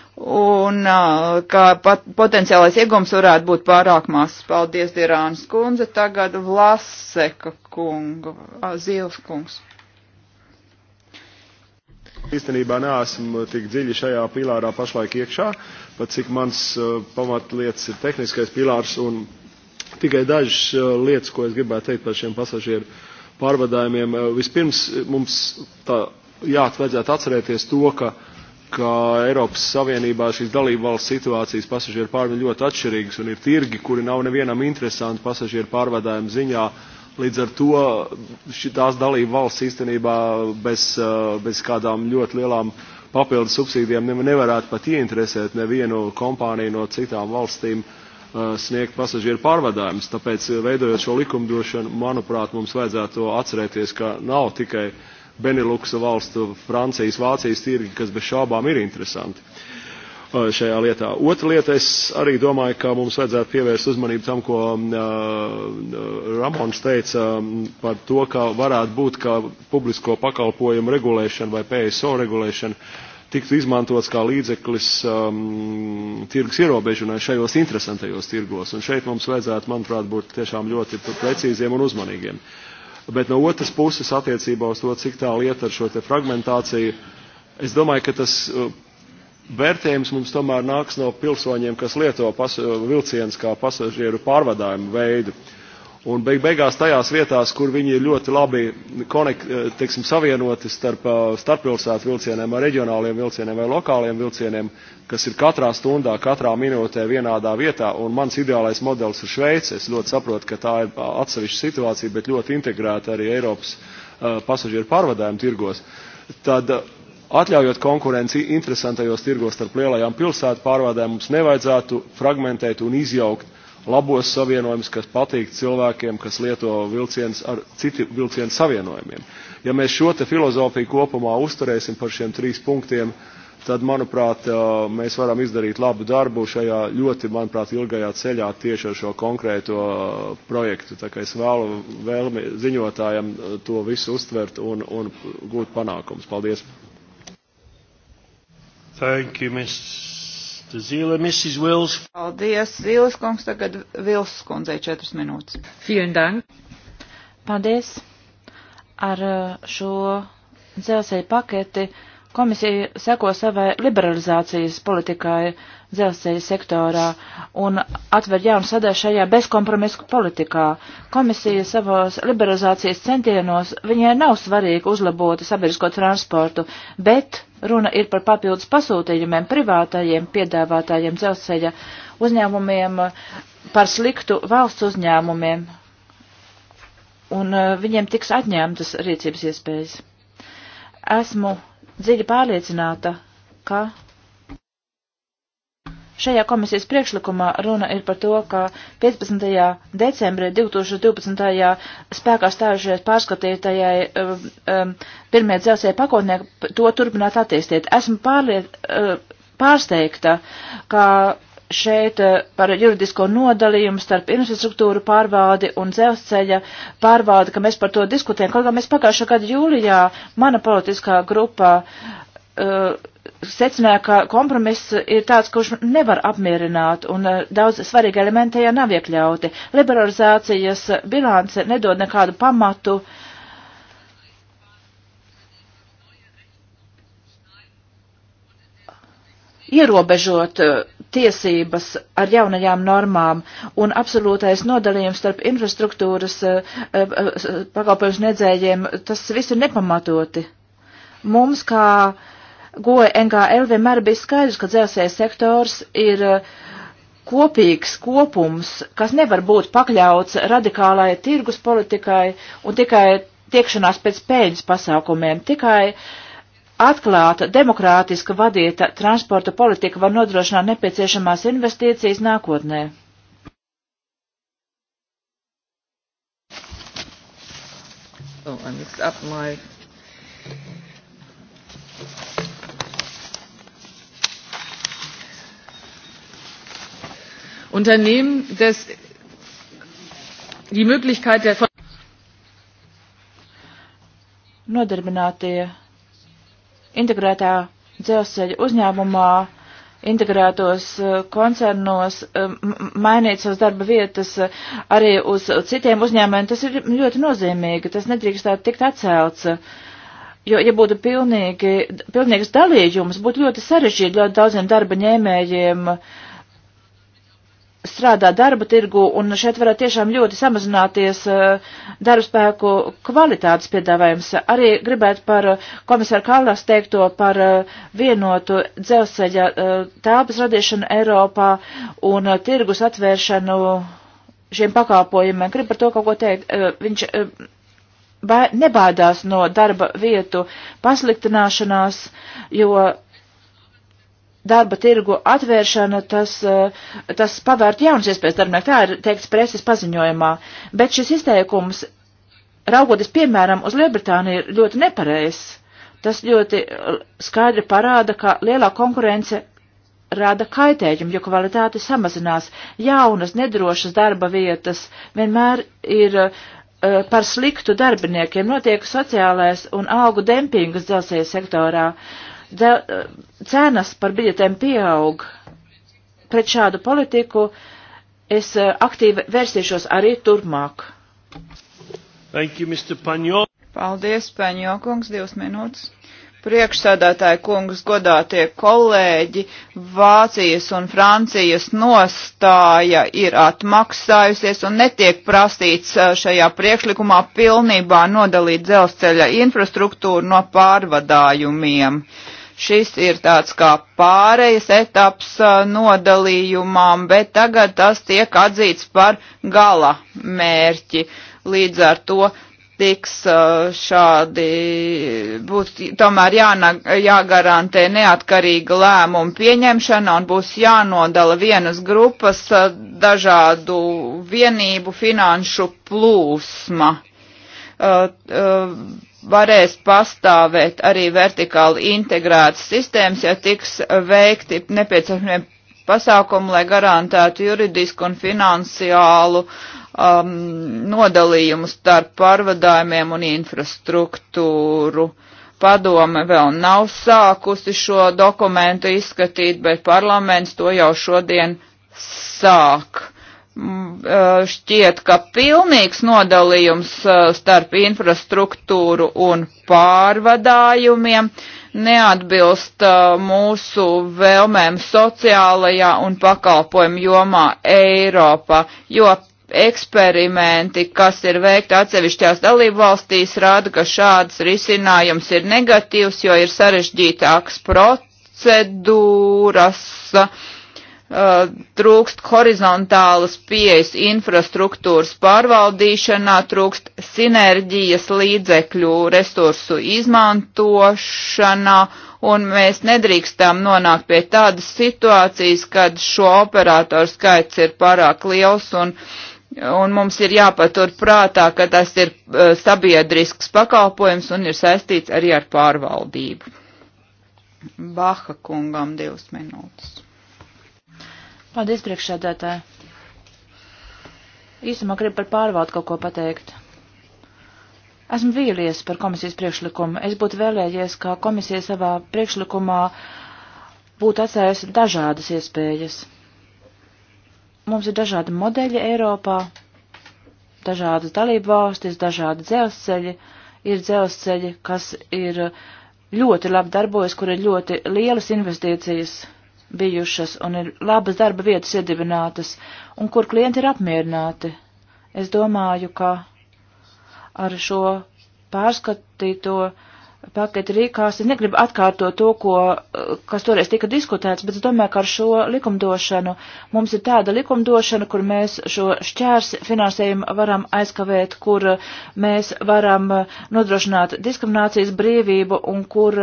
un uh, ka pat potenciālais iegums varētu būt pārāk mazs. Paldies, Dirānas kundze. Tagad Vlaseka kunga, Zīles kungs. Īstenībā neesmu tik dziļi šajā pilārā pašlaik iekšā, pat cik mans uh, pamatlietas ir tehniskais pilārs un tikai dažas uh, lietas, ko es gribētu teikt par šiem pasažieru pārvadājumiem. Uh, vispirms mums tā jā, vajadzētu atcerēties to, ka uh, ka Eiropas Savienībā šīs dalību valsts situācijas pasažieru pārvadājumi ļoti atšķirīgas un ir tirgi, kuri nav nevienam interesanti pasažieru pārvadājumu ziņā. Līdz ar to tās dalību valsts īstenībā bez, eh, bez kādām ļoti lielām papildus subsīdijām nevarētu pat ieinteresēt nevienu kompāniju no citām valstīm eh, sniegt pasažieru pārvadājumus. Tāpēc, eh, veidojot šo likumdošanu, manuprāt, mums vajadzētu atcerēties, ka nav tikai uh, Beneluksa valstu, Francijas, Vācijas tirgi, kas bez šābām ir interesanti uh, šajā lietā. Otra lieta, es arī domāju, ka mums vajadzētu pievērst uzmanību tam, ko um, uh, Ramons teica um, par to, ka varētu būt, ka publisko pakalpojumu regulēšana vai PSO regulēšana tiktu izmantots kā līdzeklis um, tirgus ierobežošanai šajos interesantajos tirgos. Un šeit mums vajadzētu, manuprāt, būt tiešām ļoti precīziem un uzmanīgiem. Uh, bet no otras puses attiecībā uz to, cik tā lieta ar šo te fragmentāciju, es domāju, ka tas uh, vērtējums mums tomēr nāks no pilsoņiem, kas lieto pas, uh, vilciens kā pasažieru pārvadājumu veidu. Uh, Un beig beigās tajās vietās, kur viņi ir ļoti labi konekt, eh, teiksim, savienoti starp eh, starppilsētu vilcieniem, ar reģionāliem vilcieniem vai lokāliem vilcieniem, kas ir katrā stundā, katrā minūtē vienādā vietā. Un mans ideālais modelis ir Šveice. Es ļoti saprotu, ka tā ir eh, atsevišķa situācija, bet ļoti integrēta arī Eiropas uh, pasažieru pārvadājumu tirgos. Tad Atļaujot konkurenci interesantajos tirgos starp lielajām pilsētu pārvādēm, mums nevajadzētu fragmentēt un izjaukt labos savienojumus, kas patīk cilvēkiem, kas lieto vilcienus ar citu vilcienu savienojumiem. Ja mēs šo te filozofiju kopumā uzturēsim par šiem trīs punktiem, tad, manuprāt, mēs varam izdarīt labu darbu šajā ļoti, manuprāt, ilgajā ceļā tieši ar šo konkrēto projektu. Tā kā es vēlu vēlmi ziņotājiem to visu uztvert un, un gūt panākums. Paldies! Thank you, Mr. Mr. Zīle, Mrs. Wills. Paldies, Zīles kungs, tagad Vils kundzei četras minūtes. Vielen dank. Paldies. Ar uh, šo dzelzceļa paketi komisija seko savai liberalizācijas politikai dzelzceļa sektorā un atver jaunu sadaļu šajā bezkompromisu politikā. Komisija savos liberalizācijas centienos, viņai nav svarīgi uzlabot sabiedrisko transportu, bet Runa ir par papildus pasūtījumiem privātajiem piedāvātājiem dzelzceļa uzņēmumiem, par sliktu valsts uzņēmumiem, un eh, viņiem tiks atņemtas rīcības iespējas. Esmu dziļi pārliecināta, ka Šajā komisijas priekšlikumā runa ir par to, ka 15. decembrī 2012. spēkā stājušajai pārskatītajai um, um, pirmie dzelzceļa pakotnē to turpināt attīstīt. Esmu pārliet, um, pārsteigta, ka šeit uh, par juridisko nodalījumu starp infrastruktūru pārvaldi un dzelzceļa pārvaldi, ka mēs par to diskutējam. Kaut kā mēs pagājušā gada jūlijā mana politiskā grupa uh, uh, secināja, ka kompromiss ir tāds, kurš nevar apmierināt, un uh, daudz svarīgi elementi tajā nav iekļauti. Liberalizācijas bilance nedod nekādu pamatu. Ierobežot uh, tiesības ar jaunajām normām un absolūtais nodalījums starp infrastruktūras uh, uh, pakalpojumu sniedzējiem, tas viss ir nepamatoti. Mums kā uh, goja NKL vienmēr bija skaidrs, ka dzelzceļa sektors ir eh, kopīgs kopums, kas nevar būt pakļauts radikālai tirgus politikai un tikai tiekšanās pēc pēļņas pasākumiem. Tikai atklāta, demokrātiska vadīta transporta politika var nodrošināt nepieciešamās investīcijas nākotnē. Oh, and it's up my Unternehmen des, die Möglichkeit der Nodarbinātie integrētā dzelzceļa uzņēmumā integrētos eh, koncernos, eh, mainīt savas darba vietas eh, arī uz citiem uzņēmējiem, tas ir ļoti nozīmīgi, tas nedrīkstētu tikt atcelts. Jo, ja būtu pilnīgi, pilnīgs dalījums, būtu ļoti sarežģīti ļoti daudziem darba ņēmējiem uh, strādā darba tirgu, un šeit varētu tiešām ļoti samazināties eh, darbspēku kvalitātes piedāvājums. Arī gribētu par eh, komisāru Kālās teikto par eh, vienotu dzelzceļa tāpas radīšanu Eiropā un tirgus atvēršanu šiem pakāpojumiem. Gribu par to kaut ko teikt. Viņš nebādās no darba vietu pasliktināšanās, jo darba tirgu atvēršana, tas, eh, tas pavērt jaunas iespējas darbinieki. Tā ir teikts preses paziņojumā. Bet šis izteikums, raugoties piemēram uz Lielbritāniju, ir ļoti nepareizs. Tas ļoti eh, skaidri parāda, ka lielā konkurence rada kaitējumu, jo kvalitāte samazinās. Jaunas, nedrošas darba vietas vienmēr ir uh, par sliktu darbiniekiem. Notiek sociālais un algu dempingas dzelzceļa sektorā. Uh, cenas par biļetēm pieaug. Pret šādu politiku es eh, aktīvi vērsīšos arī turpmāk. Thank you, Mr. Paņo. Paldies, Paņo kungs, divas minūtes. Priekšsēdētāji kungs, godātie kolēģi, Vācijas un Francijas nostāja ir atmaksājusies un netiek prasīts eh, šajā priekšlikumā pilnībā nodalīt dzelzceļa infrastruktūru no pārvadājumiem. Uh, Šis ir tāds kā pārejas etaps nodalījumam, bet tagad tas tiek atzīts par gala mērķi. Līdz ar to tiks šādi, būs tomēr jāna, jāgarantē neatkarīga lēmuma pieņemšana un būs jānodala vienas grupas dažādu vienību finanšu plūsma. Uh, uh, varēs pastāvēt arī vertikāli integrētas sistēmas, ja tiks veikti nepieciešamie pasākumi, lai garantētu juridisku un finansiālu um, nodalījumu starp pārvadājumiem un infrastruktūru. Padome vēl nav sākusi šo dokumentu izskatīt, bet parlaments to jau šodien sāk. Mm, eh, šķiet, ka pilnīgs nodalījums eh, starp infrastruktūru un pārvadājumiem neatbilst eh, mūsu vēlmēm sociālajā un pakalpojumu jomā Eiropā, jo eksperimenti, kas ir veikti atsevišķās dalību valstīs, rāda, ka šāds risinājums ir negatīvs, jo ir sarežģītāks procedūras, uh, Uh, trūkst horizontālas pieejas infrastruktūras pārvaldīšanā, trūkst sinerģijas līdzekļu resursu izmantošanā, un mēs nedrīkstām nonākt pie tādas situācijas, kad šo operātoru skaits ir pārāk liels un Un mums ir jāpatur prātā, ka tas ir uh, sabiedrisks pakalpojums un ir saistīts arī ar pārvaldību. Baha kungam divas minūtes. Paldies, priekšsēdētāji. Īsumā gribu par pārvaldu kaut ko pateikt. Esmu vīlies par komisijas priekšlikumu. Es būtu vēlējies, ka komisija savā priekšlikumā būtu atcerējusi dažādas iespējas. Mums ir dažādi modeļi Eiropā, dažādas dalību valstis, dažādi dzelzceļi. Ir dzelzceļi, kas ir ļoti labi darbojas, kur ir ļoti lielas investīcijas bijušas un ir labas darba vietas iedibinātas un kur klienti ir apmierināti. Es domāju, ka ar šo pārskatīto paketi rīkās. Es negribu atkārtot to, ko, eh, kas toreiz tika diskutēts, bet es domāju, ka ar šo likumdošanu mums ir tāda likumdošana, kur mēs šo šķērs finansējumu varam aizkavēt, kur eh, mēs varam eh, nodrošināt diskriminācijas brīvību un kur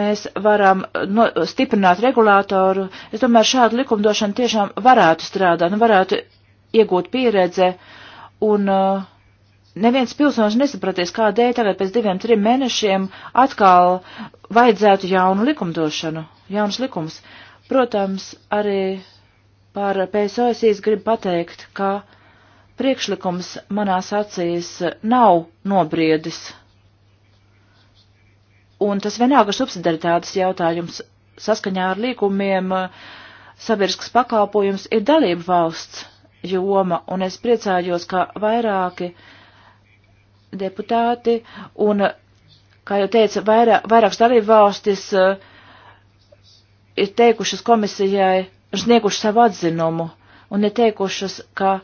mēs varam no, stiprināt regulātoru. Es domāju, šādu likumdošanu tiešām varētu strādāt, varētu iegūt pieredze un uh, neviens pilsonis nesapratīs, kādēļ tagad pēc diviem, trim mēnešiem atkal vajadzētu jaunu likumdošanu, jaunas likumus. Protams, arī par PSOS gribu pateikt, ka priekšlikums manās acīs nav nobriedis. Un tas vienalga subsidaritātes jautājums saskaņā ar līkumiem sabiedrisks pakalpojums ir dalība valsts joma, un es priecājos, ka vairāki uh, deputāti, un, kā jau teica, vairāk, vairākas dalībvalstis uh, ir teikušas komisijai, sniegušas savu atzinumu, un ir teikušas, ka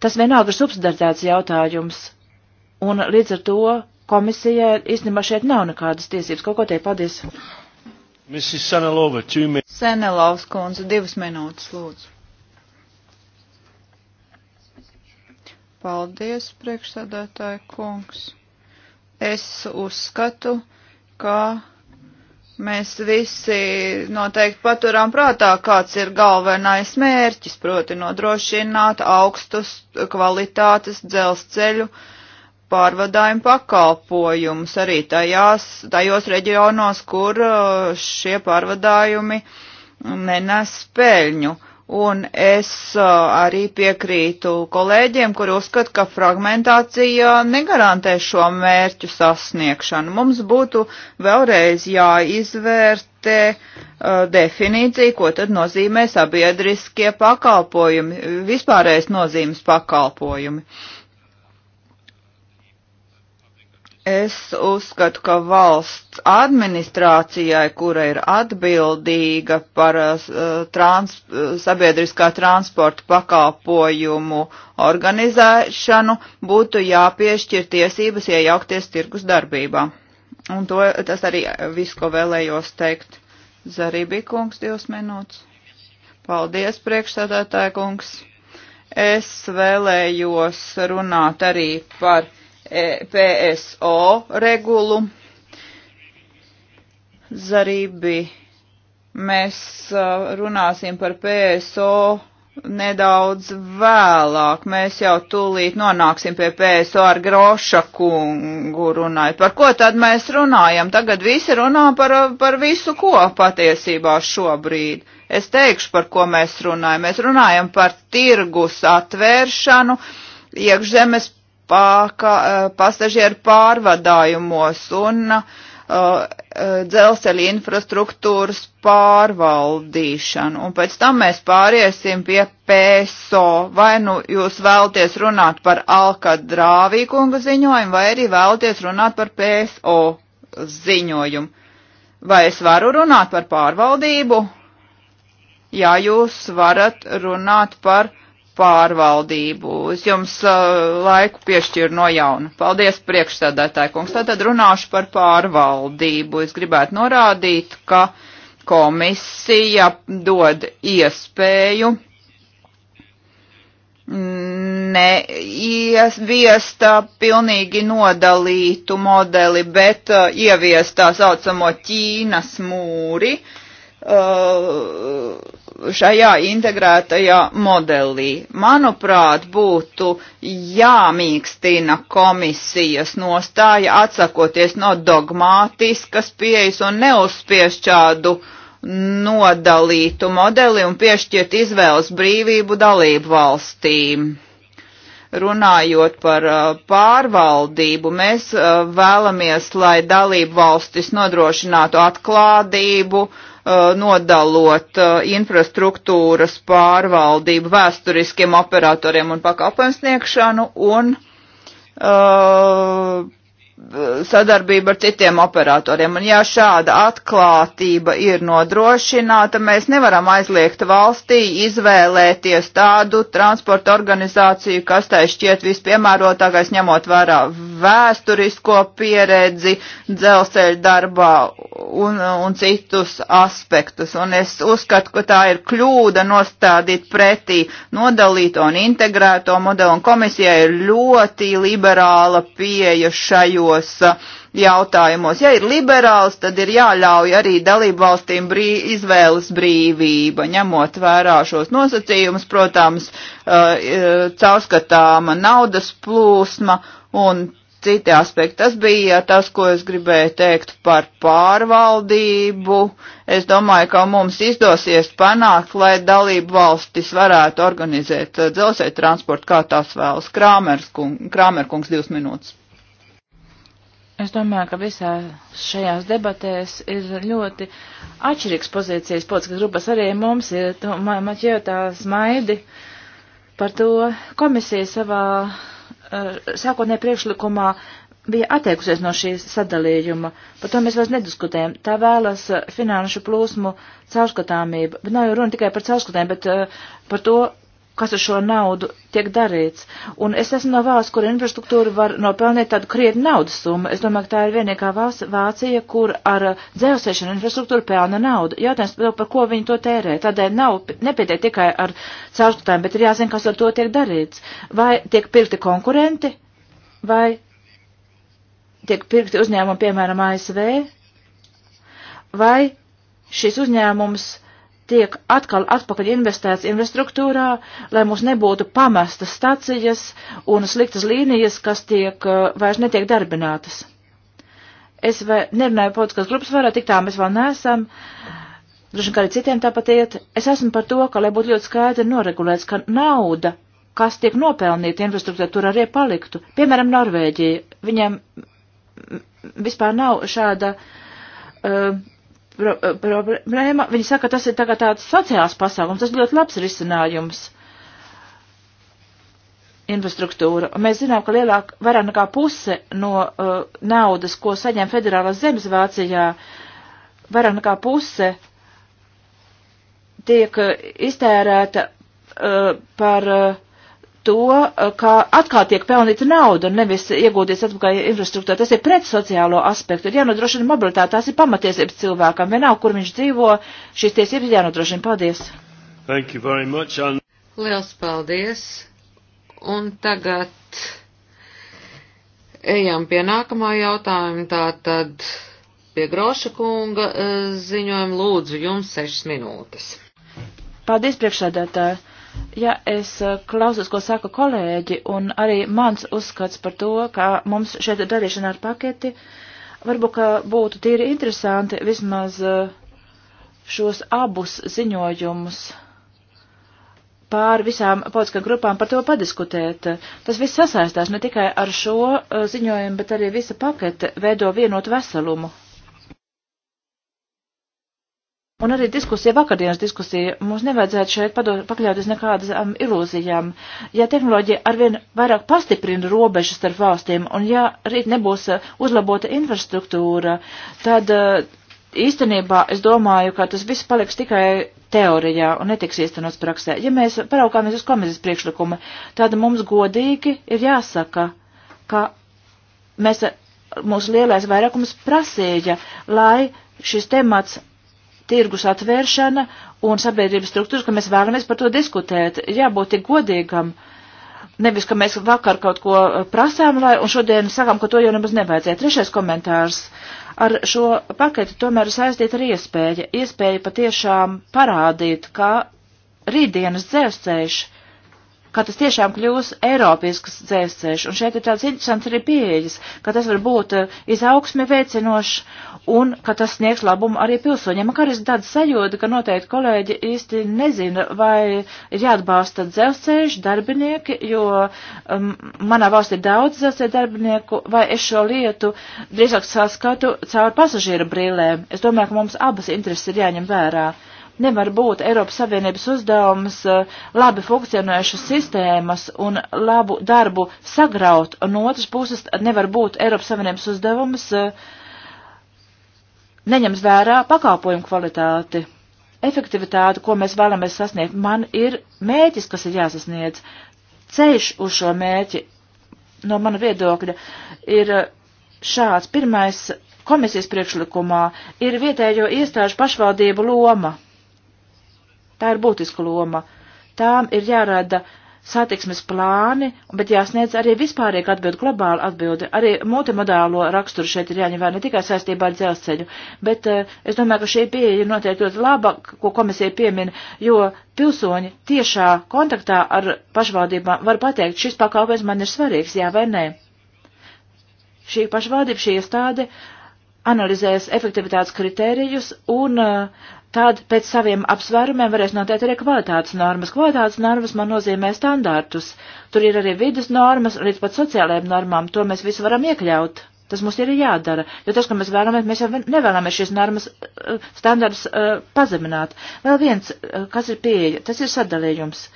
tas vienalga ir subsidaritāts jautājums, un līdz ar to komisijai īstenībā šeit nav nekādas tiesības. Kaut ko te paldies. Mrs. Senelova, two minutes. Senelovs kundze, divas minūtes, lūdzu. Paldies, priekšsēdētāji kungs. Es uzskatu, ka mēs visi noteikti paturām prātā, kāds ir galvenais mērķis, proti nodrošināt augstus kvalitātes dzelzceļu pārvadājumu pakalpojumus arī tajās, tajos reģionos, kur uh, šie pārvadājumi nenes peļņu. Un es arī piekrītu kolēģiem, kuri uzskata, ka fragmentācija negarantē šo mērķu sasniegšanu. Mums būtu vēlreiz jāizvērtē uh, definīcija, ko tad nozīmē sabiedriskie pakalpojumi, vispārējais nozīmes pakalpojumi. Es uzskatu, ka valsts administrācijai, kura ir atbildīga par uh, uh trans, uh, sabiedriskā transporta pakalpojumu organizēšanu, būtu jāpiešķir tiesības iejaukties tirgus darbībā. Un to, tas arī viss, ko vēlējos teikt. Zarībī kungs, divas minūtes. Paldies, priekšsādātāja kungs. Es vēlējos runāt arī par E PSO regulu. Zarībi mēs uh, runāsim par PSO nedaudz vēlāk. Mēs jau tūlīt nonāksim pie PSO ar Groša kungu runājot. Par ko tad mēs runājam? Tagad visi runā par, par visu ko patiesībā šobrīd. Es teikšu, par ko mēs runājam. Mēs runājam par tirgus atvēršanu, iekšzemes pāka, eh, pasažieru pārvadājumos un eh, eh, dzelzceļa infrastruktūras pārvaldīšanu. Un pēc tam mēs pāriesim pie PSO. Vai nu jūs vēlaties runāt par Alkadrāvī kunga ziņojumu, vai arī vēlaties runāt par PSO ziņojumu. Vai es varu runāt par pārvaldību? Jā, jūs varat runāt par pārvaldību pārvaldību. Es jums uh, laiku piešķiru no jauna. Paldies, priekšsēdētāji kungs. Tātad runāšu par pārvaldību. Es gribētu norādīt, ka komisija dod iespēju neieviest uh, pilnīgi nodalītu modeli, bet uh, ieviest tā saucamo Ķīnas mūri, uh, Uh, šajā integrētajā modelī. Manuprāt, būtu jāmīkstina komisijas nostāja atsakoties no dogmātiskas pieejas un neuzspiest šādu nodalītu modeli un piešķirt izvēles brīvību dalību valstīm runājot par uh, pārvaldību, mēs uh, vēlamies, lai dalību valstis nodrošinātu atklādību Uh, nodalot uh, infrastruktūras pārvaldību vēsturiskiem operatoriem un pakalpojumsniegšanu un uh, sadarbību ar citiem operatoriem. Un ja šāda atklātība ir nodrošināta, mēs nevaram aizliegt valstī izvēlēties tādu transporta organizāciju, kas tai šķiet vispiemērotākais, ņemot vērā vēsturisko pieredzi, dzelzceļa darbā un, un citus aspektus. Un es uzskatu, ka tā ir kļūda nostādīt pretī nodalīto un integrēto modelu, un komisija ir ļoti liberāla pieeja šajos šajos jautājumos. Ja ir liberāls, tad ir jāļauj arī dalību valstīm brī, izvēles brīvība, ņemot vērā šos nosacījumus, protams, caurskatāma naudas plūsma un citi aspekti. Tas bija tas, ko es gribēju teikt par pārvaldību. Es domāju, ka mums izdosies panākt, lai dalību valstis varētu organizēt dzelzceļa transportu, kā tās vēlas. Krāmerkungs, Krāmerkungs divas minūtes. Es domāju, ka visā šajās debatēs ir ļoti atšķirīgs pozīcijas politiskas grupas. Arī mums ir maķēja tā smaidi par to komisija savā eh, sākotnē priekšlikumā bija atteikusies no šīs sadalījuma. Par to mēs vairs nediskutējam. Tā vēlas eh, finanšu plūsmu caurskatāmību. Bet nav jau runa tikai par caurskatām, bet uh, par to, kas ar šo naudu tiek darīts. Un es esmu no valsts, kur infrastruktūra var nopelnīt tādu krietnu naudas summu. Es domāju, ka tā ir vienīgā valsts Vācija, kur ar dzēsēšanu infrastruktūru pelna naudu. Jautājums par to, par ko viņi to tērē. Tādēļ nav nepietiek tikai ar caurskatām, bet ir jāzina, kas ar to tiek darīts. Vai tiek pirkti konkurenti, vai tiek pirkti uzņēmumi, piemēram, ASV, vai šis uzņēmums tiek atkal atpakaļ investēts infrastruktūrā, lai mums nebūtu pamestas stacijas un sliktas līnijas, kas tiek, uh, vairs netiek darbinātas. Es vai, nerunāju politiskās grupas vārā, tik tā mēs vēl neesam. Droši vien, kā arī citiem tāpat iet, es esmu par to, ka, lai būtu ļoti skaidri noregulēts, ka nauda, kas tiek nopelnīta infrastruktūrā, tur arī paliktu. Piemēram, Norvēģija, viņiem vispār nav šāda uh, pro, eh, problēma. Viņi saka, tas ir tagad tāds sociāls pasākums, tas ļoti labs risinājums. Infrastruktūra. Mēs zinām, ka lielāk, vairāk nekā puse no uh, naudas, ko saņem federālās zemes Vācijā, vairāk nekā puse tiek eh, iztērēta uh, par uh, to, eh, kā atkal tiek pelnīta nauda un nevis iegūties atpakaļ infrastruktūrā. Tas ir pret sociālo aspektu. Ir jānodrošina mobilitāte, tās ir pamatiesības cilvēkam. Vienalga, kur viņš dzīvo, šīs tiesības ir jānodrošina. Paldies! Thank you very much. And... Liels paldies! Un tagad ejam pie nākamā jautājuma. Tātad pie Groša kunga eh, ziņojuma lūdzu jums sešas minūtes. Paldies, priekšsēdētāji! ja es eh, klausos, ko saka kolēģi, un arī mans uzskats par to, ka mums šeit ir darīšana ar paketi, varbūt, ka būtu tīri interesanti vismaz eh, šos abus ziņojumus pār visām politiskām grupām par to padiskutēt. Tas viss sasaistās ne tikai ar šo eh, ziņojumu, bet arī visa pakete veido vienotu veselumu. Un arī diskusija, vakardienas diskusija, mums nevajadzētu šeit padod, pakļauties nekādām um, ilūzijām. Ja tehnoloģija arvien vairāk pastiprina robežas starp valstīm, un ja rīt nebūs uh, uzlabota infrastruktūra, tad uh, īstenībā es domāju, ka tas viss paliks tikai teorijā un netiks īstenots praksē. Ja mēs paraugāmies uz komisijas priekšlikumu, tad mums godīgi ir jāsaka, ka mēs, uh, mūsu lielais vairākums prasīja, lai šis temats tirgus atvēršana un sabiedrības struktūras, ka mēs vēlamies par to diskutēt. Jābūt tik godīgam. Nevis, ka mēs vakar kaut ko uh, prasām, lai, un šodien sakām, ka to jau nemaz nevajadzēja. Trešais komentārs. Ar šo paketi tomēr saistīta arī iespēja. Iespēja patiešām parādīt, ka rītdienas dzēsceļš ka tas tiešām kļūs Eiropisks dzēsceļš. Un šeit ir tāds interesants arī pieejas, ka tas var būt eh, izaugsme veicinošs un ka tas sniegs labumu arī pilsoņiem. Man kā arī tāda sajūta, ka noteikti kolēģi īsti nezina, vai ir jāatbalsta dzēsceļš darbinieki, jo um, manā valstī ir daudz dzēsceļu darbinieku, vai es šo lietu drīzāk saskatu caur pasažieru brīlēm. Es domāju, ka mums abas intereses ir jāņem vērā nevar būt Eiropas Savienības uzdevums eh, labi funkcionējušas sistēmas un labu darbu sagraut, un no otras puses nevar būt Eiropas Savienības uzdevums eh, neņems vērā pakalpojumu kvalitāti. Efektivitāti, ko mēs vēlamies sasniegt, man ir mēķis, kas ir jāsasniedz. Ceļš uz šo mēķi, no mana viedokļa, ir eh, šāds. Pirmais komisijas priekšlikumā ir vietējo iestāžu pašvaldību loma Tā ir būtiska loma. Tām ir jārada satiksmes plāni, bet jāsniedz arī vispārīgi atbildi, globāli atbildi. Arī multimodālo raksturu šeit ir jāņem vērā ne tikai saistībā ar dzelzceļu, bet uh, es domāju, ka šī pieeja ir noteikti ļoti laba, ko komisija piemina, jo pilsoņi tiešā kontaktā ar pašvaldībām var pateikt, šis pakalpojums man ir svarīgs, jā vai nē. Šī pašvaldība, šī iestāde analizēs efektivitātes kritērijus un uh, tad pēc saviem apsvērumiem varēs noteikt arī kvalitātes normas. Kvalitātes normas man nozīmē standārtus. Tur ir arī vidas normas, līdz pat sociālajiem normām. To mēs visu varam iekļaut. Tas mums ir jādara, jo tas, ko mēs vēlamies, mēs jau nevēlamies šīs normas eh, standārtus eh, pazemināt. Vēl viens, eh, kas ir pieeja, tas ir sadalījums.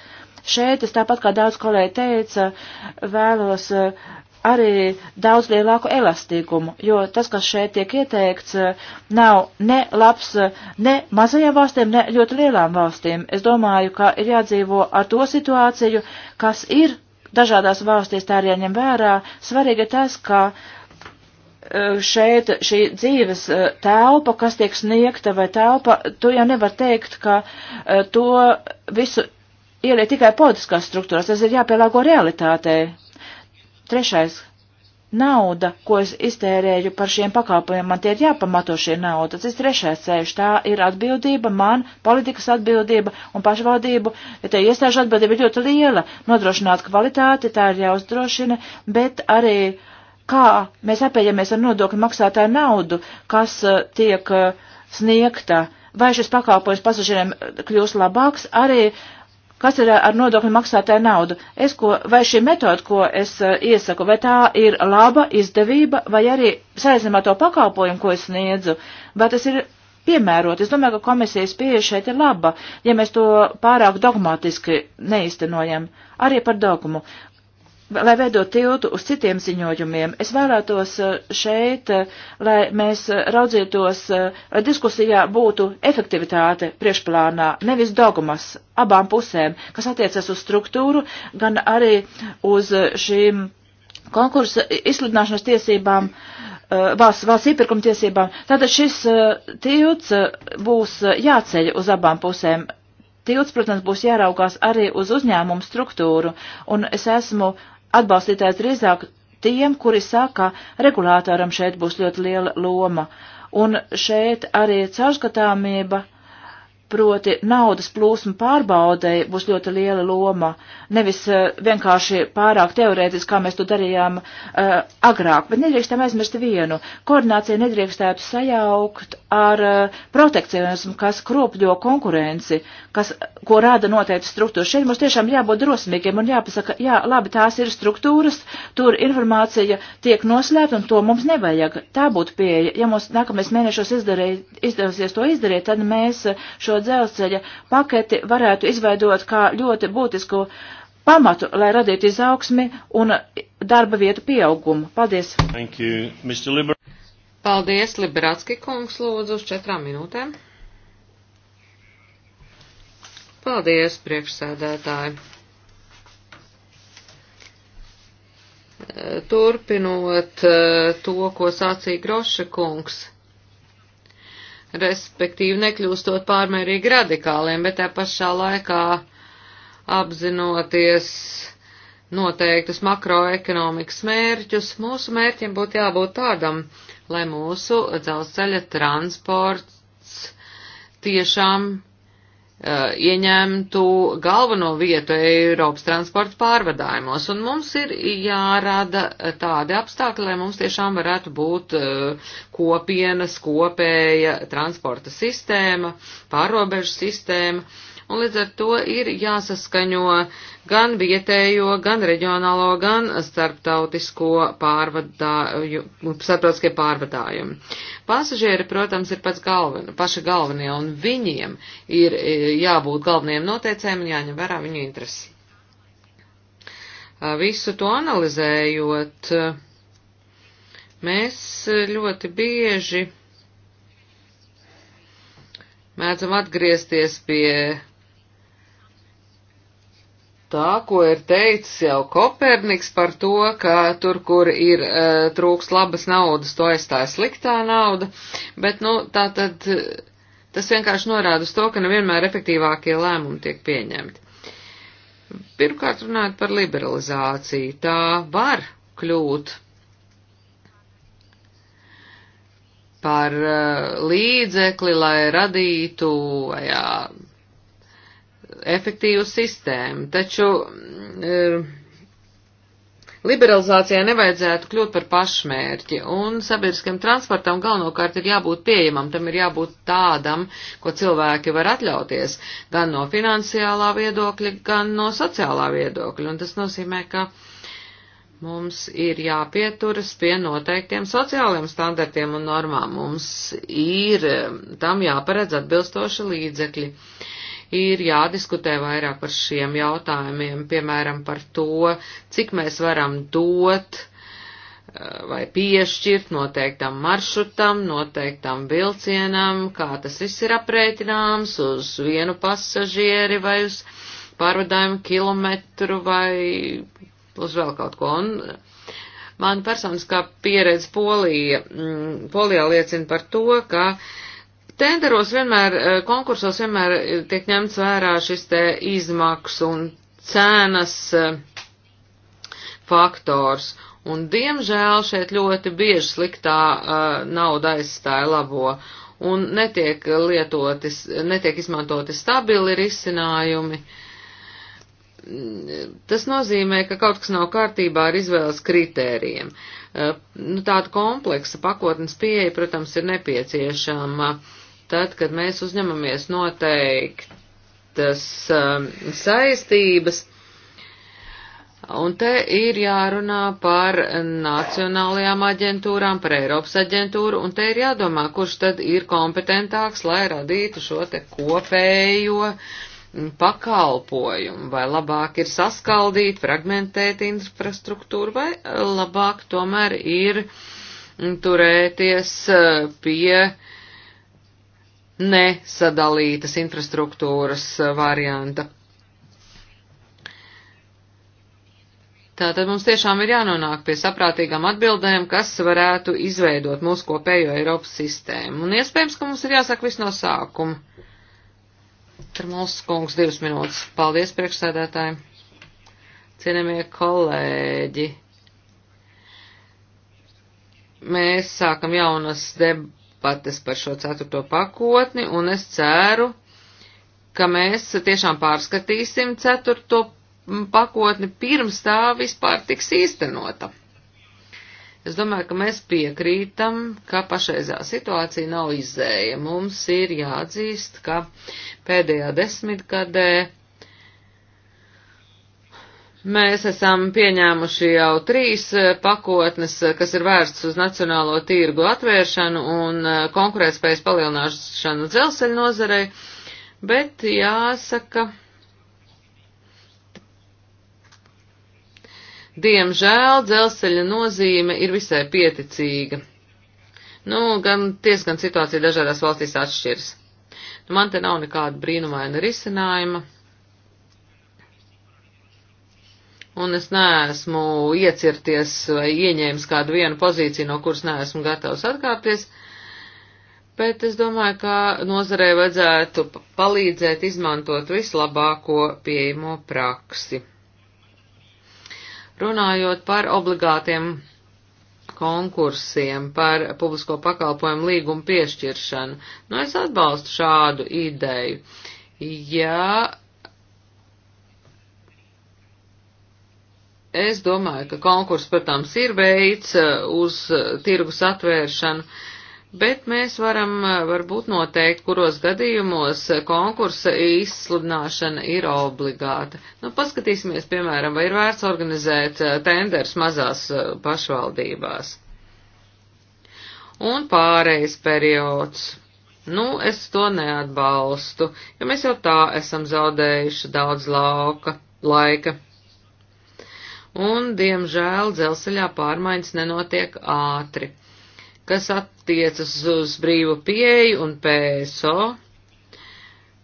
Šeit es tāpat kā daudz kolēģi teica, vēlos arī daudz lielāku elastīgumu, jo tas, kas šeit tiek ieteikts, nav ne labs ne mazajām valstīm, ne ļoti lielām valstīm. Es domāju, ka ir jādzīvo ar to situāciju, kas ir dažādās valstīs, tā arī jāņem vērā. Svarīgi ir tas, ka e, šeit šī dzīves e, telpa, kas tiek sniegta vai telpa, to jau nevar teikt, ka e, to visu ieliek tikai politiskās struktūras, tas ir jāpielāgo realitātei Trešais. Nauda, ko es iztērēju par šiem pakalpojumiem, man tie ir jāpamato šie nauda. Tas ir trešais ceļš. Tā ir atbildība man, politikas atbildība un pašvaldību. Ja te iestāžu atbildība ir ļoti liela, nodrošināt kvalitāti, tā ir jāuzdrošina, bet arī kā mēs apējamies ar nodokļu maksātāju naudu, kas eh, tiek eh, sniegta, vai šis pakalpojums pasažieriem kļūst labāks, arī uh, Kas ir eh, ar nodokļu maksātāju naudu? Es ko, vai šī metoda, ko es eh, iesaku, vai tā ir laba izdevība, vai arī saistībā to pakalpojumu, ko es sniedzu, vai tas ir piemērot. Es domāju, ka komisijas pieeja šeit ir laba, ja mēs to pārāk dogmatiski neiztenojam. Arī par dogmu lai veidot tiltu uz citiem ziņojumiem. Es vēlētos eh, šeit, eh, lai mēs eh, raudzītos, lai diskusijā būtu efektivitāte priekšplānā, nevis dogmas abām pusēm, kas attiecas uz struktūru, gan arī uz šīm konkursa izsludināšanas tiesībām, valsts, valsts iepirkuma tiesībām. Tātad šis tilts būs jāceļ uz abām pusēm. Tilts, protams, būs jāraugās arī uz uzņēmumu struktūru, un es esmu atbalstītājs drīzāk tiem, kuri saka, regulātoram šeit būs ļoti liela loma. Un šeit arī caurskatāmība Proti naudas plūsma pārbaudei būs ļoti liela loma, nevis uh, vienkārši pārāk teorētiski, kā mēs to darījām uh, agrāk, bet nedrīkstam aizmirst vienu. Koordinācija nedrīkstētu sajaukt ar uh, protekcionismu, kas kropļo konkurenci, kas, ko rāda noteikti struktūras. Šeit mums tiešām jābūt drosmīgiem un jāpasaka, jā, labi, tās ir struktūras, tur informācija tiek noslēpta un to mums nevajag. Tā būtu pieeja. Ja mums nākamais mēnešos izdarī, izdevsies to izdarīt, tad mēs šo piekto dzelzceļa paketi varētu izveidot kā ļoti būtisku pamatu, lai radītu izaugsmi un darba vietu pieaugumu. Paldies! Thank you, Mr. Liber Paldies, Liberatski kungs, lūdzu, uz četrām minūtēm. Paldies, priekšsēdētāji. Turpinot eh, to, ko sācīja Groša kungs respektīvi nekļūstot pārmērīgi radikāliem, bet tā pašā laikā apzinoties noteiktus makroekonomikas mērķus, mūsu mērķim būtu jābūt tādam, lai mūsu dzelzceļa transports tiešām Uh, ieņemtu galveno vietu Eiropas transporta pārvadājumos, un mums ir jārada tādi apstākļi, lai mums tiešām varētu būt uh, kopienas, kopēja transporta sistēma, pārobežu sistēma, un līdz ar to ir jāsaskaņo gan vietējo, gan reģionālo, gan starptautisko pārvadāju, starptautiskie pārvadājumi. Pasažieri, protams, ir pats galven, paši galvenie, un viņiem ir e, jābūt galvenajiem noteicējiem un jāņem vērā viņu interesi. Visu to analizējot, mēs ļoti bieži mēdzam atgriezties pie tā, ko ir teicis jau Koperniks par to, ka tur, kur ir e, trūks labas naudas, to aizstāja sliktā nauda, bet, nu, tā tad e, tas vienkārši norāda uz to, ka nevienmēr efektīvākie lēmumi tiek pieņemti. Pirmkārt, runājot par liberalizāciju, tā var kļūt par e, līdzekli, lai radītu, jā, efektīvu sistēmu, taču mm, e, liberalizācijai nevajadzētu kļūt par pašmērķi, un sabiedriskam transportam galvenokārt ir jābūt pieejamam, tam ir jābūt tādam, ko cilvēki var atļauties, gan no finansiālā viedokļa, gan no sociālā viedokļa, un tas nozīmē, ka mums ir jāpieturas pie noteiktiem sociāliem standartiem un normām, mums ir e, tam jāparedz atbilstoši līdzekļi. Uh, ir jādiskutē vairāk par šiem jautājumiem, piemēram, par to, cik mēs varam dot eh, vai piešķirt noteiktam maršrutam, noteiktam vilcienam, kā tas viss ir aprēķināms uz vienu pasažieri vai uz pārvadājumu kilometru vai uz vēl kaut ko. Un, man personiskā pieredze Polija, mm, Polijā liecina par to, ka Tenderos vienmēr, eh, konkursos vienmēr eh, tiek ņemts vērā šis te izmaksu un cenas eh, faktors. Un, diemžēl, šeit ļoti bieži sliktā uh, nauda aizstāja labo un netiek, lietoti, netiek izmantoti stabili risinājumi. Tas nozīmē, ka kaut kas nav kārtībā ar izvēles kritērijiem. Uh, nu, tāda kompleksa pakotnes pieeja, protams, ir nepieciešama. Uh, Tad, kad mēs uzņemamies noteiktas um, saistības, un te ir jārunā par nacionālajām aģentūrām, par Eiropas aģentūru, un te ir jādomā, kurš tad ir kompetentāks, lai radītu šo te kopējo pakalpojumu, vai labāk ir saskaldīt, fragmentēt infrastruktūru, vai labāk tomēr ir turēties uh, pie nesadalītas infrastruktūras uh, varianta. Tātad mums tiešām ir jānonāk pie saprātīgām atbildēm, kas varētu izveidot mūsu kopējo Eiropas sistēmu. Un iespējams, ka mums ir jāsaka viss no sākuma. Trmals kungs, divas minūtes. Paldies, priekšsēdētāji. Cienamie kolēģi. Mēs sākam jaunas debatas debates par šo ceturto pakotni, un es ceru, ka mēs tiešām pārskatīsim ceturto pakotni pirms tā vispār tiks īstenota. Es domāju, ka mēs piekrītam, ka pašreizā situācija nav izēja. Mums ir jāatzīst, ka pēdējā desmitgadē Mēs esam pieņēmuši jau trīs eh, pakotnes, eh, kas ir vērstas uz nacionālo tirgu atvēršanu un eh, konkurētspējas palielināšanu dzelzceļa nozarei, bet jāsaka, diemžēl dzelzceļa nozīme ir visai pieticīga. Nu, gan ties, gan situācija dažādās valstīs atšķiras. Nu, man te nav nekāda brīnumaina risinājuma un es neesmu iecirties vai ieņēmis kādu vienu pozīciju, no kuras neesmu gatavs atkāpties, bet es domāju, ka nozarei vajadzētu palīdzēt izmantot vislabāko pieejamo praksi. Runājot par obligātiem konkursiem, par publisko pakalpojumu līgumu piešķiršanu, nu es atbalstu šādu ideju. Ja Es domāju, ka konkurss, protams, ir veids eh, uz eh, tirgus atvēršanu, bet mēs varam eh, varbūt noteikt, kuros gadījumos konkursa izsludināšana ir obligāta. Nu, paskatīsimies, piemēram, vai ir vērts organizēt tenders mazās pašvaldībās. Un pārējais periods. Nu, es to neatbalstu, jo mēs jau tā esam zaudējuši daudz lauka, laika un, diemžēl, dzelzceļā pārmaiņas nenotiek ātri. Kas attiecas uz brīvu pieeju un PSO,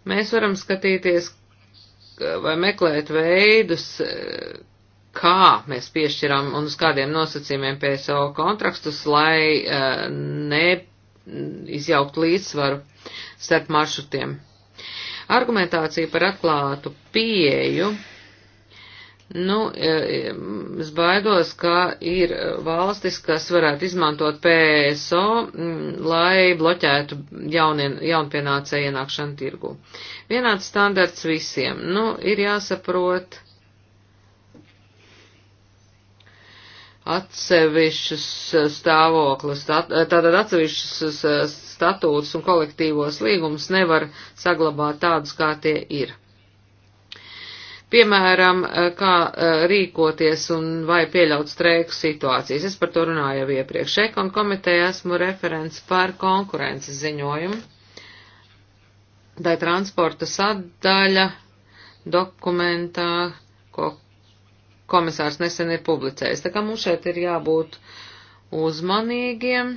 mēs varam skatīties vai meklēt veidus, eh, kā mēs piešķiram un uz kādiem nosacījumiem PSO kontraktus, lai eh, neizjaukt līdzsvaru starp maršrutiem. Argumentācija par atklātu pieeju Nu, e, e, es baidos, ka ir valstis, kas varētu izmantot PSO, mm, lai bloķētu jaunien, jaunpienācē ienākšanu tirgu. Vienāds standarts visiem. Nu, ir jāsaprot atsevišķus stāvoklis, e, tātad atsevišķus statūtus un kolektīvos līgumus nevar saglabāt tādus, kā tie ir piemēram, eh, kā eh, rīkoties un vai pieļaut streiku situācijas. Es par to runāju jau iepriekš. Ekon komiteja esmu referents par konkurences ziņojumu. Tā ir transporta sadaļa dokumentā, ko komisārs nesen ir publicējis. Tā kā mums šeit ir jābūt uzmanīgiem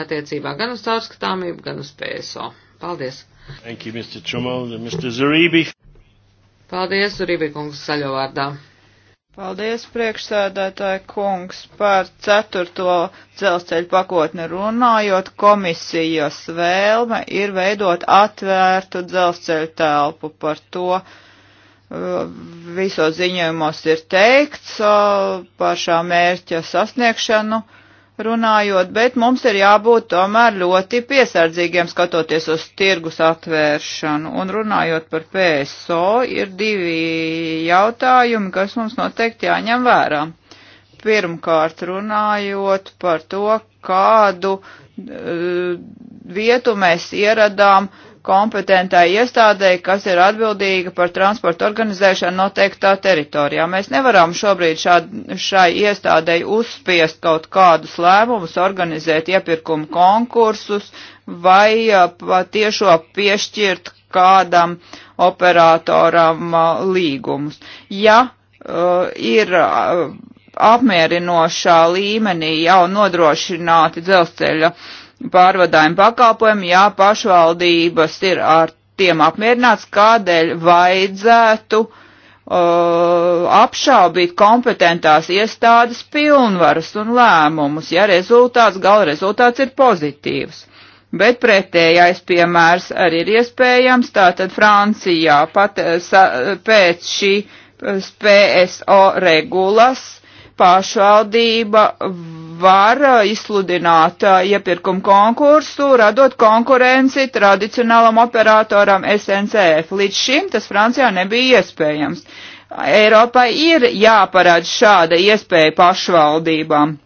attiecībā gan uz caurskatāmību, gan uz PSO. Paldies! Thank you, Mr. Chumal, Mr. Zaribi. Paldies, Ribikungs, saļo vārdā. Paldies, priekšsēdētāji kungs, par ceturto dzelzceļu pakotni runājot, komisijas vēlme ir veidot atvērtu dzelzceļu telpu par to. Uh, visos ziņojumos ir teikts uh, par šā mērķa sasniegšanu runājot, bet mums ir jābūt tomēr ļoti piesardzīgiem skatoties uz tirgus atvēršanu. Un runājot par PSO, ir divi jautājumi, kas mums noteikti jāņem vērā. Pirmkārt, runājot par to, kādu uh, vietu mēs ieradām uh, kompetentai iestādei, kas ir atbildīga par transportu organizēšanu noteiktā teritorijā. Mēs nevaram šobrīd šād, šai iestādei uzspiest kaut kādus lēmumus, organizēt iepirkumu konkursus vai tiešo piešķirt kādam operatoram līgumus. Ja uh, ir uh, apmierinošā līmenī jau nodrošināti dzelzceļa uh, pārvadājumu pakalpojumu, ja pašvaldības ir ar tiem apmierināts, kādēļ vajadzētu uh, apšaubīt kompetentās iestādes pilnvaras un lēmumus, ja rezultāts, gala rezultāts ir pozitīvs. Bet pretējais piemērs arī ir iespējams, tātad Francijā pat eh, sa, pēc šī eh, PSO regulas pašvaldība var uh, izsludināt uh, iepirkumu konkursu, radot konkurenci tradicionālam operatoram SNCF. Līdz šim tas Francijā nebija iespējams. Eiropai ir jāparāda šāda iespēja pašvaldībām.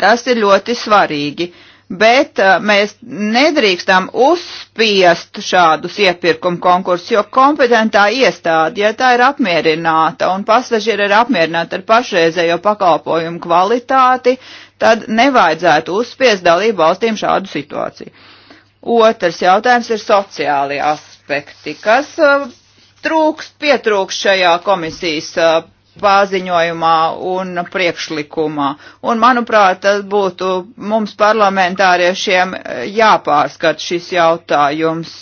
Tas ir ļoti svarīgi. Uh, bet uh, mēs nedrīkstam uzspiest šādus iepirkumu konkursus, jo kompetentā iestāde, ja tā ir apmierināta un pasažieri ir apmierināti ar pašreizējo pakalpojumu kvalitāti, tad nevajadzētu uzspiest dalību valstīm šādu situāciju. Otrs jautājums ir sociālie aspekti, kas uh, trūkst, pietrūkst šajā komisijas uh, paziņojumā un priekšlikumā. Un, manuprāt, tas būtu mums parlamentāriešiem e, jāpārskat šis jautājums.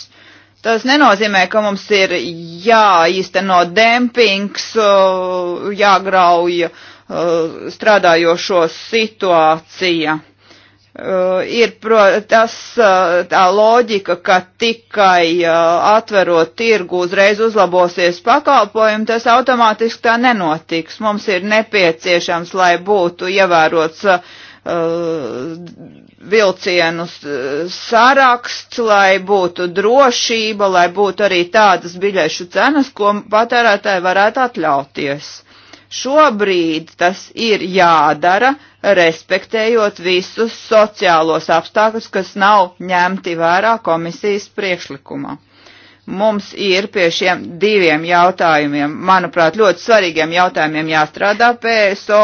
Tas nenozīmē, ka mums ir jāīsteno dempings, e, jāgrauj e, strādājošo situācija. Uh, ir pro, tas, uh, tā loģika, ka tikai uh, atverot tirgu uzreiz uzlabosies pakalpojumi, tas automātiski tā nenotiks. Mums ir nepieciešams, lai būtu ievērots vilcienu saraksts, lai būtu drošība, lai būtu arī tādas biļešu cenas, ko patērētāji varētu atļauties. Šobrīd tas ir jādara, respektējot visus sociālos apstākļus, kas nav ņemti vērā komisijas priekšlikumā. Mums ir pie šiem diviem jautājumiem, manuprāt, ļoti svarīgiem jautājumiem jāstrādā PSO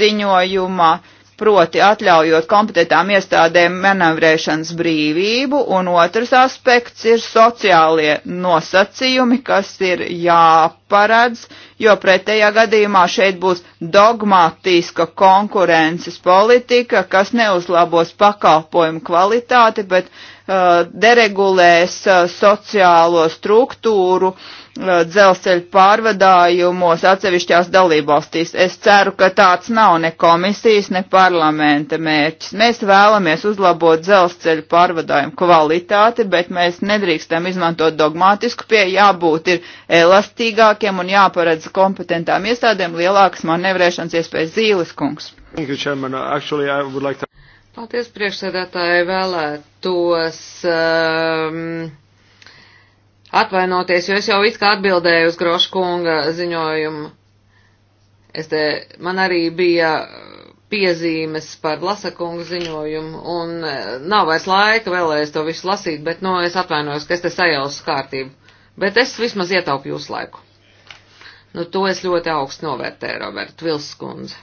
ziņojumā proti atļaujot kompetentām iestādēm manevrēšanas brīvību, un otrs aspekts ir sociālie nosacījumi, kas ir jāparedz, jo pretējā gadījumā šeit būs dogmatiska konkurences politika, kas neuzlabos pakalpojumu kvalitāti, bet uh, deregulēs uh, sociālo struktūru uh, Uh, dzelzceļu pārvadājumos atsevišķās dalībvalstīs. Es ceru, ka tāds nav ne komisijas, ne parlamenta mērķis. Mēs vēlamies uzlabot dzelzceļu pārvadājumu kvalitāti, bet mēs nedrīkstam izmantot dogmātisku pieeju, jābūt ir elastīgākiem un jāparedz kompetentām iestādēm lielākas manevrēšanas iespējas zīles kungs. Uh, Paldies, priekšsēdētāji, vēlētos. Um, atvainoties, jo es jau it kā atbildēju uz Groškunga ziņojumu. Es te, man arī bija piezīmes par Lasakunga ziņojumu, un eh, nav vairs laika vēlēs to visu lasīt, bet, nu, es atvainojos, ka es te sajausu kārtību. Bet es vismaz ietaupu jūsu laiku. Nu, to es ļoti augstu novērtēju, Robert Vilskundze.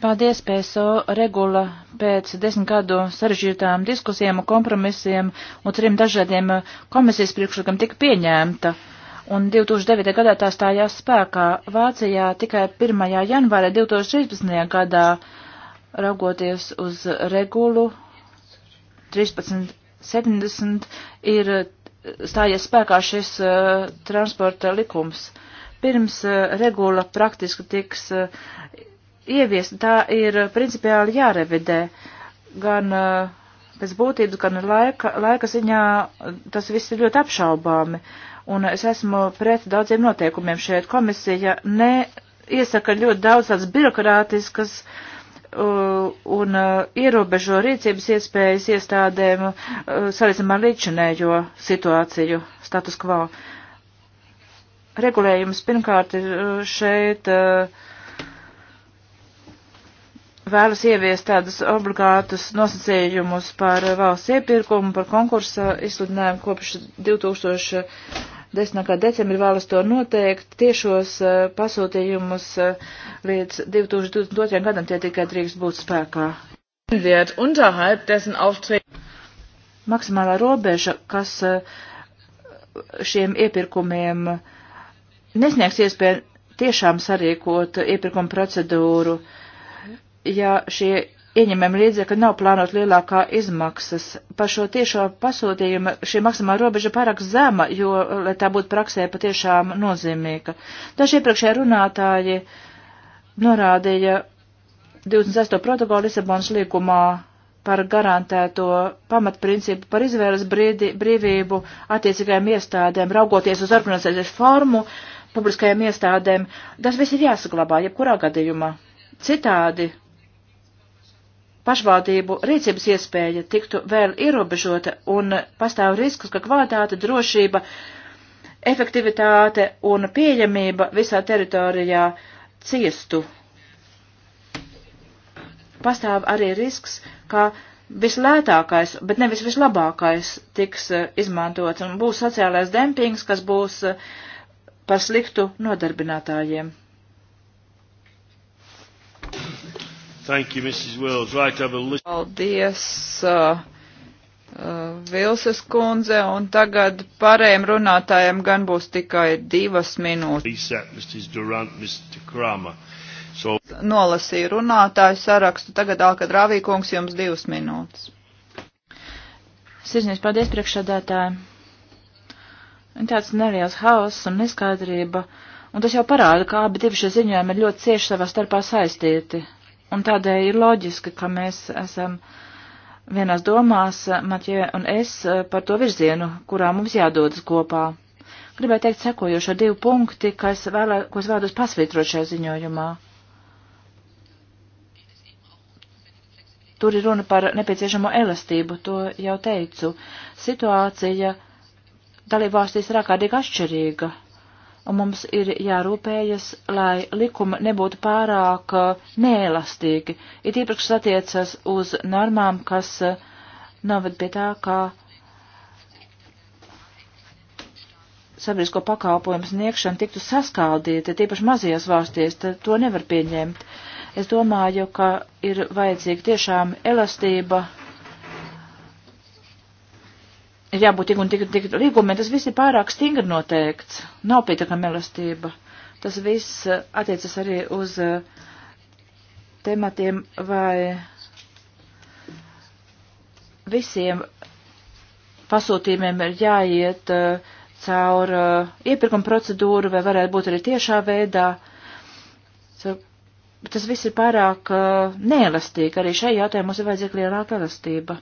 Paldies, PSO regula pēc desmit gadu sarežģītām diskusijām un kompromisiem un trim dažādiem komisijas priekšlikumiem tika pieņemta. Un 2009. gadā tā stājās spēkā. Vācijā tikai 1. janvāra 2013. gadā, raugoties uz regulu 1370, ir stājies spēkā šis uh, transporta likums. Pirms uh, regula praktiski tiks uh, ieviest, tā ir principiāli jārevidē. Gan pēc eh, būtības, gan laika, laika ziņā eh, tas viss ir ļoti apšaubāmi. Un es esmu pret daudziem noteikumiem šeit. Komisija ne iesaka ļoti daudz tāds birokrātiskas eh, un ierobežo rīcības iespējas iestādēm salīdzinām ar līdzinējo situāciju status quo. Regulējums pirmkārt ir šeit uh, vēlas ieviest tādus obligātus nosacījumus par uh, valsts iepirkumu, par konkursa izsludinājumu kopš 2010. decembra vēlas to noteikt. Tiešos uh, pasūtījumus uh, līdz 2022. gadam tie tikai drīkst būt spēkā. Maksimālā robeža, kas šiem iepirkumiem nesniegs iespēju tiešām sarīkot iepirkumu procedūru, uh, ja šie ieņemami līdzekļi nav plānot lielākā izmaksas. Par šo tiešo pasūtījumu šī maksimāla robeža pārāk zema, jo, lai tā būtu praksē patiešām nozīmīga. Daži iepriekšējie runātāji norādīja 28. protokolu Lisabonas līgumā par garantēto pamatprincipu par izvēles brīdi, brīvību attiecīgajām iestādēm, raugoties uz organizācijas formu, publiskajām iestādēm. Tas viss ir jāsaglabā, jebkurā gadījumā. Citādi pašvaldību rīcības iespēja tiktu vēl ierobežota un pastāv risks, ka kvalitāte, drošība, efektivitāte un pieejamība visā teritorijā ciestu. Pastāv arī risks, ka vislētākais, bet nevis vislabākais tiks eh, izmantots un būs sociālais dempings, kas būs eh, par sliktu nodarbinātājiem. Thank you, Mrs. Wills. Right, I will listen. Paldies, uh, uh, Vilses kundze, un tagad pārējiem runātājiem gan būs tikai divas minūtes. So... Nolasīju runātāju sarakstu, tagad Alkad Rāvīkungs jums divas minūtes. Sirsnīgs paldies priekšsādātāji. Tāds neliels hauss un neskaidrība, un tas jau parāda, ka abi divi šie ziņojumi ir ļoti cieši savā starpā saistīti. Un tādēļ ir loģiski, ka mēs esam vienās domās, Matjē un es, par to virzienu, kurā mums jādodas kopā. Gribēju teikt sekojošo divu punkti, kas vēlē, ko es vēlos pasvītrot šajā ziņojumā. Tur ir runa par nepieciešamo elastību, to jau teicu. Situācija dalībvalstīs ir ārkārtīgi atšķirīga un mums ir jārūpējas, lai likumi nebūtu pārāk uh, neelastīgi, it īpaši satiecas uz normām, kas uh, noved pie tā, ka sabiedrisko pakalpojumu sniegšana tiktu saskaldīta, tīpaši mazajās valstīs, tad to nevar pieņemt. Es domāju, ka ir vajadzīga tiešām elastība ir jābūt tik un tik, tik līgumiem, tas viss ir pārāk stingri noteikts, nav pietiekama elastība. Tas viss eh, attiecas arī uz eh, tematiem vai visiem pasūtījumiem ir jāiet eh, caur iepirkuma procedūru vai varētu būt arī tiešā veidā. Tas viss ir pārāk neelastīgi. Arī šajā jautājumā mums ir vajadzīga lielāka elastība.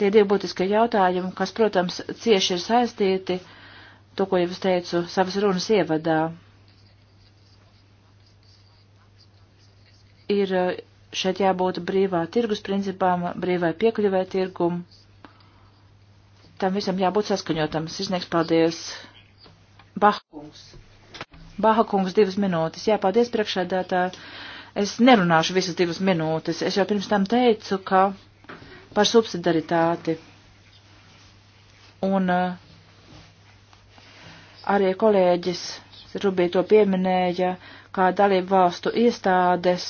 Tie divi būtiskie jautājumi, kas, protams, cieši ir saistīti, to, ko jau es teicu savas runas ievadā, ir eh, šeit jābūt brīvā tirgus principām, brīvai piekļuvē tirgum. Tam visam jābūt saskaņotam. Sisnieks, paldies. Bahkungs. Bahkungs divas minūtes. Jā, paldies priekšādātā. Es nerunāšu visas divas minūtes. Es jau pirms tam teicu, ka par subsidaritāti. Un eh, arī kolēģis Rubī to pieminēja, kā dalību valstu iestādes,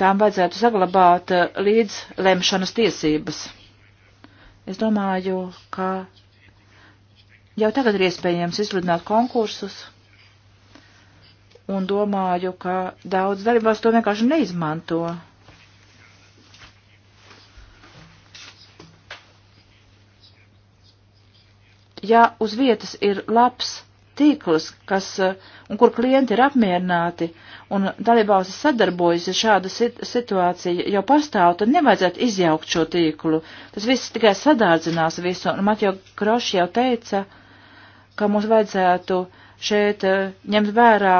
tām vajadzētu saglabāt eh, līdz lemšanas tiesības. Es domāju, ka jau tagad ir iespējams izsludināt konkursus, un domāju, ka daudz dalībās to vienkārši neizmanto. ja uz vietas ir labs tīkls, kas, eh, un kur klienti ir apmierināti un dalībvalstis sadarbojas, ja šāda situācija jau pastāv, tad nevajadzētu izjaukt šo tīklu. Tas viss tikai sadārdzinās visu, un Matjo Kroš jau teica, ka mums vajadzētu šeit eh, ņemt vērā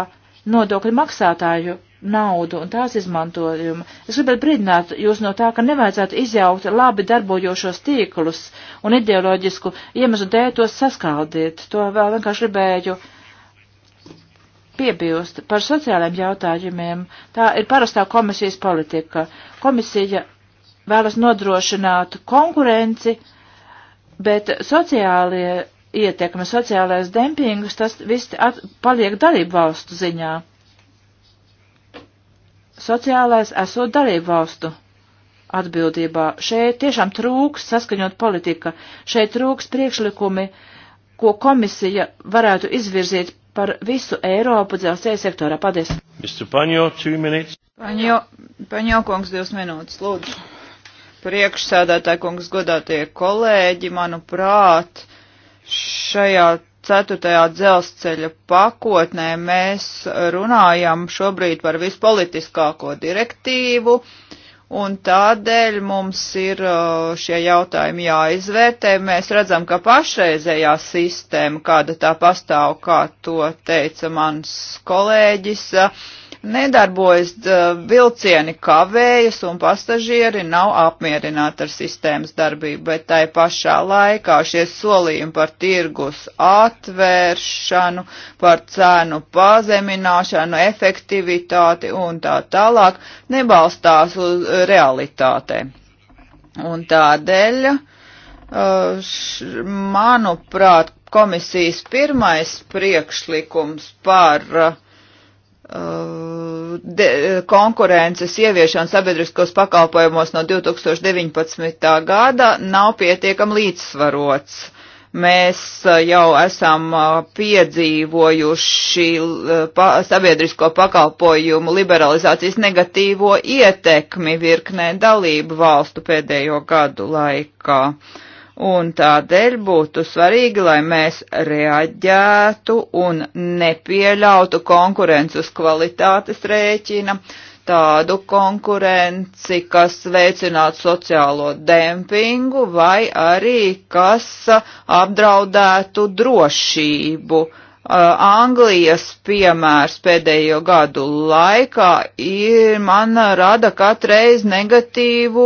nodokļu maksātāju naudu un tās izmantojumu. Es gribētu brīdināt jūs no tā, ka nevajadzētu izjaukt labi darbojošos tīklus un ideoloģisku iemeslu dēļ tos saskaldīt. To vēl vienkārši gribēju piebilst par sociālajiem jautājumiem. Tā ir parastā komisijas politika. Komisija vēlas nodrošināt konkurenci, bet sociālie ietekme, sociālais dempings, tas viss paliek dalību valstu ziņā sociālais esot dalību valstu atbildībā. Šeit tiešām trūks saskaņot politika, šeit trūks priekšlikumi, ko komisija varētu izvirzīt par visu Eiropu dzelzceļa sektorā. Paldies! Paņo, paņo, paņo kungs, divas minūtes, lūdzu. Priekšsēdētāji kungs, godātie kolēģi, manuprāt, šajā ceturtajā dzelzceļa pakotnē mēs runājam šobrīd par vispolitiskāko direktīvu, un tādēļ mums ir uh, šie jautājumi jāizvērtē. Mēs redzam, ka pašreizējā sistēma, kāda tā pastāv, kā to teica mans kolēģis, uh, nedarbojas, vilcieni kavējas un pasažieri nav apmierināti ar sistēmas darbību, bet tai pašā laikā šie solījumi par tirgus atvēršanu, par cenu pazemināšanu, efektivitāti un tā tālāk nebalstās uz realitātēm. Un tādēļ, uh, manuprāt, komisijas pirmais priekšlikums par uh, Uh, de, konkurences ieviešana sabiedriskos pakalpojumos no 2019. gada nav pietiekami līdzsvarots. Mēs uh, jau esam uh, piedzīvojuši pa, sabiedrisko pakalpojumu liberalizācijas negatīvo ietekmi virknē dalību valstu pēdējo gadu laikā. Uh, Un tādēļ būtu svarīgi, lai mēs reaģētu un nepieļautu konkurences kvalitātes rēķina, tādu konkurenci, kas veicinātu sociālo dempingu vai arī kas apdraudētu drošību. Uh, Eh, Anglijas piemērs pēdējo gadu laikā ir, man rada katreiz negatīvu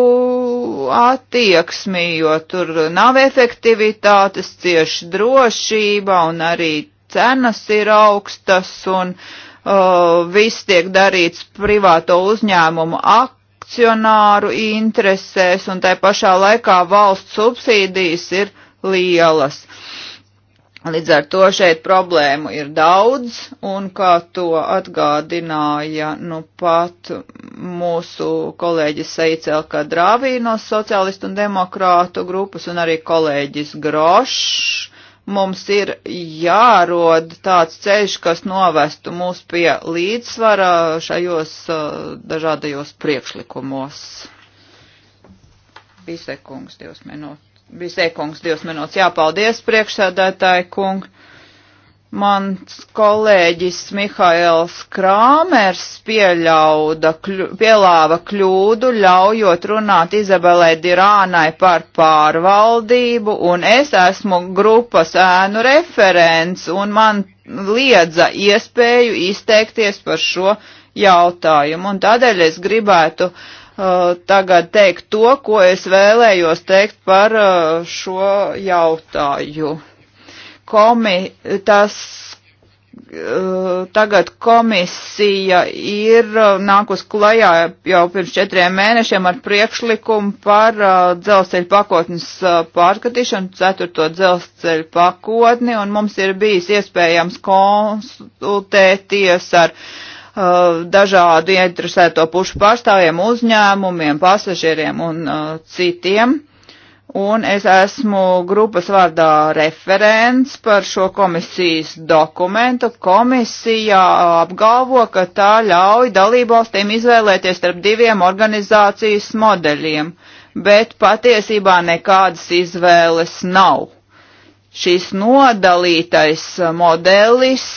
attieksmi, jo tur nav efektivitātes, cieši drošība un arī cenas ir augstas un uh, viss tiek darīts privāto uzņēmumu ak akcionāru interesēs un tai pašā laikā valsts subsīdijas ir lielas. Uh, Līdz ar to šeit problēmu ir daudz, un kā to atgādināja nu pat mūsu kolēģis Saicel Kadrāvī no sociālistu un demokrātu grupas un arī kolēģis Grošs, mums ir jārod tāds ceļš, kas novestu mūs pie līdzsvara šajos uh, dažādajos priekšlikumos. Bisekungs, divas minūtes. Visai kungs, divas minūtes. Jā, paldies priekšsēdētāji kungi. Mans kolēģis Mihails Krāmers pieļauda, kļu, pielāva kļūdu, ļaujot runāt Izabelē Dirānai par pārvaldību, un es esmu grupas ēnu referents, un man liedza iespēju izteikties par šo jautājumu, un tādēļ es gribētu uh, Uh, tagad teikt to, ko es vēlējos teikt par uh, šo jautāju. Komi, tas uh, tagad komisija ir nākus klajā jau pirms četriem mēnešiem ar priekšlikumu par dzelzceļa pakotnes pārskatīšanu, ceturto dzelzceļa pakotni, un mums ir bijis iespējams konsultēties ar uh, Uh, dažādu interesēto pušu pārstāvjiem, uzņēmumiem, pasažieriem un uh, citiem. Un es esmu grupas vārdā referents par šo komisijas dokumentu. Komisija uh, apgalvo, ka tā ļauj dalībvalstīm izvēlēties starp diviem organizācijas modeļiem, bet patiesībā nekādas izvēles nav. Šis nodalītais modelis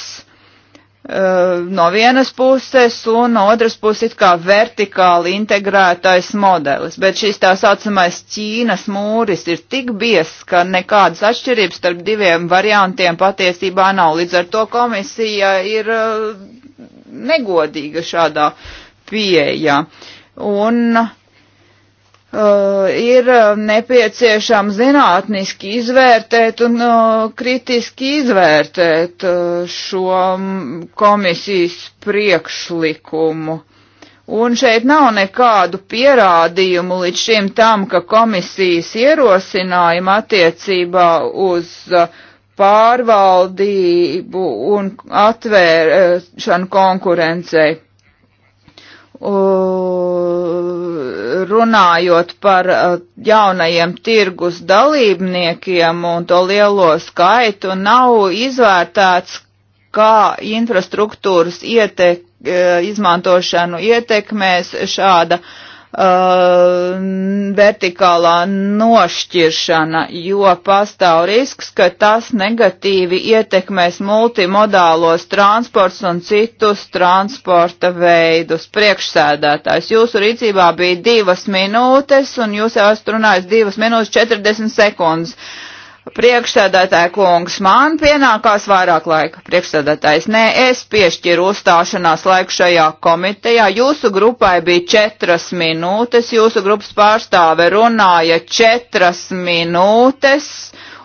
Eh, no vienas puses un no otras puses it kā vertikāli integrētais modelis. Bet šis tā saucamais Ķīnas mūris ir tik bies, ka nekādas atšķirības starp diviem variantiem patiesībā nav. Līdz ar to komisija ir eh, negodīga šādā pieejā. Un uh, Uh, ir eh, nepieciešams zinātniski izvērtēt un uh, kritiski izvērtēt uh, šo mm, komisijas priekšlikumu. Un šeit nav nekādu pierādījumu līdz šim tam, ka komisijas ierosinājuma attiecībā uz pārvaldību un atvēršanu konkurencei runājot par jaunajiem tirgus dalībniekiem un to lielo skaitu, nav izvērtēts, kā infrastruktūras ietek, e, izmantošanu ietekmēs šāda uh, uh, vertikālā nošķiršana, jo pastāv risks, ka tas negatīvi ietekmēs multimodālos transports un citus transporta veidus. Priekšsēdētājs, jūsu rīcībā bija divas minūtes, un jūs jau esat runājis divas minūtes 40 sekundes. Uh, Priekšsēdētāja kungs, man pienākās vairāk laika. Priekšsēdētājs, nē, es piešķiru uzstāšanās laiku šajā komitejā. Jūsu grupai bija četras minūtes, jūsu grupas pārstāve runāja četras minūtes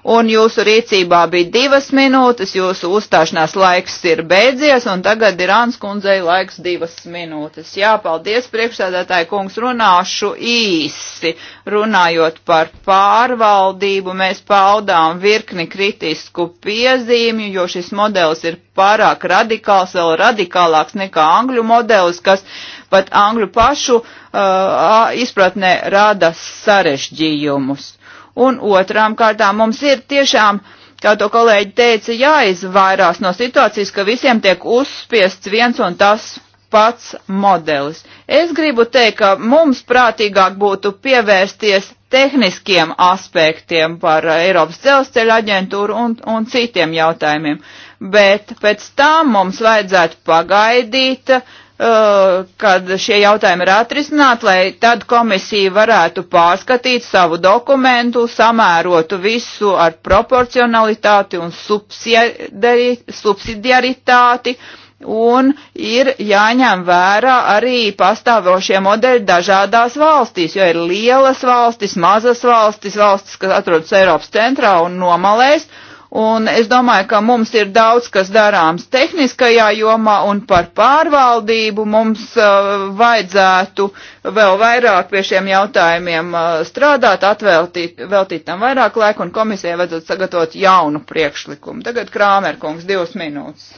un jūsu rīcībā bija divas minūtes, jūsu uzstāšanās laiks ir beidzies, un tagad ir Ans kundzei laiks divas minūtes. Jā, paldies, priekšsēdētāji kungs, runāšu īsi. Runājot par pārvaldību, mēs paudām virkni kritisku piezīmju, jo šis modelis ir pārāk radikāls, vēl radikālāks nekā angļu modelis, kas pat angļu pašu uh, izpratnē rada sarežģījumus Un otrām kārtām mums ir tiešām, kā to kolēģi teica, jāizvairās no situācijas, ka visiem tiek uzspiests viens un tas pats modelis. Es gribu teikt, ka mums prātīgāk būtu pievērsties tehniskiem aspektiem par Eiropas dzelzceļa aģentūru un, un citiem jautājumiem. Bet pēc tam mums vajadzētu pagaidīt, uh, Uh, kad šie jautājumi ir atrisināti, lai tad komisija varētu pārskatīt savu dokumentu, samērotu visu ar proporcionalitāti un subsidiaritāti, un ir jāņem vērā arī pastāvošie modeļi dažādās valstīs, jo ir lielas valstis, mazas valstis, valstis, kas atrodas Eiropas centrā un nomalēs, uh, Un es domāju, ka mums ir daudz, kas darāms tehniskajā jomā un par pārvaldību. Mums uh, vajadzētu vēl vairāk pie šiem jautājumiem uh, strādāt, atveltīt veltīt tam vairāk laika un komisijai vajadzētu sagatavot jaunu priekšlikumu. Tagad Krāmerkungs, divas minūtes.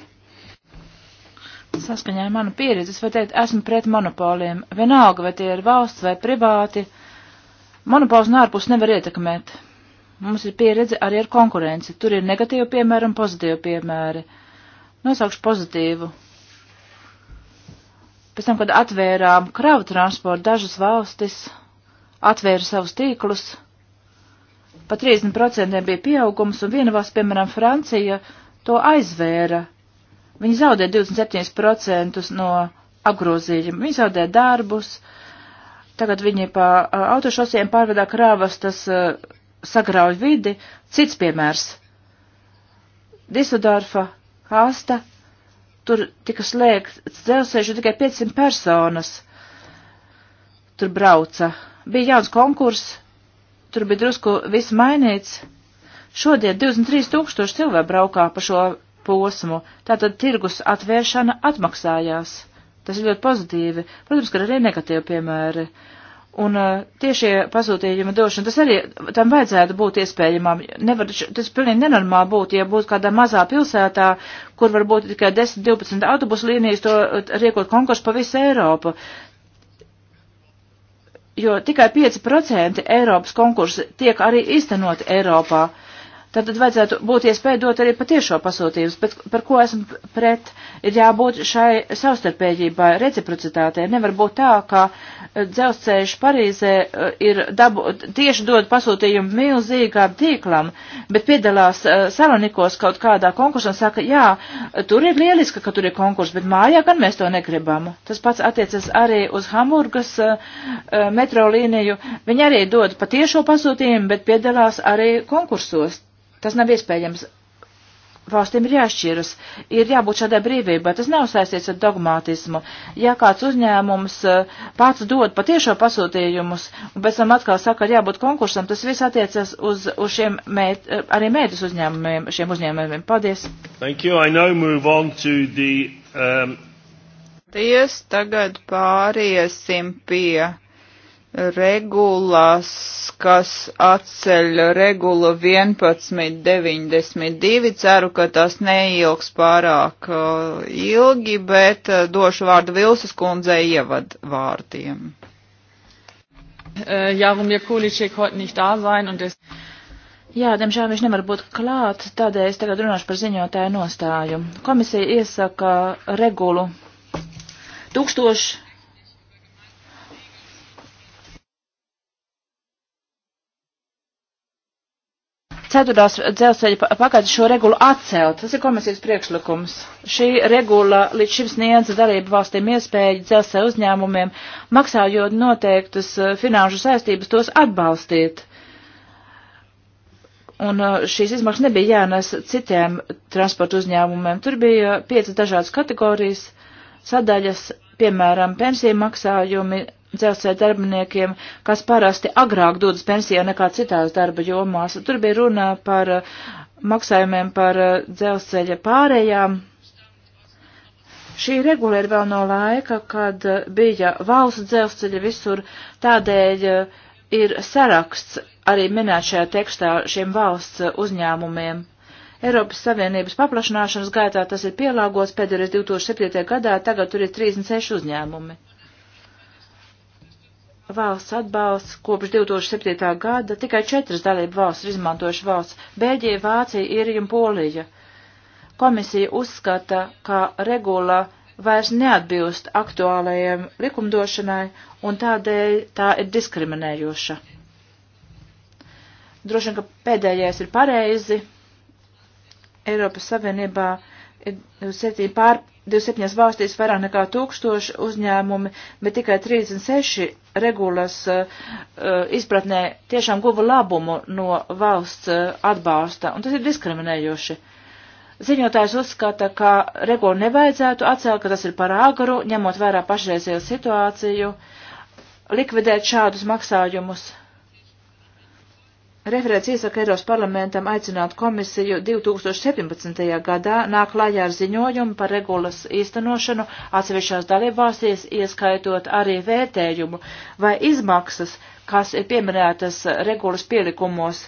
Saskaņā ar manu pieredzi, es varu teikt, esmu pret monopoliem. Vienalga, vai tie ir valsts vai privāti, monopols no ārpus nevar ietekmēt Mums ir pieredze arī ar konkurenci. Tur ir negatīvi piemēri un pozitīvi piemēri. Nosaukšu pozitīvu. Pēc tam, kad atvērām kravu transportu, dažas valstis atvēra savus tīklus. Pa 30% bija pieaugums, un viena valsts, piemēram, Francija, to aizvēra. Viņi zaudēja 27% no apgrozījuma. Viņi zaudēja darbus. Tagad viņi pa autošosiem pārvedā krāvas, tas uh, sagrauj vidi. Cits piemērs. Disadorfa hasta, tur tika slēgts dzelzceļš tikai 500 personas. Tur brauca. Bija jauns konkurss, tur bija drusku viss mainīts. Šodien 23 tūkstoši cilvēku braukā pa šo posmu, tātad tirgus atvēršana atmaksājās. Tas ir ļoti pozitīvi. Protams, ka arī negatīvi piemēri. Uh, Un uh, tiešie pasūtījuma došana, tas arī tam vajadzētu būt iespējamām. Nevar, tas pilnīgi nenormāli būtu, ja būtu kādā mazā pilsētā, kur varbūt tikai 10-12 autobusu līnijas, to uh, riekot konkursu pa visu Eiropu. Jo tikai 5% Eiropas konkursu tiek arī iztenoti Eiropā. Uh, Tātad vajadzētu būt iespēja dot arī patiešo pasūtījumus, bet par ko esmu pret, ir jābūt šai savstarpējībai, reciprocitātei. Nevar būt tā, ka eh, dzelzceļš Parīzē eh, ir dabu, tieši dod pasūtījumu milzīgām tīklam, bet piedalās uh, Salonikos kaut kādā konkursā un saka, jā, tur ir lieliski, ka tur ir konkurss, bet mājā gan mēs to negribam. Tas pats attiecas arī uz Hamburgas uh, metro līniju. Viņi arī dod patiešo pasūtījumu, bet piedalās arī konkursos Tas nav iespējams. Valstīm ir jāšķiras, ir jābūt šādai brīvībai, tas nav saistīts ar dogmātismu. Ja kāds uzņēmums eh, pats dod patiešo pasūtījumus, un pēc tam atkal saka, ir jābūt konkursam, tas viss attiecas uz, uz šiem mēt, eh, arī mēdus uzņēmumiem, šiem uzņēmumiem. Paldies! Thank you, I now move on to the um, Paldies, tagad pāriesim pie regulas, kas atceļ regulu 1192. Ceru, ka tas neilgs pārāk uh, ilgi, bet uh, došu vārdu Vilsas kundzei ievad vārdiem. Jaromir Kuliček heute nicht da sein und es. Jā, diemžēl viņš nevar būt klāt, tādēļ es tagad runāšu par ziņotāju nostāju. Komisija iesaka regulu 1000 ceturtās dzelzceļa pakaļ šo regulu atcelt. Tas ir komisijas priekšlikums. Šī regula līdz šim sniedza darību valstīm iespēju dzelzceļa uzņēmumiem, maksājot noteiktas eh, finanšu saistības, tos atbalstīt. Un eh, šīs izmaksas nebija jānes citiem transporta uzņēmumiem. Tur bija piecas dažādas kategorijas, sadaļas, piemēram, pensiju maksājumi, dzelzceļa darbiniekiem, kas parasti agrāk dodas pensijā nekā citās darba jomās. Tur bija runa par eh, maksājumiem par eh, dzelzceļa pārējām. Šī regula ir vēl no laika, kad eh, bija valsts dzelzceļa visur, tādēļ ir saraksts arī minēt šajā tekstā šiem valsts uzņēmumiem. Eiropas Savienības paplašanāšanas gaitā tas ir pielāgots pēdējais 2007. gadā, tagad tur ir 36 uzņēmumi valsts atbalsts kopš 2007. gada tikai četras dalību valsts ir izmantojuši valsts - Bēļģija, Vācija, Īrija un Polija. Komisija uzskata, ka regula vairs neatbilst aktuālajiem likumdošanai un tādēļ tā ir diskriminējoša. Droši vien, ka pēdējais ir pareizi. Eiropas Savienībā 27 pār 27 valstīs vairāk nekā tūkstoši uzņēmumi, bet tikai 36 regulas uh, uh, izpratnē tiešām guva labumu no valsts uh, atbalsta, un tas ir diskriminējoši. Ziņotājs uzskata, ka regulu nevajadzētu atcelt, ka tas ir par āgaru, ņemot vērā pašreizējo situāciju, likvidēt šādus maksājumus Referēts iesaka Eiros parlamentam aicināt komisiju 2017. gadā nāk klājā ar ziņojumu par regulas īstenošanu atsevišķās dalībvalstīs, ieskaitot arī vērtējumu vai izmaksas, kas ir pieminētas regulas pielikumos,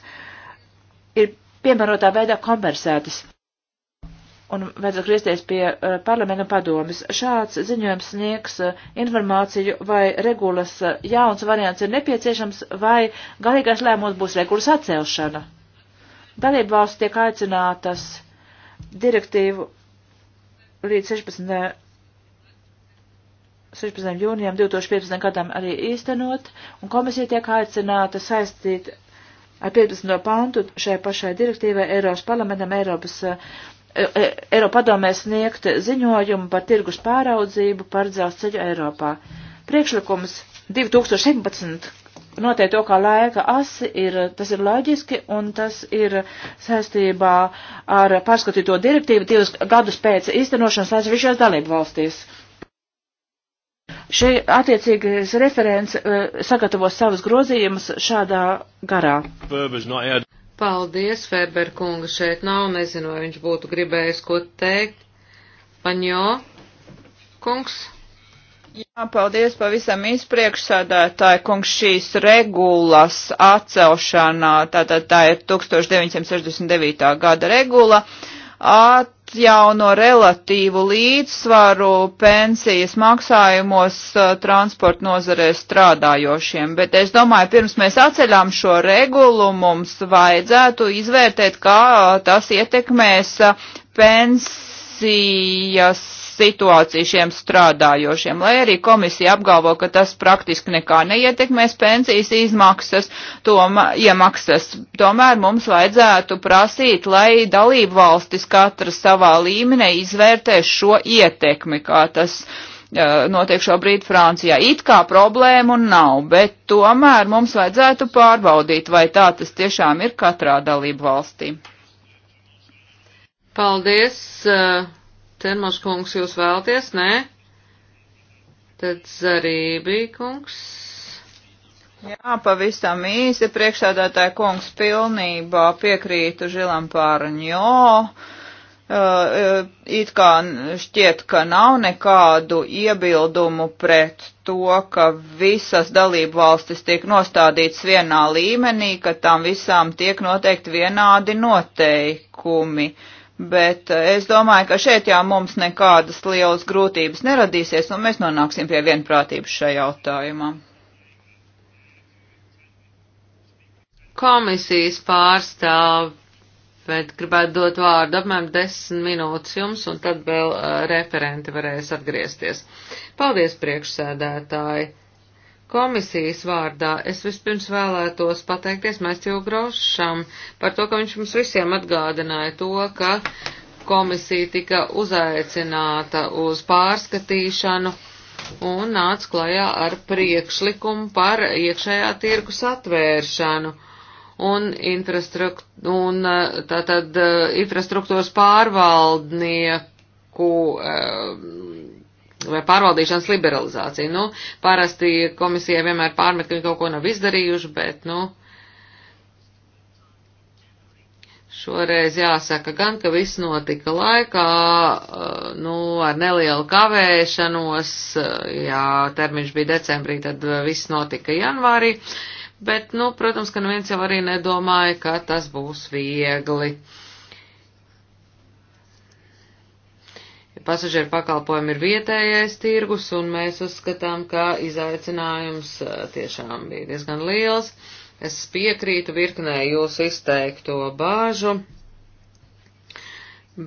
ir piemērotā veidā konversētas un vajadzētu griezties pie uh, parlamenta padomis. Šāds ziņojums sniegs uh, informāciju, vai regulas uh, jauns variants ir nepieciešams, vai galīgais lēmums būs regulas atcelšana. Dalība valsts tiek aicinātas direktīvu līdz 16. 16. jūnijam 2015. gadam arī īstenot, un komisija tiek aicināta saistīt ar 15. pantu šai pašai direktīvai Eiropas parlamentam Eiropas uh, E, e, Eiropadomē sniegt ziņojumu par tirgus pāraudzību par dzelzceļu Eiropā. Priekšlikums 2017 noteikti to kā laika asi ir, tas ir loģiski un tas ir saistībā ar pārskatīto direktīvu divus gadus pēc īstenošanas atsevišķās dalību valstīs. Šī attiecīgais referents e, sagatavos savus grozījumus šādā garā. Burbers, Paldies, Ferber kunga šeit nav, nezinu, vai viņš būtu gribējis ko teikt. Paņo, kungs. Jā, paldies pavisam izpriekšsādātāji, kungs, šīs regulas atcelšanā, tātad tā, tā ir 1969. gada regula, at, jāatjauno relatīvu līdzsvaru pensijas maksājumos uh, transporta nozarē strādājošiem. Bet es domāju, pirms mēs atceļām šo regulu, mums vajadzētu izvērtēt, kā tas ietekmēs uh, pensijas situāciju šiem strādājošiem. Lai arī komisija apgalvo, ka tas praktiski nekā neietekmēs pensijas izmaksas, toma, iemaksas, tomēr mums vajadzētu prasīt, lai dalību valstis katra savā līmenī izvērtē šo ietekmi, kā tas uh, notiek šobrīd Francijā. It kā problēmu nav, bet tomēr mums vajadzētu pārbaudīt, vai tā tas tiešām ir katrā dalību valstī. Paldies! Uh Termoš kungs, jūs vēlties, nē? Tad Zarībī kungs. Jā, pavisam īsi priekšsādātāja kungs pilnībā piekrītu Žilam Pārņo. Uh, uh it kā šķiet, ka nav nekādu iebildumu pret to, ka visas dalību valstis tiek nostādīts vienā līmenī, ka tām visām tiek noteikti vienādi noteikumi. Uh, Bet eh, es domāju, ka šeit jau mums nekādas lielas grūtības neradīsies, un mēs nonāksim pie vienprātības šajā jautājumā. Komisijas pārstāv, bet gribētu dot vārdu apmēram desmit minūtes jums, un tad vēl uh, referenti varēs atgriezties. Paldies, priekšsēdētāji! Komisijas vārdā es vispirms vēlētos pateikties Mēstīvu Grošam par to, ka viņš mums visiem atgādināja to, ka komisija tika uzaicināta uz pārskatīšanu un nāca klajā ar priekšlikumu par iekšējā tirgus atvēršanu un, un tātad eh, infrastruktūras pārvaldnieku eh, vai pārvaldīšanas liberalizācija. Nu, parasti komisijai vienmēr pārmet, ka viņi kaut ko nav izdarījuši, bet, nu, šoreiz jāsaka gan, ka viss notika laikā, eh, nu, ar nelielu kavēšanos, eh, jā, termiņš bija decembrī, tad eh, viss notika janvārī, bet, nu, protams, ka neviens jau arī nedomāja, ka tas būs viegli. Uh, pasažieru pakalpojumi ir vietējais tirgus, un mēs uzskatām, ka izaicinājums eh, tiešām bija diezgan liels. Es piekrītu virknē jūsu izteikto bāžu,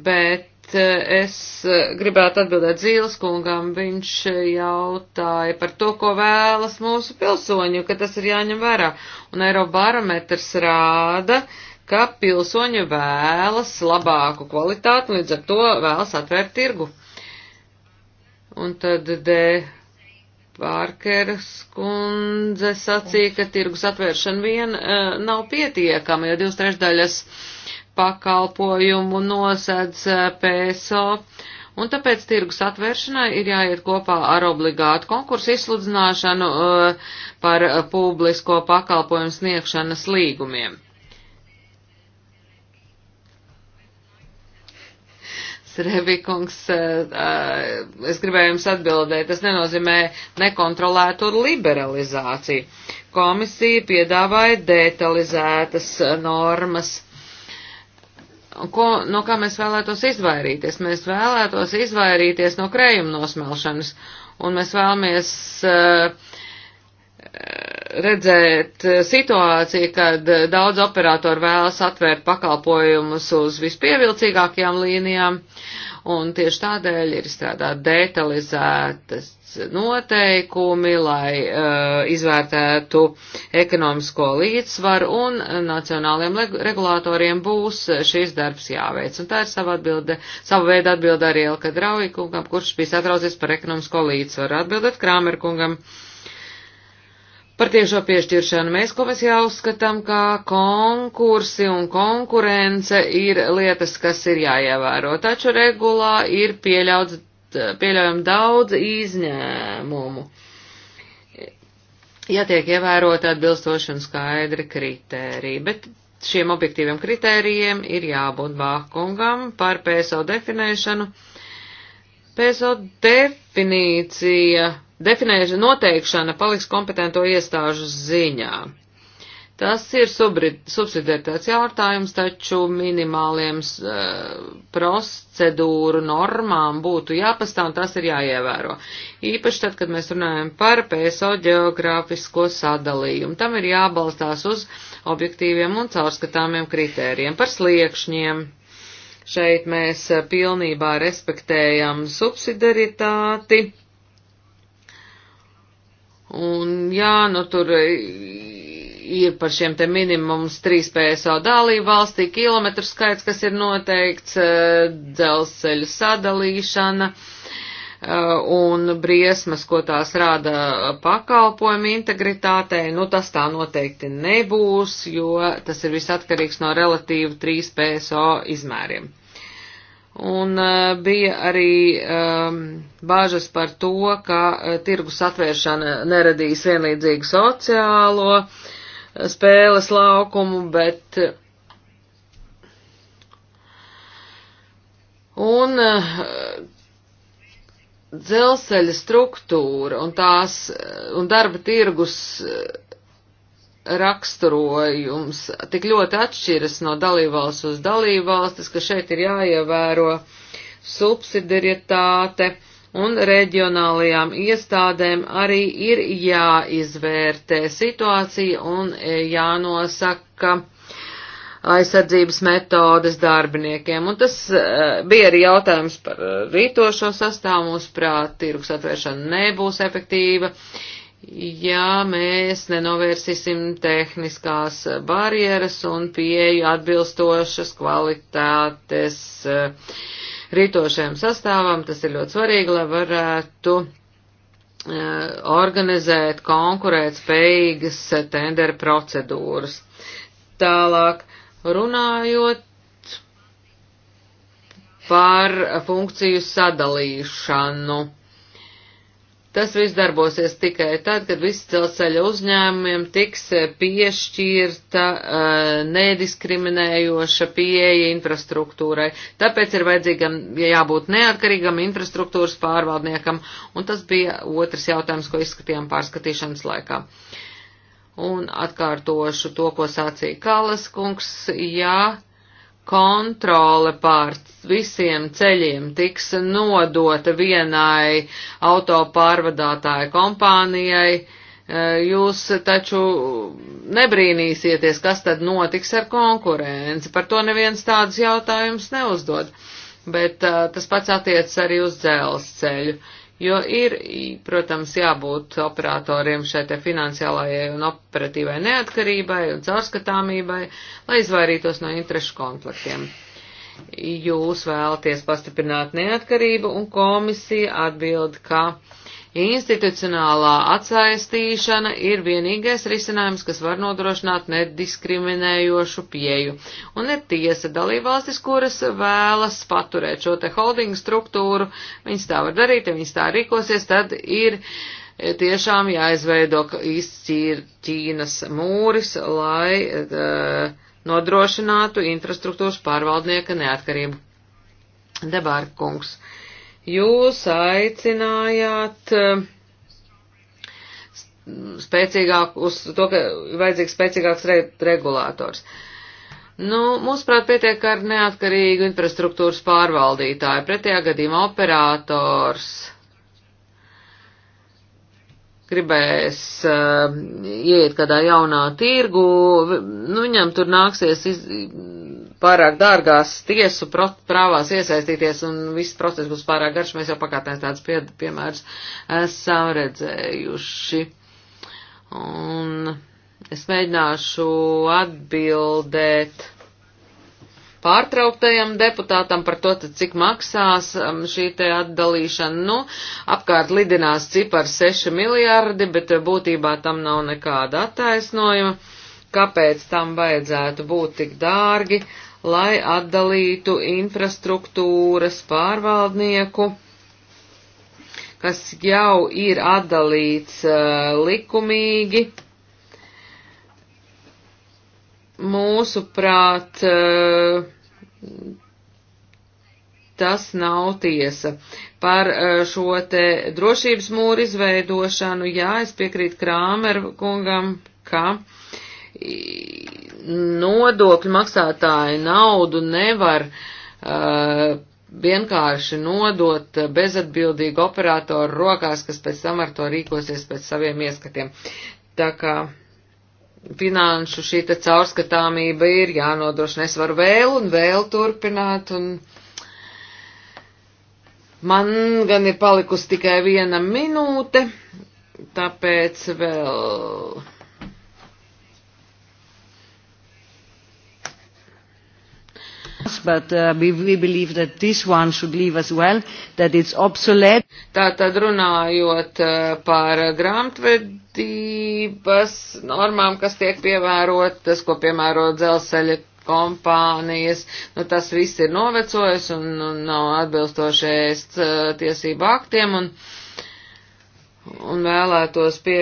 bet eh, es eh, gribētu atbildēt Zīles kungam, viņš jautāja par to, ko vēlas mūsu pilsoņu, ka tas ir jāņem vērā. Un Eirobarometrs rāda, uh, ka pilsoņi vēlas labāku kvalitāti un līdz ar to vēlas atvērt tirgu. Un tad D. Pārkeras kundze sacīja, ka tirgus atvēršana vien uh, nav pietiekama, jo divas trešdaļas pakalpojumu nosedz uh, e, PSO, un tāpēc tirgus atvēršanai ir jāiet kopā ar obligātu konkursu izsludināšanu uh, par publisko pakalpojumu sniegšanas līgumiem. Rebikungs, eh, es gribēju jums atbildēt, tas nenozīmē nekontrolētu liberalizāciju. Komisija piedāvāja detalizētas eh, normas. Ko, no kā mēs vēlētos izvairīties? Mēs vēlētos izvairīties no krējuma nosmelšanas, un mēs vēlamies uh, redzēt eh, situāciju, kad eh, daudz operātori vēlas atvērt pakalpojumus uz vispievilcīgākajām līnijām, un tieši tādēļ ir izstrādāt detalizētas noteikumi, lai uh, izvērtētu ekonomisko līdzsvaru, un nacionāliem regulātoriem būs šis darbs jāveic. Un tā ir sava atbilde, sava veida atbilde arī Elka Draujikungam, kurš bija satraucies par ekonomisko līdzsvaru. Atbildot Krāmerkungam. kungam Par tiešo piešķiršanu mēs komisijā uzskatām, ka konkursi un konkurence ir lietas, kas ir jāievēro, taču regulā ir pieļauts, pieļaujam daudz izņēmumu. Ja tiek ievērota atbilstoši un skaidri kritēriji, bet šiem objektīviem kritērijiem ir jābūt Bākungam par PSO definēšanu. PSO definīcija definēšana noteikšana paliks kompetento iestāžu ziņā. Tas ir subsidiaritāts jautājums, taču minimāliem uh, procedūru normām būtu jāpastāv un tas ir jāievēro. Īpaši tad, kad mēs runājam par PSO geogrāfisko sadalījumu, tam ir jābalstās uz objektīviem un caurskatāmiem kritērijiem par sliekšņiem. Šeit mēs eh, pilnībā respektējam subsidiaritāti Un jā, nu tur ir par šiem te minimums 3 PSO dalību valstī, kilometru skaits, kas ir noteikts, eh, dzelzceļu sadalīšana eh, un briesmas, ko tās rāda pakalpojumu integritātei, nu tas tā noteikti nebūs, jo tas ir viss atkarīgs no relatīvu 3 PSO izmēriem. Un e, bija arī um, e, bāžas par to, ka e, tirgus atvēršana neradīs vienlīdzīgu sociālo spēles laukumu, bet. Un dzelzceļa struktūra un tās un darba tirgus raksturojums tik ļoti atšķiras no dalībvalsts uz dalībvalstis, ka šeit ir jāievēro subsidiaritāte un reģionālajām iestādēm arī ir jāizvērtē situācija un jānosaka aizsardzības metodes darbiniekiem. Un tas uh, bija arī jautājums par eh, rītošo sastāvu. Mūsuprāt, tirgus atvēršana nebūs efektīva. Uh, ja mēs nenovērsīsim tehniskās barjeras un pieeju atbilstošas kvalitātes eh, rītošajam sastāvam. Tas ir ļoti svarīgi, lai varētu eh, organizēt konkurēt spējīgas tendera procedūras. Tālāk runājot par funkciju sadalīšanu. Tas viss darbosies tikai tad, kad visi dzelzceļa uzņēmumiem tiks eh, piešķirta uh, nediskriminējoša pieeja infrastruktūrai. Tāpēc ir vajadzīgam, ja jābūt neatkarīgam infrastruktūras pārvaldniekam, un tas bija otrs jautājums, ko izskatījām pārskatīšanas laikā. Un atkārtošu to, ko sācīja Kalas kungs, jā, kontrole pār visiem ceļiem tiks nodota vienai autopārvadātāja kompānijai. E, jūs taču nebrīnīsieties, kas tad notiks ar konkurenci. Par to neviens tādus jautājumus neuzdod. Bet e, tas pats attiecas arī uz dzelzceļu. ceļu Jo ir, protams, jābūt operatoriem šai te finansiālajai un operatīvai neatkarībai un caurskatāmībai, lai izvairītos no interešu konfliktiem. Jūs vēlaties pastiprināt neatkarību un komisija atbild, ka Institucionālā atsaistīšana ir vienīgais risinājums, kas var nodrošināt nediskriminējošu pieju. Un ir tiesa dalībvalstis, kuras vēlas paturēt šo te holdingu struktūru, viņas tā var darīt, ja viņas tā rīkosies, tad ir eh, tiešām jāizveido izcīr Ķīnas mūris, lai uh, nodrošinātu infrastruktūras pārvaldnieka neatkarību. Debārkungs. kungs Jūs aicinājāt eh, spēcīgāk uz to, ka vajadzīgs spēcīgāks re regulators. Nu, mūsuprāt, pietiek ar neatkarīgu infrastruktūras pārvaldītāju. Pretējā gadījumā operators gribēs uh, eh, iet kādā jaunā tirgu, nu, viņam tur nāksies iz, pārāk dārgās tiesu prāvās iesaistīties un viss process būs pārāk garš, mēs jau pakāpēs tāds pie, piemērs esam redzējuši. Un es mēģināšu atbildēt pārtrauktajam deputātam par to, cik maksās um, šī te atdalīšana. Nu, apkārt lidinās cipars 6 miljārdi, bet uh, būtībā tam nav nekāda attaisnojuma. Kāpēc tam vajadzētu būt tik dārgi, lai atdalītu infrastruktūras pārvaldnieku, kas jau ir atdalīts uh, likumīgi? mūsuprāt, eh, tas nav tiesa. Par eh, šo te drošības mūru izveidošanu, jā, es piekrītu Krāmer kungam, ka nodokļu maksātāju naudu nevar uh, vienkārši nodot bezatbildīgu operatoru rokās, kas pēc tam ar to rīkosies pēc saviem ieskatiem. Tā kā finanšu šī te caurskatāmība ir jānodrošina. Es varu vēl un vēl turpināt, un man gan ir palikusi tikai viena minūte, tāpēc vēl But, uh, we, we well, Tātad runājot uh, par grāmatvedības normām, kas tiek pievērotas, ko piemēro dzelzceļa kompānijas, nu tas viss ir novecojis un, un nav atbilstošais uh, tiesību aktiem un, un vēlētos pie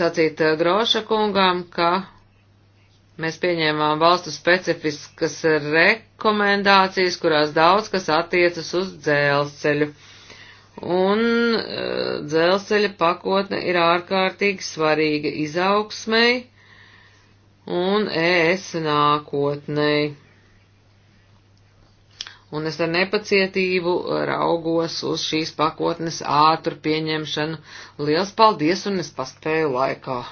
sacīt uh, Groša kungam, ka Mēs pieņēmām valstu specifiskas rekomendācijas, kurās daudz kas attiecas uz dzelzceļu. Un eh, dzelzceļa pakotne ir ārkārtīgi svarīga izaugsmei un ES nākotnei un es ar nepacietību raugos uz šīs pakotnes ātru pieņemšanu. Liels paldies, un es paspēju laikā!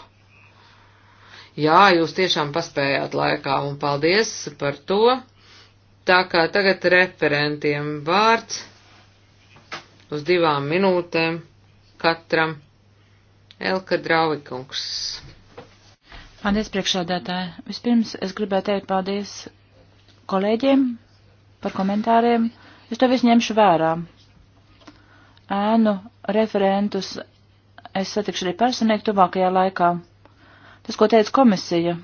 Jā, jūs tiešām paspējāt laikā un paldies par to. Tā kā tagad referentiem vārds uz divām minūtēm katram. Elka Drauvikungs. Paldies, priekšsēdētāji. Vispirms es gribēju teikt paldies kolēģiem par komentāriem. Es to visu ņemšu vērā. Ēnu referentus es satikšu arī personīgi tuvākajā laikā. Tas, ko teica komisija.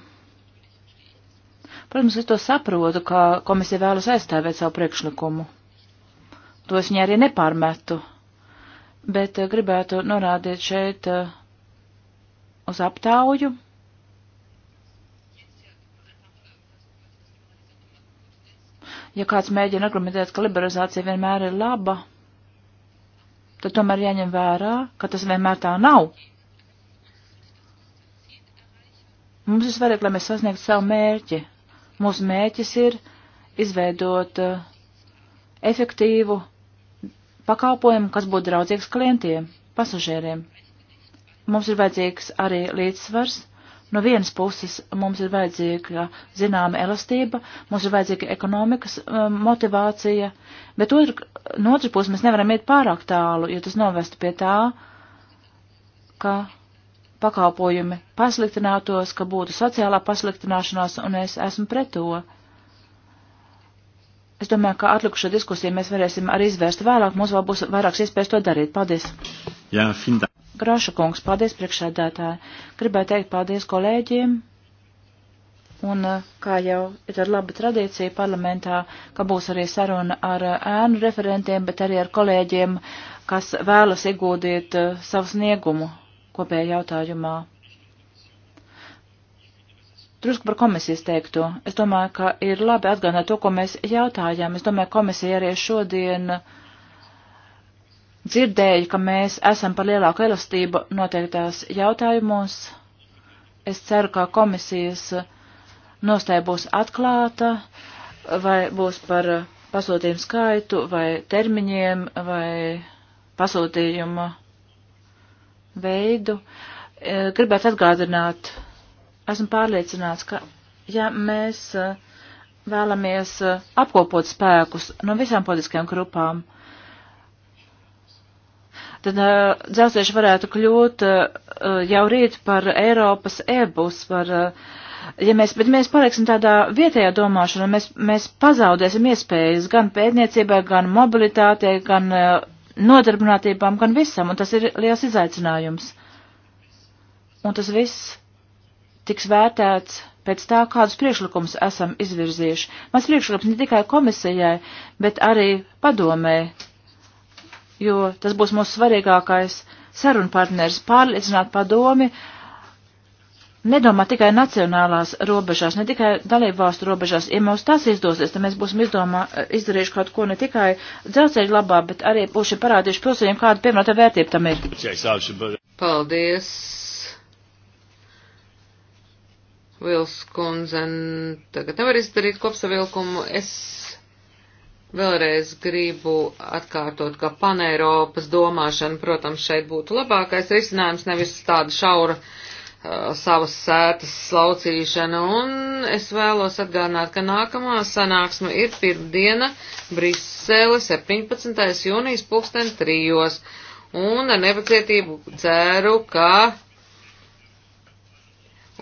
Protams, es to saprotu, ka komisija vēlas aizstāvēt savu priekšlikumu. To es viņai arī nepārmetu, bet eh, gribētu norādīt šeit eh, uz aptauju. ja kāds mēģina argumentēt, ka liberalizācija vienmēr ir laba, tad tomēr jāņem vērā, ka tas vienmēr tā nav. Mums ir svarīgi, lai mēs sasniegtu savu mērķi. Mūsu mērķis ir izveidot eh, efektīvu pakalpojumu, kas būtu draudzīgs klientiem, pasažieriem. Mums ir vajadzīgs arī līdzsvars. No vienas puses mums ir vajadzīga zināma elastība, mums ir vajadzīga ekonomikas um, motivācija, bet otr, no otras puses mēs nevaram iet pārāk tālu, jo tas novestu pie tā, ka pakalpojumi pasliktinātos, ka būtu sociālā pasliktināšanās, un es esmu pret to. Es domāju, ka atlikušo diskusiju mēs varēsim arī izvērst vēlāk, mums vēl būs vairāks iespējas to darīt. Paldies! Jā, finda. Graša kungs, paldies priekšsēdētāji. Gribēju teikt paldies kolēģiem. Un, eh, kā jau ir ar labu tradīciju parlamentā, ka būs arī saruna ar eh, ēnu referentiem, bet arī ar kolēģiem, kas vēlas iegūdīt eh, savu sniegumu kopējā jautājumā. Drusku par komisijas teikto. Es domāju, ka ir labi atgādināt to, ko mēs jautājām. Es domāju, komisija arī šodien dzirdēja, ka mēs esam par lielāku elastību noteiktās jautājumos. Es ceru, ka komisijas nostāja būs atklāta, vai būs par pasūtījumu skaitu, vai termiņiem, vai pasūtījumu veidu. E, gribētu atgādināt, esmu pārliecināts, ka ja mēs e, vēlamies e, apkopot spēkus no visām politiskajām grupām, tad uh, dzelzceļš varētu kļūt uh, jau rīt par Eiropas ebus, par, uh, ja mēs, bet mēs paliksim tādā vietējā domāšanā, mēs, mēs pazaudēsim iespējas gan pētniecībai, gan mobilitātei, gan uh, nodarbinātībām, gan visam, un tas ir liels izaicinājums. Un tas viss tiks vērtēts pēc tā, kādus priekšlikumus esam izvirzījuši. Mans priekšlikums ne tikai komisijai, bet arī padomē, jo tas būs mūsu svarīgākais sarunpartners pārliecināt padomi nedomā tikai nacionālās robežās, ne tikai dalību valstu robežās. Ja mums tas izdosies, tad mēs būsim izdomā, izdarījuši kaut ko ne tikai dzelzceļa labā, bet arī būsim parādījuši pilsoņiem, kāda pievienotā vērtība tam ir. Paldies! Vils kundze, tagad nevar izdarīt kopsavilkumu. Es vēlreiz gribu atkārtot, ka paneiropas domāšana, protams, šeit būtu labākais risinājums, nevis tāda šaura uh, savas sētas slaucīšana, un es vēlos atgādināt, ka nākamā sanāksme ir pirmdiena Brisele 17. jūnijas pulksten trijos, un ar nepacietību ceru, ka,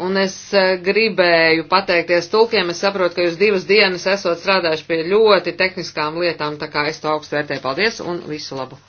un es eh, gribēju pateikties tulkiem, es saprotu, ka jūs divas dienas esot strādājuši pie ļoti tehniskām lietām, tā kā es to augstu vērtēju, paldies, un visu labu!